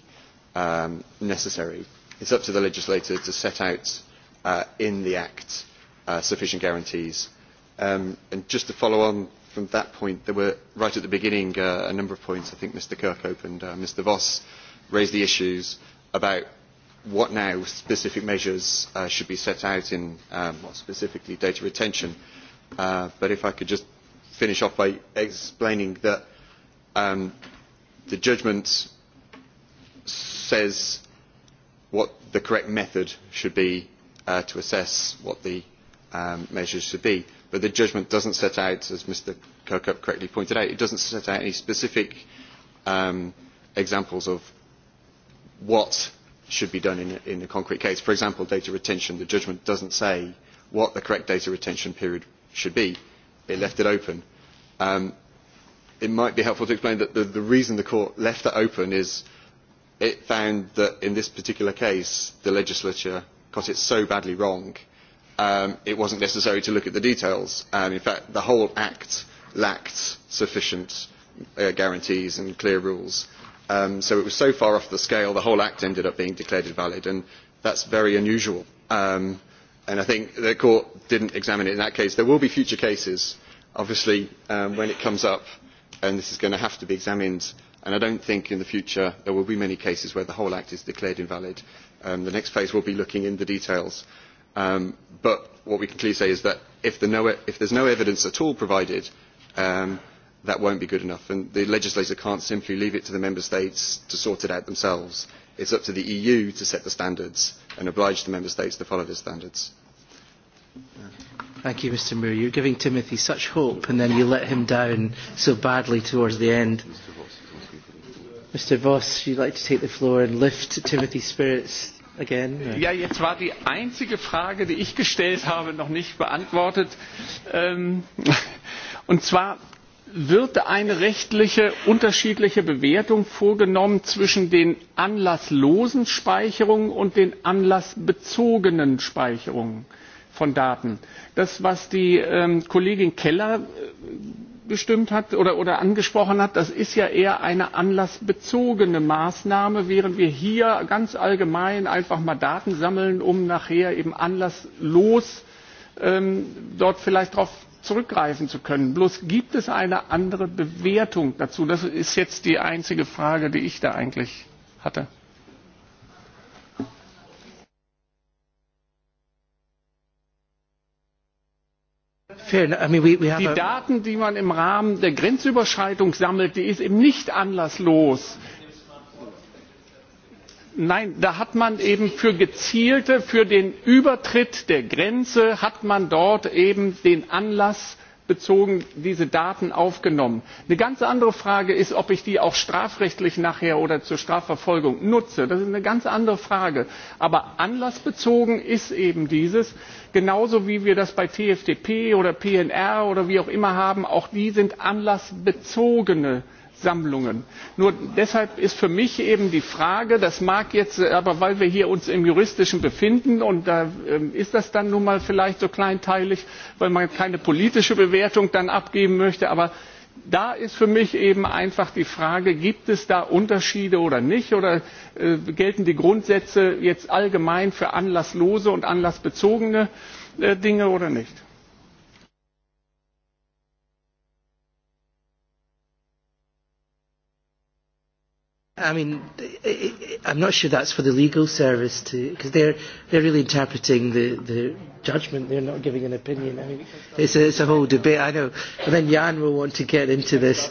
um, necessary. it is up to the legislator to set out uh, in the Act uh, sufficient guarantees. Um, just to follow on from that point, there were, right at the beginning, uh, a number of points. I think Mr Kirkhope and Mr Voss raised the issues about what now specific measures should be set out in, um, specifically data retention. but if I could just finish off by explaining that Um, the judgment says what the correct method should be uh, to assess what the um, measures should be. But the judgment doesn't set out, as Mr kirkhope correctly pointed out, it doesn't set out any specific um, examples of what should be done in a, concrete case. For example, data retention, the judgment doesn't say what the correct data retention period should be. It left it open it might be helpful to explain that the, reason the court left that open is it found that in this particular case the legislature got it so badly wrong um, it wasn't necessary to look at the details um, in fact the whole act lacked sufficient uh, guarantees and clear rules um, so it was so far off the scale the whole act ended up being declared invalid and that's very unusual um, and I think the court didn't examine it in that case. There will be future cases, obviously, um, when it comes up and this is going to have to be examined and I do not think in the future there will be many cases where the whole Act is declared invalid. Um, the next phase will be looking into the details. Um, but what we can clearly say is that if, no, there is no evidence at all provided, um, that will not be good enough. And the legislator cannot simply leave it to the member states to sort it out themselves. it is up to the EU to set the standards and oblige the member states to follow the standards. Thank you, Mr. Moore. You're giving Timothy such hope, and then you let him down so badly towards the end. Mr. Voss, you'd like to take the floor and lift Timothy's spirits again? Ja, jetzt war die einzige Frage, die ich gestellt habe, noch nicht beantwortet. Ähm, und zwar wird eine rechtliche unterschiedliche bewertung vorgenommen zwischen den anlasslosen speicherungen und den anlassbezogenen speicherungen? von Daten. Das, was die ähm, Kollegin Keller äh, bestimmt hat oder, oder angesprochen hat, das ist ja eher eine anlassbezogene Maßnahme, während wir hier ganz allgemein einfach mal Daten sammeln, um nachher eben anlasslos ähm, dort vielleicht darauf zurückgreifen zu können. Bloß gibt es eine andere Bewertung dazu? Das ist jetzt die einzige Frage, die ich da eigentlich hatte. die Daten, die man im Rahmen der Grenzüberschreitung sammelt, die ist eben nicht anlasslos. Nein, da hat man eben für gezielte, für den Übertritt der Grenze hat man dort eben den Anlass bezogen diese daten aufgenommen. eine ganz andere frage ist ob ich die auch strafrechtlich nachher oder zur strafverfolgung nutze. das ist eine ganz andere frage. aber anlassbezogen ist eben dieses genauso wie wir das bei tftp oder pnr oder wie auch immer haben auch die sind anlassbezogene sammlungen. nur deshalb ist für mich eben die frage das mag jetzt aber weil wir uns hier im juristischen befinden und da ähm, ist das dann nun mal vielleicht so kleinteilig weil man keine politische bewertung dann abgeben möchte aber da ist für mich eben einfach die frage gibt es da unterschiede oder nicht oder äh, gelten die grundsätze jetzt allgemein für anlasslose und anlassbezogene äh, dinge oder nicht? I mean, I'm not sure that's for the legal service to, because they're they're really interpreting the the judgment. They're not giving an opinion. I mean, it's a, it's a whole debate. I know, but then Jan will want to get into this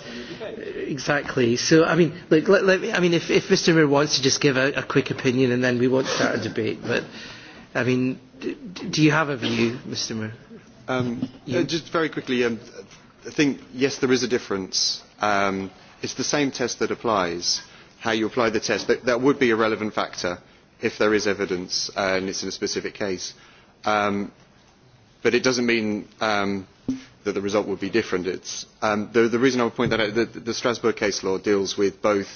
exactly. So I mean, look, let, let me. I mean, if if Mr. Moore wants to just give a, a quick opinion and then we won't start a debate. But I mean, do, do you have a view, Mr. Moore? Um, you? uh, just very quickly, um, I think yes, there is a difference. Um, it's the same test that applies how you apply the test, but that would be a relevant factor if there is evidence uh, and it is in a specific case. Um, but it doesn't mean um, that the result would be different. It's, um, the, the reason I would point that out, the, the Strasbourg case law deals with both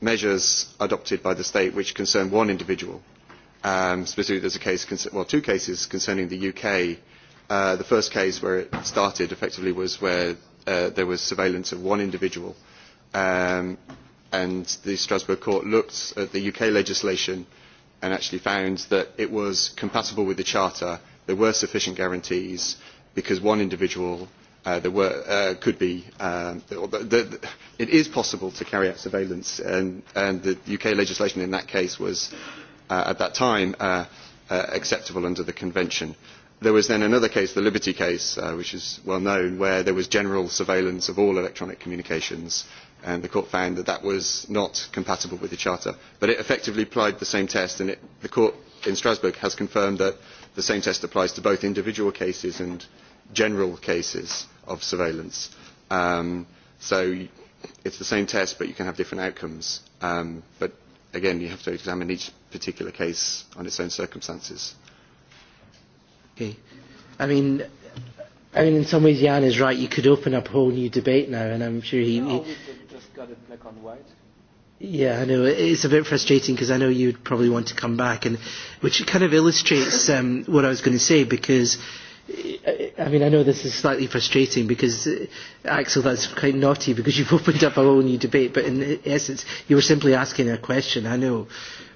measures adopted by the state which concern one individual. Um, specifically, there's a case, well, two cases concerning the UK. Uh, the first case where it started effectively was where uh, there was surveillance of one individual. Um, and the Strasbourg court looked at the UK legislation and actually found that it was compatible with the Charter. There were sufficient guarantees because one individual uh, there were, uh, could be. Um, the, the, it is possible to carry out surveillance, and, and the UK legislation in that case was, uh, at that time, uh, uh, acceptable under the Convention. There was then another case, the Liberty case, uh, which is well known, where there was general surveillance of all electronic communications and the court found that that was not compatible with the charter. But it effectively applied the same test, and it, the court in Strasbourg has confirmed that the same test applies to both individual cases and general cases of surveillance. Um, so it's the same test, but you can have different outcomes. Um, but again, you have to examine each particular case on its own circumstances. Okay. I mean, I mean, in some ways, Jan is right. You could open up a whole new debate now, and I'm sure he, he no, got it black on white. Yeah, I know. It's a bit frustrating because I know you'd probably want to come back, and which kind of illustrates um, what I was going to say because. I mean, I know this is slightly frustrating because, uh, Axel, that's quite naughty because you've opened up a whole new debate, but in essence, you were simply asking a question, I know.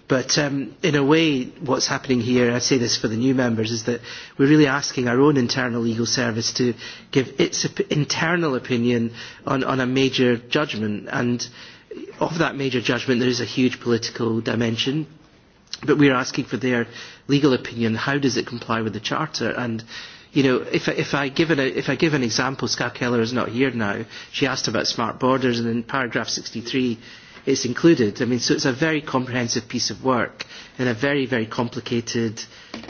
But um, in a way, what's happening here, and I say this for the new members, is that we're really asking our own internal legal service to give its op- internal opinion on, on a major judgment. And of that major judgment, there is a huge political dimension. But we're asking for their legal opinion. How does it comply with the Charter? And you know, if, if, I give an, if I give an example, Scott Keller is not here now. She asked about smart borders, and in paragraph 63, it's included. I mean, so it's a very comprehensive piece of work in a very, very complicated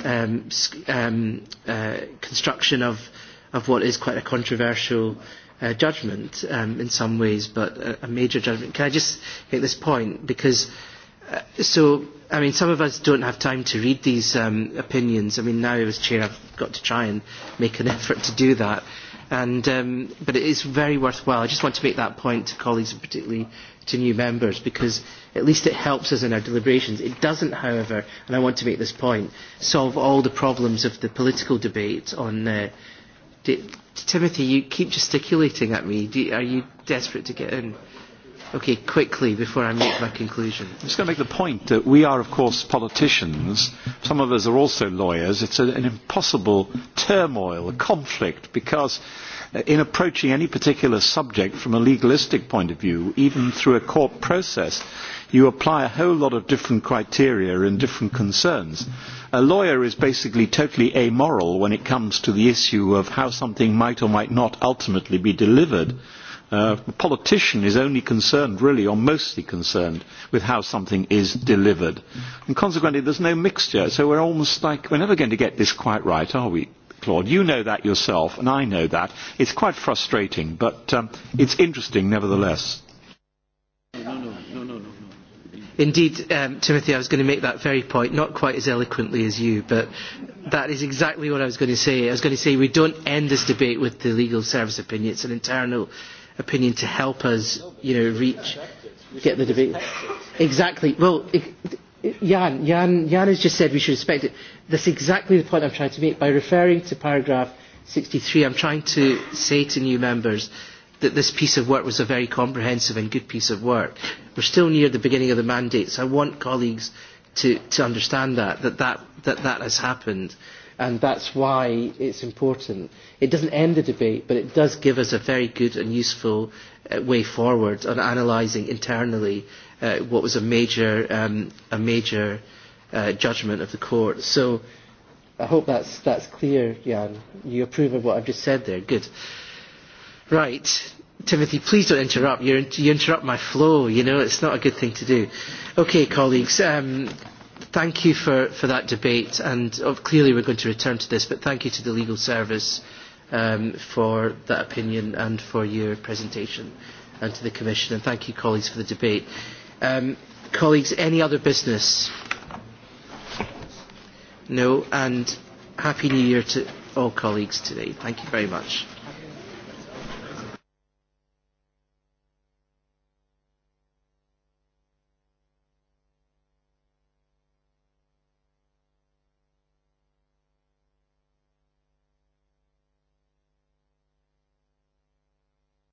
um, um, uh, construction of, of what is quite a controversial uh, judgment um, in some ways, but a, a major judgment. Can I just make this point? Because, uh, so, I mean, some of us don't have time to read these um, opinions. I mean, now as chair, I've got to try and make an [LAUGHS] effort to do that And, um, but it is very worthwhile. I just want to make that point to colleagues and particularly to new members because at least it helps us in our deliberations. It doesn't, however, and I want to make this point, solve all the problems of the political debate on. Uh, Timothy, you keep gesticulating at me. Do, are you desperate to get in? Okay, quickly before I make my conclusion. I'm just going to make the point that we are, of course, politicians. Some of us are also lawyers. It's a, an impossible turmoil, a conflict, because uh, in approaching any particular subject from a legalistic point of view, even through a court process, you apply a whole lot of different criteria and different concerns. A lawyer is basically totally amoral when it comes to the issue of how something might or might not ultimately be delivered. Mm-hmm the uh, politician is only concerned, really, or mostly concerned, with how something is delivered. And consequently, there's no mixture. So we're almost like, we're never going to get this quite right, are we, Claude? You know that yourself, and I know that. It's quite frustrating, but um, it's interesting nevertheless. Indeed, um, Timothy, I was going to make that very point, not quite as eloquently as you, but that is exactly what I was going to say. I was going to say we don't end this debate with the legal service opinion. It's an internal opinion to help us, you know, reach, get the debate. Exactly. Well, Jan, Jan, Jan has just said we should respect it. That's exactly the point I'm trying to make. By referring to paragraph 63, I'm trying to say to new members that this piece of work was a very comprehensive and good piece of work. We're still near the beginning of the mandate, so I want colleagues to, to understand that, that that, that that has happened and that is why it is important. It does not end the debate, but it does give us a very good and useful uh, way forward on analysing internally uh, what was a major, um, a major uh, judgment of the court. So I hope that's, that's clear, Jan. You approve of what I have just said there. Good. Right. Timothy, please don't interrupt. You're, you interrupt my flow. You know, it's not a good thing to do. Okay, colleagues. Um, thank you for, for that debate, and oh, clearly we're going to return to this, but thank you to the legal service um, for that opinion and for your presentation, and to the Commission, and thank you, colleagues, for the debate. Um, colleagues, any other business? No, and Happy New Year to all colleagues today. Thank you very much.